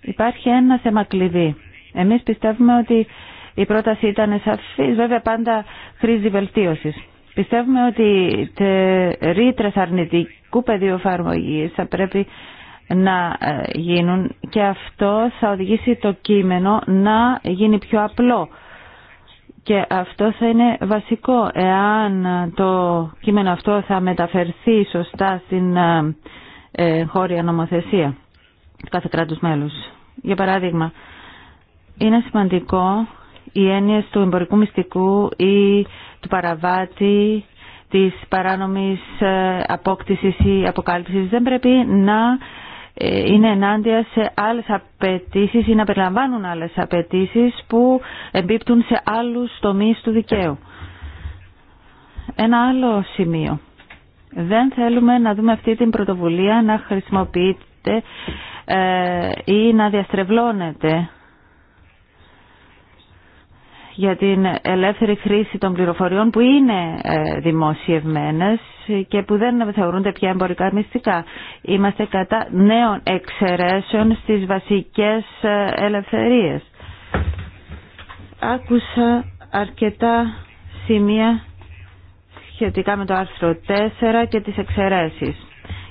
Speaker 3: Υπάρχει ένα θέμα κλειδί. Εμείς πιστεύουμε ότι η πρόταση ήταν σαφής, βέβαια πάντα χρήση βελτίωσης. Πιστεύουμε ότι ρήτρε αρνητικού πεδίου εφαρμογή θα πρέπει να ε, γίνουν και αυτό θα οδηγήσει το κείμενο να γίνει πιο απλό. Και αυτό θα είναι βασικό εάν το κείμενο αυτό θα μεταφερθεί σωστά στην ε, ε, χώρια νομοθεσία κάθε κράτους μέλους. Για παράδειγμα, είναι σημαντικό οι έννοιες του εμπορικού μυστικού ή του παραβάτη, της παράνομης ε, απόκτησης ή αποκάλυψης δεν πρέπει να ε, είναι ενάντια σε άλλες απαιτήσει ή να περιλαμβάνουν άλλες απαιτήσει που εμπίπτουν σε άλλους τομείς του δικαίου. Ένα άλλο σημείο. Δεν θέλουμε να δούμε αυτή την πρωτοβουλία να χρησιμοποιείται ε, ή να διαστρεβλώνεται για την ελεύθερη χρήση των πληροφοριών που είναι ε, δημοσιευμένες και που δεν θεωρούνται πια εμπορικά μυστικά. Είμαστε κατά νέων εξαιρέσεων στις βασικές ε, ελευθερίες. Άκουσα αρκετά σημεία σχετικά με το άρθρο 4 και τις εξαιρέσεις.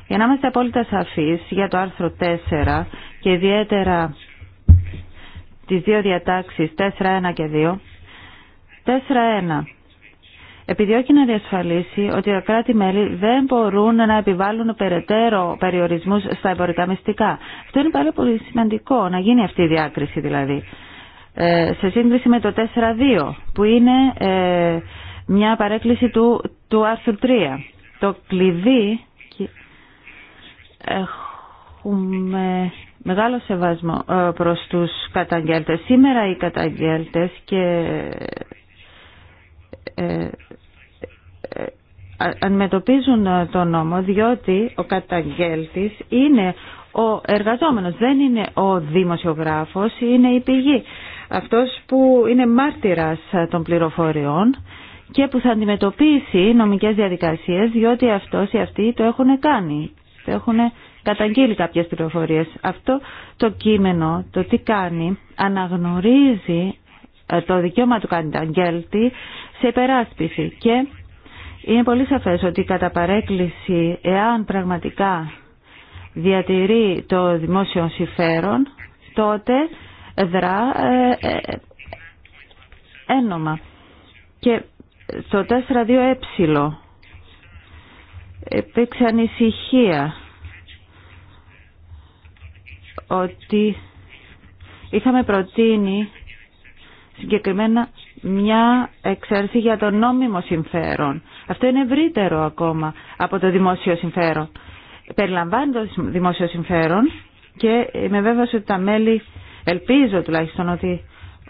Speaker 3: Για να είμαστε απόλυτα σαφείς για το άρθρο 4 και ιδιαίτερα τις δύο διατάξεις 4, 1 και 2, 4.1. Επιδιώκει να διασφαλίσει ότι τα κράτη-μέλη δεν μπορούν να επιβάλλουν περαιτέρω περιορισμού στα εμπορικά μυστικά. Αυτό είναι πάρα πολύ σημαντικό, να γίνει αυτή η διάκριση δηλαδή. Ε, σε σύγκριση με το 4.2, που είναι ε, μια παρέκκληση του, του άρθρου 3. Το κλειδί. Έχουμε μεγάλο σεβασμό ε, προς τους καταγγέλτες. Σήμερα οι καταγγέλτες και ε, ε, ε, αντιμετωπίζουν τον νόμο διότι ο καταγγέλτης είναι ο εργαζόμενος, δεν είναι ο δημοσιογράφος, είναι η πηγή. Αυτός που είναι μάρτυρας των πληροφοριών και που θα αντιμετωπίσει νομικές διαδικασίες διότι αυτός ή αυτοί το έχουν κάνει, το έχουν καταγγείλει κάποιες πληροφορίες. Αυτό το κείμενο, το τι κάνει, αναγνωρίζει το δικαίωμα του καταγγέλτη σε υπεράσπιση. Και είναι πολύ σαφές ότι κατά παρέκκληση, εάν πραγματικά διατηρεί το δημόσιο συμφέρον, τότε δρά ε, ε ένομα. Και στο 4-2 ε υπήρξε ανησυχία ότι είχαμε προτείνει συγκεκριμένα μια εξαρτή για το νόμιμο συμφέρον. Αυτό είναι ευρύτερο ακόμα από το δημόσιο συμφέρον. Περιλαμβάνει το δημόσιο συμφέρον και είμαι βέβαιος ότι τα μέλη, ελπίζω τουλάχιστον ότι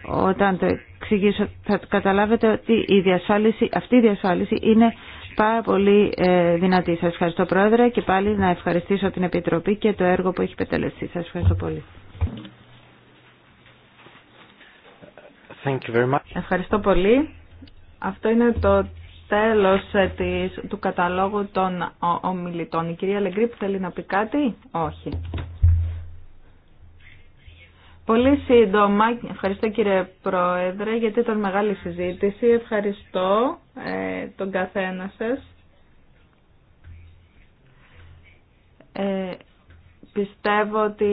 Speaker 3: όταν το εξηγήσω θα καταλάβετε ότι η αυτή η διασφάλιση είναι πάρα πολύ ε, δυνατή. Σας ευχαριστώ Πρόεδρε και πάλι να ευχαριστήσω την Επιτροπή και το έργο που έχει πετελεστεί. Σας ευχαριστώ πολύ. Thank you
Speaker 1: Ευχαριστώ πολύ. Αυτό είναι το τέλος ε, της, του καταλόγου των ομιλητών. Η κυρία που θέλει να πει κάτι. Όχι. Πολύ σύντομα, ευχαριστώ κύριε Πρόεδρε, γιατί ήταν μεγάλη συζήτηση. Ευχαριστώ ε, τον καθένα σας. Ε, πιστεύω ότι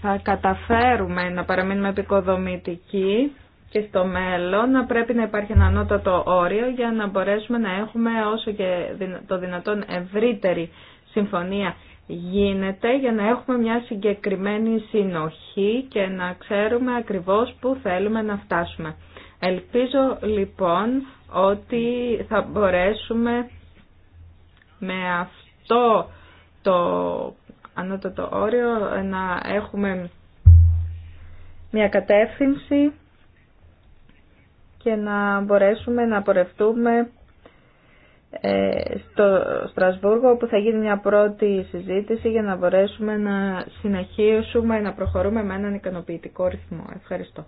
Speaker 1: θα καταφέρουμε να παραμείνουμε επικοδομητικοί και στο μέλλον να πρέπει να υπάρχει ένα ανώτατο όριο για να μπορέσουμε να έχουμε όσο και το δυνατόν ευρύτερη συμφωνία γίνεται για να έχουμε μια συγκεκριμένη συνοχή και να ξέρουμε ακριβώς πού θέλουμε να φτάσουμε. Ελπίζω λοιπόν ότι θα μπορέσουμε με αυτό το ανώτατο όριο να έχουμε μια κατεύθυνση και να μπορέσουμε να πορευτούμε ε, στο Στρασβούργο όπου θα γίνει μια πρώτη συζήτηση για να μπορέσουμε να συνεχίσουμε να προχωρούμε με έναν ικανοποιητικό ρυθμό. Ευχαριστώ.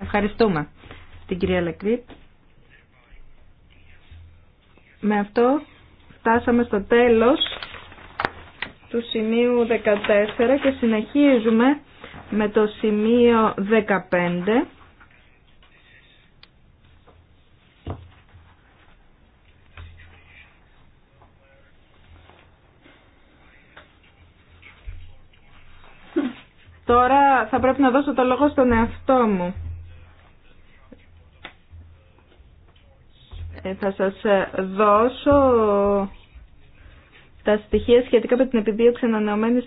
Speaker 1: Ευχαριστούμε την κυρία Λεκρίτ. Με αυτό φτάσαμε στο τέλος του σημείου 14 και συνεχίζουμε με το σημείο 15. Τώρα θα πρέπει να δώσω το λόγο στον εαυτό μου. Ε, θα σας δώσω τα στοιχεία σχετικά με την επιδίωξη ανανεωμένη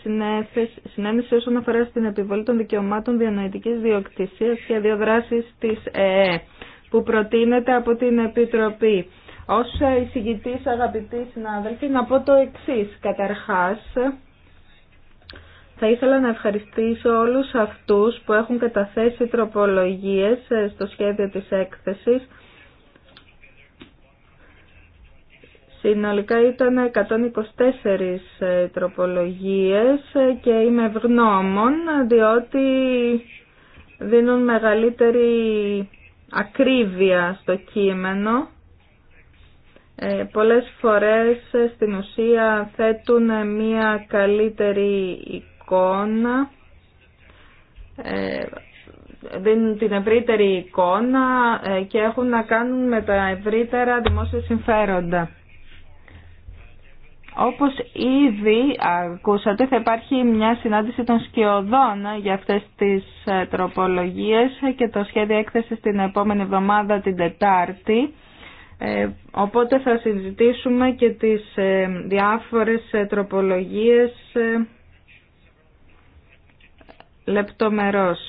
Speaker 1: συνένεση όσον αφορά στην επιβολή των δικαιωμάτων διανοητικής Διοκτησία και διοδράσης της ΕΕ που προτείνεται από την Επιτροπή. ω εισηγητή, αγαπητοί συνάδελφοι να πω το εξή. Καταρχάς θα ήθελα να ευχαριστήσω όλους αυτούς που έχουν καταθέσει τροπολογίες στο σχέδιο της έκθεσης Συνολικά ήταν 124 ε, τροπολογίες ε, και είμαι ευγνώμων διότι δίνουν μεγαλύτερη ακρίβεια στο κείμενο. Ε, πολλές φορές ε, στην ουσία θέτουν μια καλύτερη εικόνα, ε, δίνουν την ευρύτερη εικόνα και έχουν να κάνουν με τα ευρύτερα δημόσια συμφέροντα. Όπως ήδη ακούσατε θα υπάρχει μια συνάντηση των σκιωδών για αυτές τις ε, τροπολογίες και το σχέδιο έκθεση την επόμενη εβδομάδα την Τετάρτη. Ε, οπότε θα συζητήσουμε και τις ε, διάφορες τροπολογίες λεπτομερώς.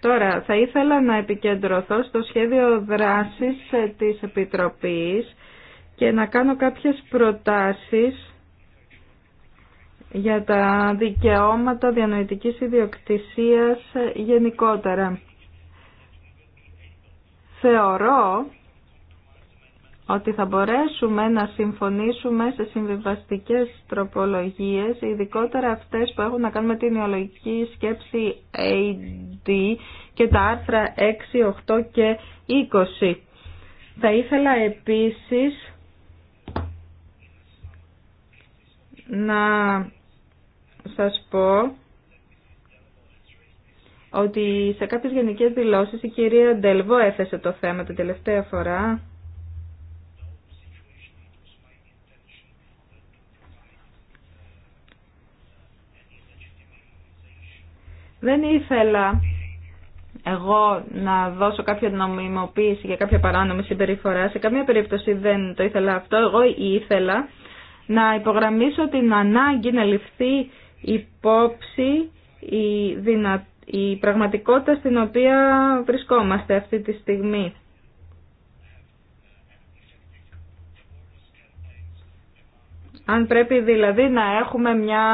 Speaker 1: Τώρα θα ήθελα να επικεντρωθώ στο σχέδιο δράσης της Επιτροπής και να κάνω κάποιες προτάσεις για τα δικαιώματα διανοητικής ιδιοκτησίας γενικότερα. Θεωρώ ότι θα μπορέσουμε να συμφωνήσουμε σε συμβιβαστικές τροπολογίες, ειδικότερα αυτές που έχουν να κάνουν με την ιολογική σκέψη AD και τα άρθρα 6, 8 και 20. Θα ήθελα επίσης να σας πω ότι σε κάποιες γενικές δηλώσεις η κυρία Ντελβό έθεσε το θέμα την τελευταία φορά. Δεν ήθελα εγώ να δώσω κάποια νομιμοποίηση για κάποια παράνομη συμπεριφορά. Σε καμία περίπτωση δεν το ήθελα αυτό. Εγώ ήθελα να υπογραμμίσω την ανάγκη να ληφθεί υπόψη η, δυνα... η πραγματικότητα στην οποία βρισκόμαστε αυτή τη στιγμή. Αν πρέπει δηλαδή να έχουμε μια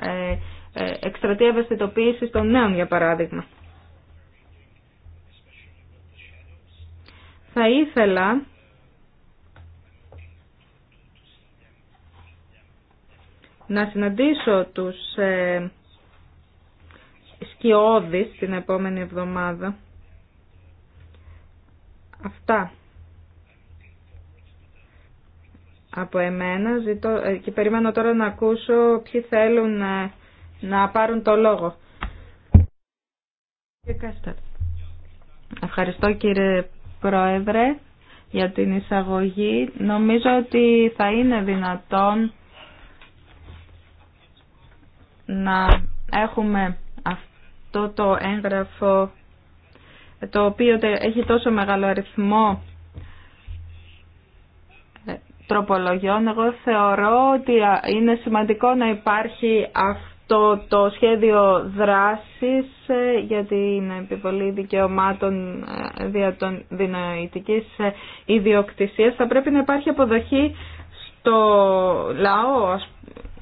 Speaker 1: ε, ε, εκστρατεία ευαισθητοποίησης των νέων για παράδειγμα. Θα ήθελα να συναντήσω τους ε, την επόμενη εβδομάδα. Αυτά. Από εμένα ζητώ, ε, και περιμένω τώρα να ακούσω ποιοι θέλουν να, ε, να πάρουν το λόγο. Ευχαριστώ κύριε Πρόεδρε για την εισαγωγή. Νομίζω ότι θα είναι δυνατόν να έχουμε αυτό το έγγραφο το οποίο έχει τόσο μεγάλο αριθμό ε, τροπολογιών. Εγώ θεωρώ ότι είναι σημαντικό να υπάρχει αυτό το σχέδιο δράσης ε, για την επιβολή δικαιωμάτων ε, δια των ιδιοκτησίας. Θα πρέπει να υπάρχει αποδοχή το λαό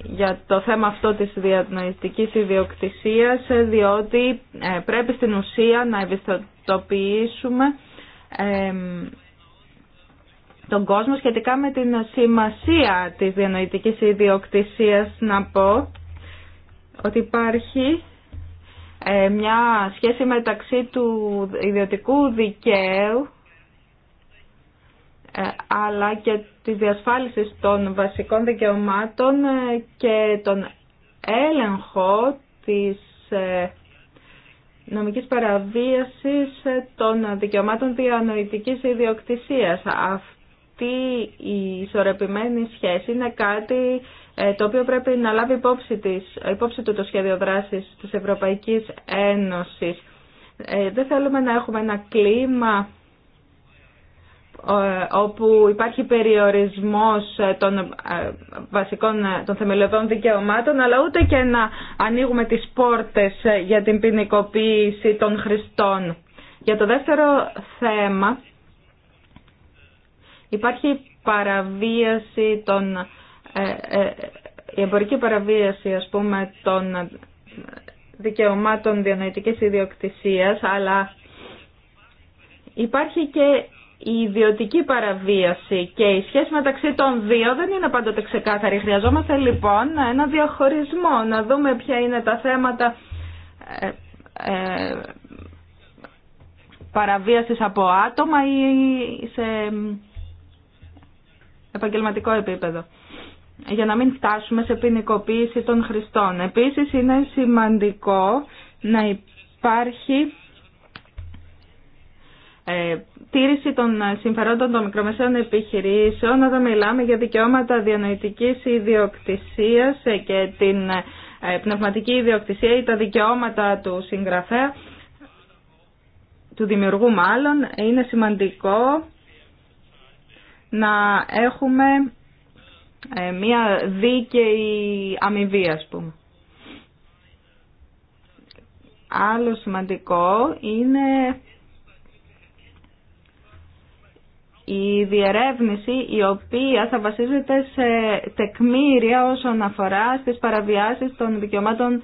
Speaker 1: για το θέμα αυτό της διανοητικής ιδιοκτησίας ε, διότι ε, πρέπει στην ουσία να ευαισθητοποιήσουμε τον κόσμο σχετικά με την σημασία της διανοητικής ιδιοκτησίας να πω ότι υπάρχει ε, μια σχέση μεταξύ του ιδιωτικού δικαίου ε, αλλά και τη διασφάλιση των βασικών δικαιωμάτων ε, και τον έλεγχο της ε, νομικής παραβίασης των δικαιωμάτων διανοητικής ιδιοκτησίας. Αυτή η ισορροπημένη σχέση είναι κάτι το οποίο πρέπει να λάβει υπόψη, της, υπόψη του το σχέδιο δράσης της Ευρωπαϊκής Ένωσης. Δεν θέλουμε να έχουμε ένα κλίμα ε, όπου υπάρχει περιορισμός ε, των ε, βασικών των θεμελιωδών δικαιωμάτων αλλά ούτε και να ανοίγουμε τις πόρτες για την ποινικοποίηση των χρηστών. Για το δεύτερο θέμα υπάρχει παραβίαση των η εμπορική παραβίαση ας πούμε των δικαιωμάτων διανοητικής ιδιοκτησίας αλλά υπάρχει και η ιδιωτική παραβίαση και η σχέση μεταξύ των δύο δεν είναι πάντοτε ξεκάθαρη. Χρειαζόμαστε λοιπόν ένα διαχωρισμό, να δούμε ποια είναι τα θέματα ε, ε, παραβίασης από άτομα ή σε επαγγελματικό επίπεδο για να μην φτάσουμε σε ποινικοποίηση των χρηστών. Επίσης είναι σημαντικό να υπάρχει ε, τήρηση των συμφερόντων των μικρομεσαίων επιχειρήσεων όταν μιλάμε για δικαιώματα διανοητικής ιδιοκτησίας ε, και την ε, πνευματική ιδιοκτησία ή τα δικαιώματα του συγγραφέα, του δημιουργού μάλλον, είναι σημαντικό να έχουμε μια δίκαιη αμοιβή ας πούμε. Άλλο σημαντικό είναι η διερεύνηση η οποία θα βασίζεται σε τεκμήρια όσον αφορά στις παραβιάσεις των δικαιωμάτων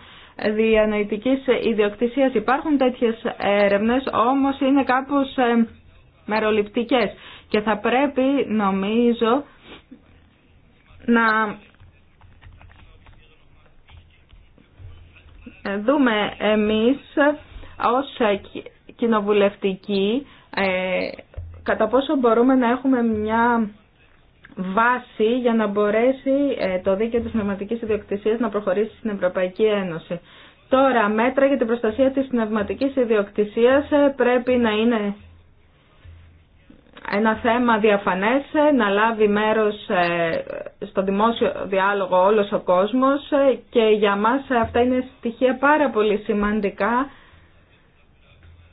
Speaker 1: διανοητικής ιδιοκτησίας. Υπάρχουν τέτοιες έρευνες, όμως είναι κάπως ε, μεροληπτικές και θα πρέπει νομίζω να δούμε εμείς ως κοινοβουλευτικοί ε, κατά πόσο μπορούμε να έχουμε μια βάση για να μπορέσει ε, το δίκαιο της πνευματικής ιδιοκτησίας να προχωρήσει στην Ευρωπαϊκή Ένωση. Τώρα, μέτρα για την προστασία της πνευματικής ιδιοκτησίας ε, πρέπει να είναι ένα θέμα διαφανές, ε, να λάβει μέρος στο δημόσιο διάλογο όλος ο κόσμος και για μας αυτά είναι στοιχεία πάρα πολύ σημαντικά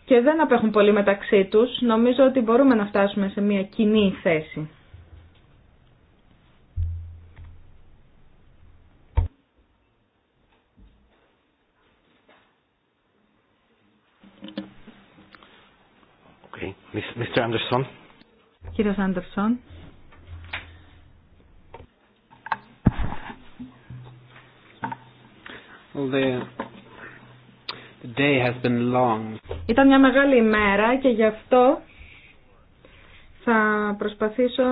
Speaker 1: και δεν απέχουν πολύ μεταξύ τους, νομίζω ότι μπορούμε να φτάσουμε σε μια κοινή θέση.
Speaker 2: Okay. Mr. Anderson.
Speaker 1: Άντερσον. Well, ήταν μια μεγάλη ημέρα και γι' αυτό θα προσπαθήσω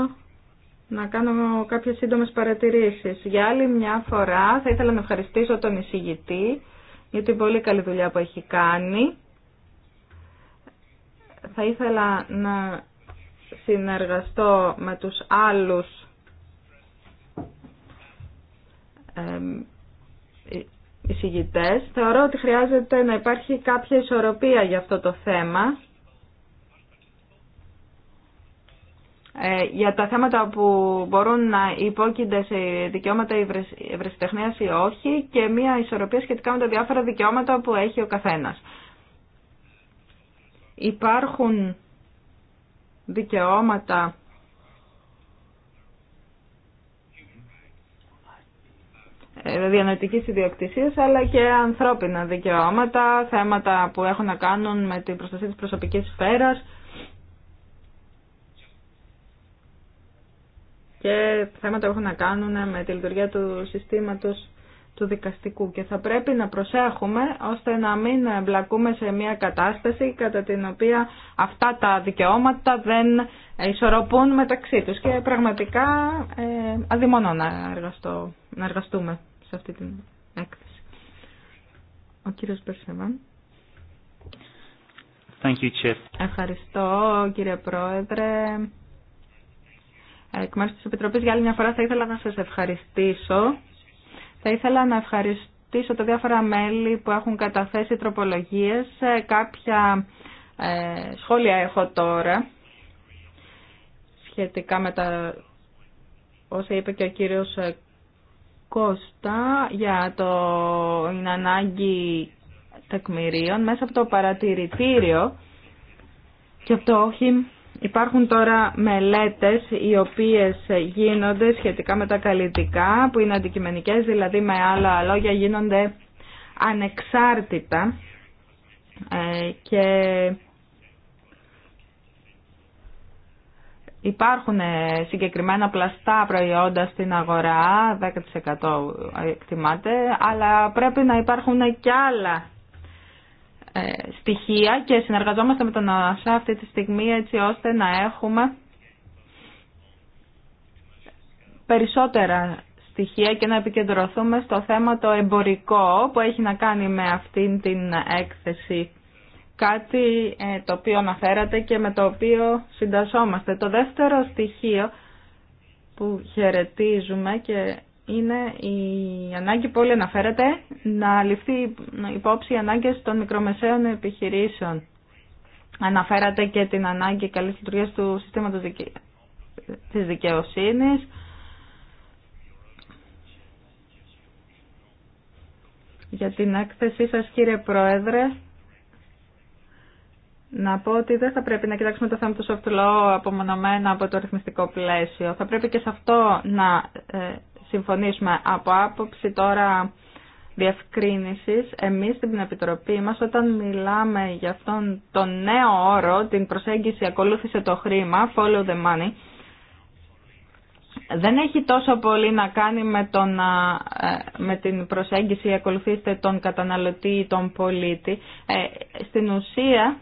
Speaker 1: να κάνω κάποιες σύντομες παρατηρήσεις. Για άλλη μια φορά θα ήθελα να ευχαριστήσω τον εισηγητή για την πολύ καλή δουλειά που έχει κάνει. Θα ήθελα να συνεργαστώ με τους άλλους Θεωρώ ότι χρειάζεται να υπάρχει κάποια ισορροπία για αυτό το θέμα. Ε, για τα θέματα που μπορούν να υπόκεινται σε δικαιώματα ευρεσιτεχνία ή όχι και μια ισορροπία σχετικά με τα διάφορα δικαιώματα που έχει ο καθένα. Υπάρχουν δικαιώματα διανοητικής ιδιοκτησία αλλά και ανθρώπινα δικαιώματα, θέματα που έχουν να κάνουν με την προστασία της προσωπικής σφαίρας και θέματα που έχουν να κάνουν με τη λειτουργία του συστήματος του δικαστικού και θα πρέπει να προσέχουμε ώστε να μην εμπλακούμε σε μια κατάσταση κατά την οποία αυτά τα δικαιώματα δεν ισορροπούν μεταξύ τους και πραγματικά ε, αδειμονώ να, να εργαστούμε σε αυτή την έκθεση. Ο κύριος Περσεβάν. Ευχαριστώ κύριε Πρόεδρε. Ε, εκ μέρους της Επιτροπής για άλλη μια φορά θα ήθελα να σας ευχαριστήσω. Θα ήθελα να ευχαριστήσω τα διάφορα μέλη που έχουν καταθέσει τροπολογίες. Ε, κάποια ε, σχόλια έχω τώρα σχετικά με τα όσα είπε και ο κύριος Κώστα για το την ανάγκη τεκμηρίων μέσα από το παρατηρητήριο και αυτό όχι υπάρχουν τώρα μελέτες οι οποίες γίνονται σχετικά με τα καλλιτικά που είναι αντικειμενικές δηλαδή με άλλα λόγια γίνονται ανεξάρτητα ε, και Υπάρχουν ε, συγκεκριμένα πλαστά προϊόντα στην αγορά, 10% εκτιμάται, αλλά πρέπει να υπάρχουν και άλλα ε, στοιχεία και συνεργαζόμαστε με τον ΑΣΑ αυτή τη στιγμή έτσι ώστε να έχουμε περισσότερα στοιχεία και να επικεντρωθούμε στο θέμα το εμπορικό που έχει να κάνει με αυτήν την έκθεση κάτι ε, το οποίο αναφέρατε και με το οποίο συντασσόμαστε. Το δεύτερο στοιχείο που χαιρετίζουμε και είναι η ανάγκη που όλοι αναφέρατε να ληφθεί υπόψη οι ανάγκες των μικρομεσαίων επιχειρήσεων. Αναφέρατε και την ανάγκη καλής λειτουργίας του συστήματος δικαι... της δικαιοσύνης. Για την έκθεσή σας κύριε Πρόεδρε, να πω ότι δεν θα πρέπει να κοιτάξουμε το θέμα του soft law απομονωμένα από το ρυθμιστικό πλαίσιο. Θα πρέπει και σε αυτό να ε, συμφωνήσουμε από άποψη τώρα διευκρίνησης. Εμείς στην Επιτροπή μας όταν μιλάμε για αυτόν τον νέο όρο, την προσέγγιση ακολούθησε το χρήμα, follow the money, δεν έχει τόσο πολύ να κάνει με, το ε, με την προσέγγιση ακολουθήστε τον καταναλωτή ή τον πολίτη. Ε, στην ουσία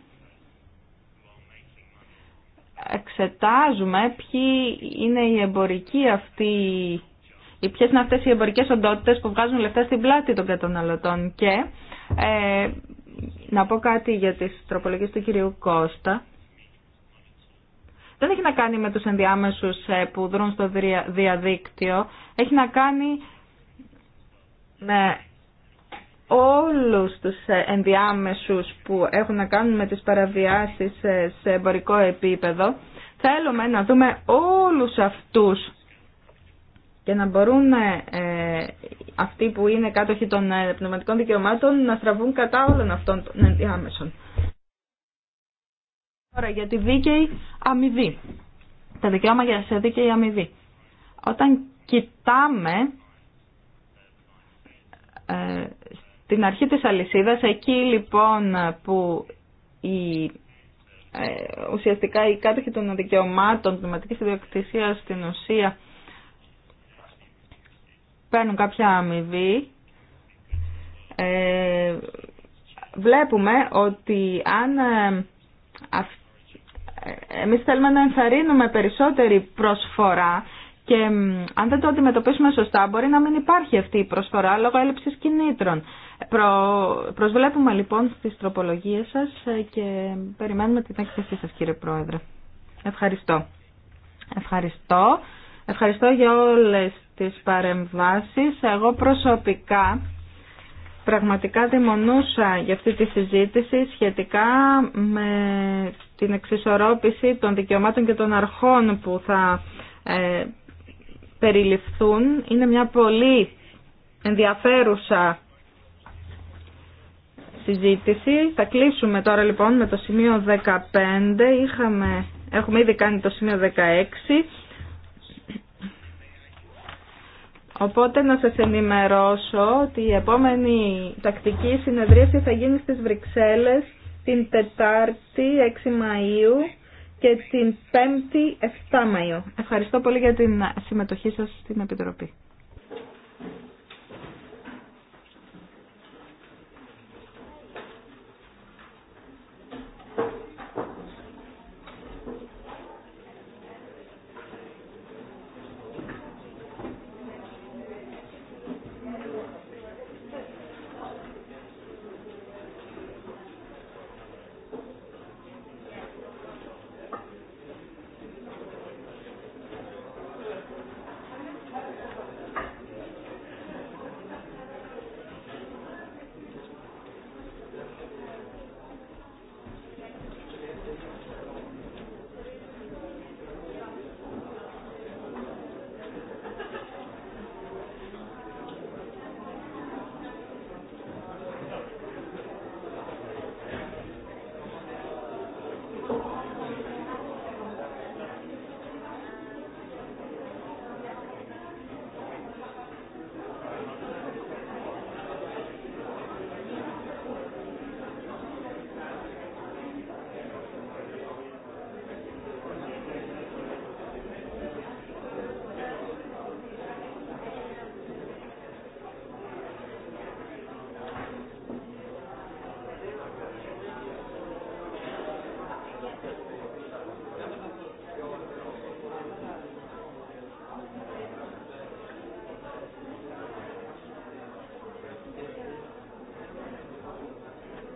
Speaker 1: εξετάζουμε ποιοι είναι οι εμπορικοί αυτοί, οι ποιες είναι αυτές οι εμπορικές οντότητες που βγάζουν λεφτά στην πλάτη των καταναλωτών. Και ε, να πω κάτι για τις τροπολογίες του κυρίου Κώστα. Δεν έχει να κάνει με τους ενδιάμεσους ε, που δρούν στο διαδίκτυο. Έχει να κάνει με όλους τους ε, ενδιάμεσους που έχουν να κάνουν με τις παραβιάσεις ε, σε εμπορικό επίπεδο. Θέλουμε να δούμε όλους αυτούς και να μπορούν ε, ε αυτοί που είναι κάτοχοι των πνευματικών δικαιωμάτων να στραβούν κατά όλων αυτών των ενδιάμεσων. Τώρα για τη δίκαιη αμοιβή. Τα δικαιώματα σε δίκαιη αμοιβή. Όταν κοιτάμε την αρχή της αλυσίδας, εκεί λοιπόν που η, ε, ουσιαστικά οι κάτοχοι των δικαιωμάτων πνευματικής ιδιοκτησίας στην ουσία παίρνουν κάποια αμοιβή, ε, βλέπουμε ότι αν ε, ε εμείς θέλουμε να ενθαρρύνουμε περισσότερη προσφορά και αν δεν το αντιμετωπίσουμε σωστά μπορεί να μην υπάρχει αυτή η προσφορά λόγω έλλειψης κινήτρων. Προ... Προσβλέπουμε λοιπόν στις τροπολογίες σας και περιμένουμε την έκθεσή σας κύριε Πρόεδρε. Ευχαριστώ. Ευχαριστώ. Ευχαριστώ για όλες τις παρεμβάσεις. Εγώ προσωπικά πραγματικά δημονούσα για αυτή τη συζήτηση σχετικά με την εξισορρόπηση των δικαιωμάτων και των αρχών που θα ε, περιληφθούν. Είναι μια πολύ ενδιαφέρουσα συζήτηση. Θα κλείσουμε τώρα λοιπόν με το σημείο 15. Είχαμε, έχουμε ήδη κάνει το σημείο 16. Οπότε να σας ενημερώσω ότι η επόμενη τακτική συνεδρίαση θα γίνει στις Βρυξέλλες την Τετάρτη 6 Μαΐου και την Πέμπτη 7 Μαΐου. Ευχαριστώ πολύ για την συμμετοχή σας στην Επιτροπή.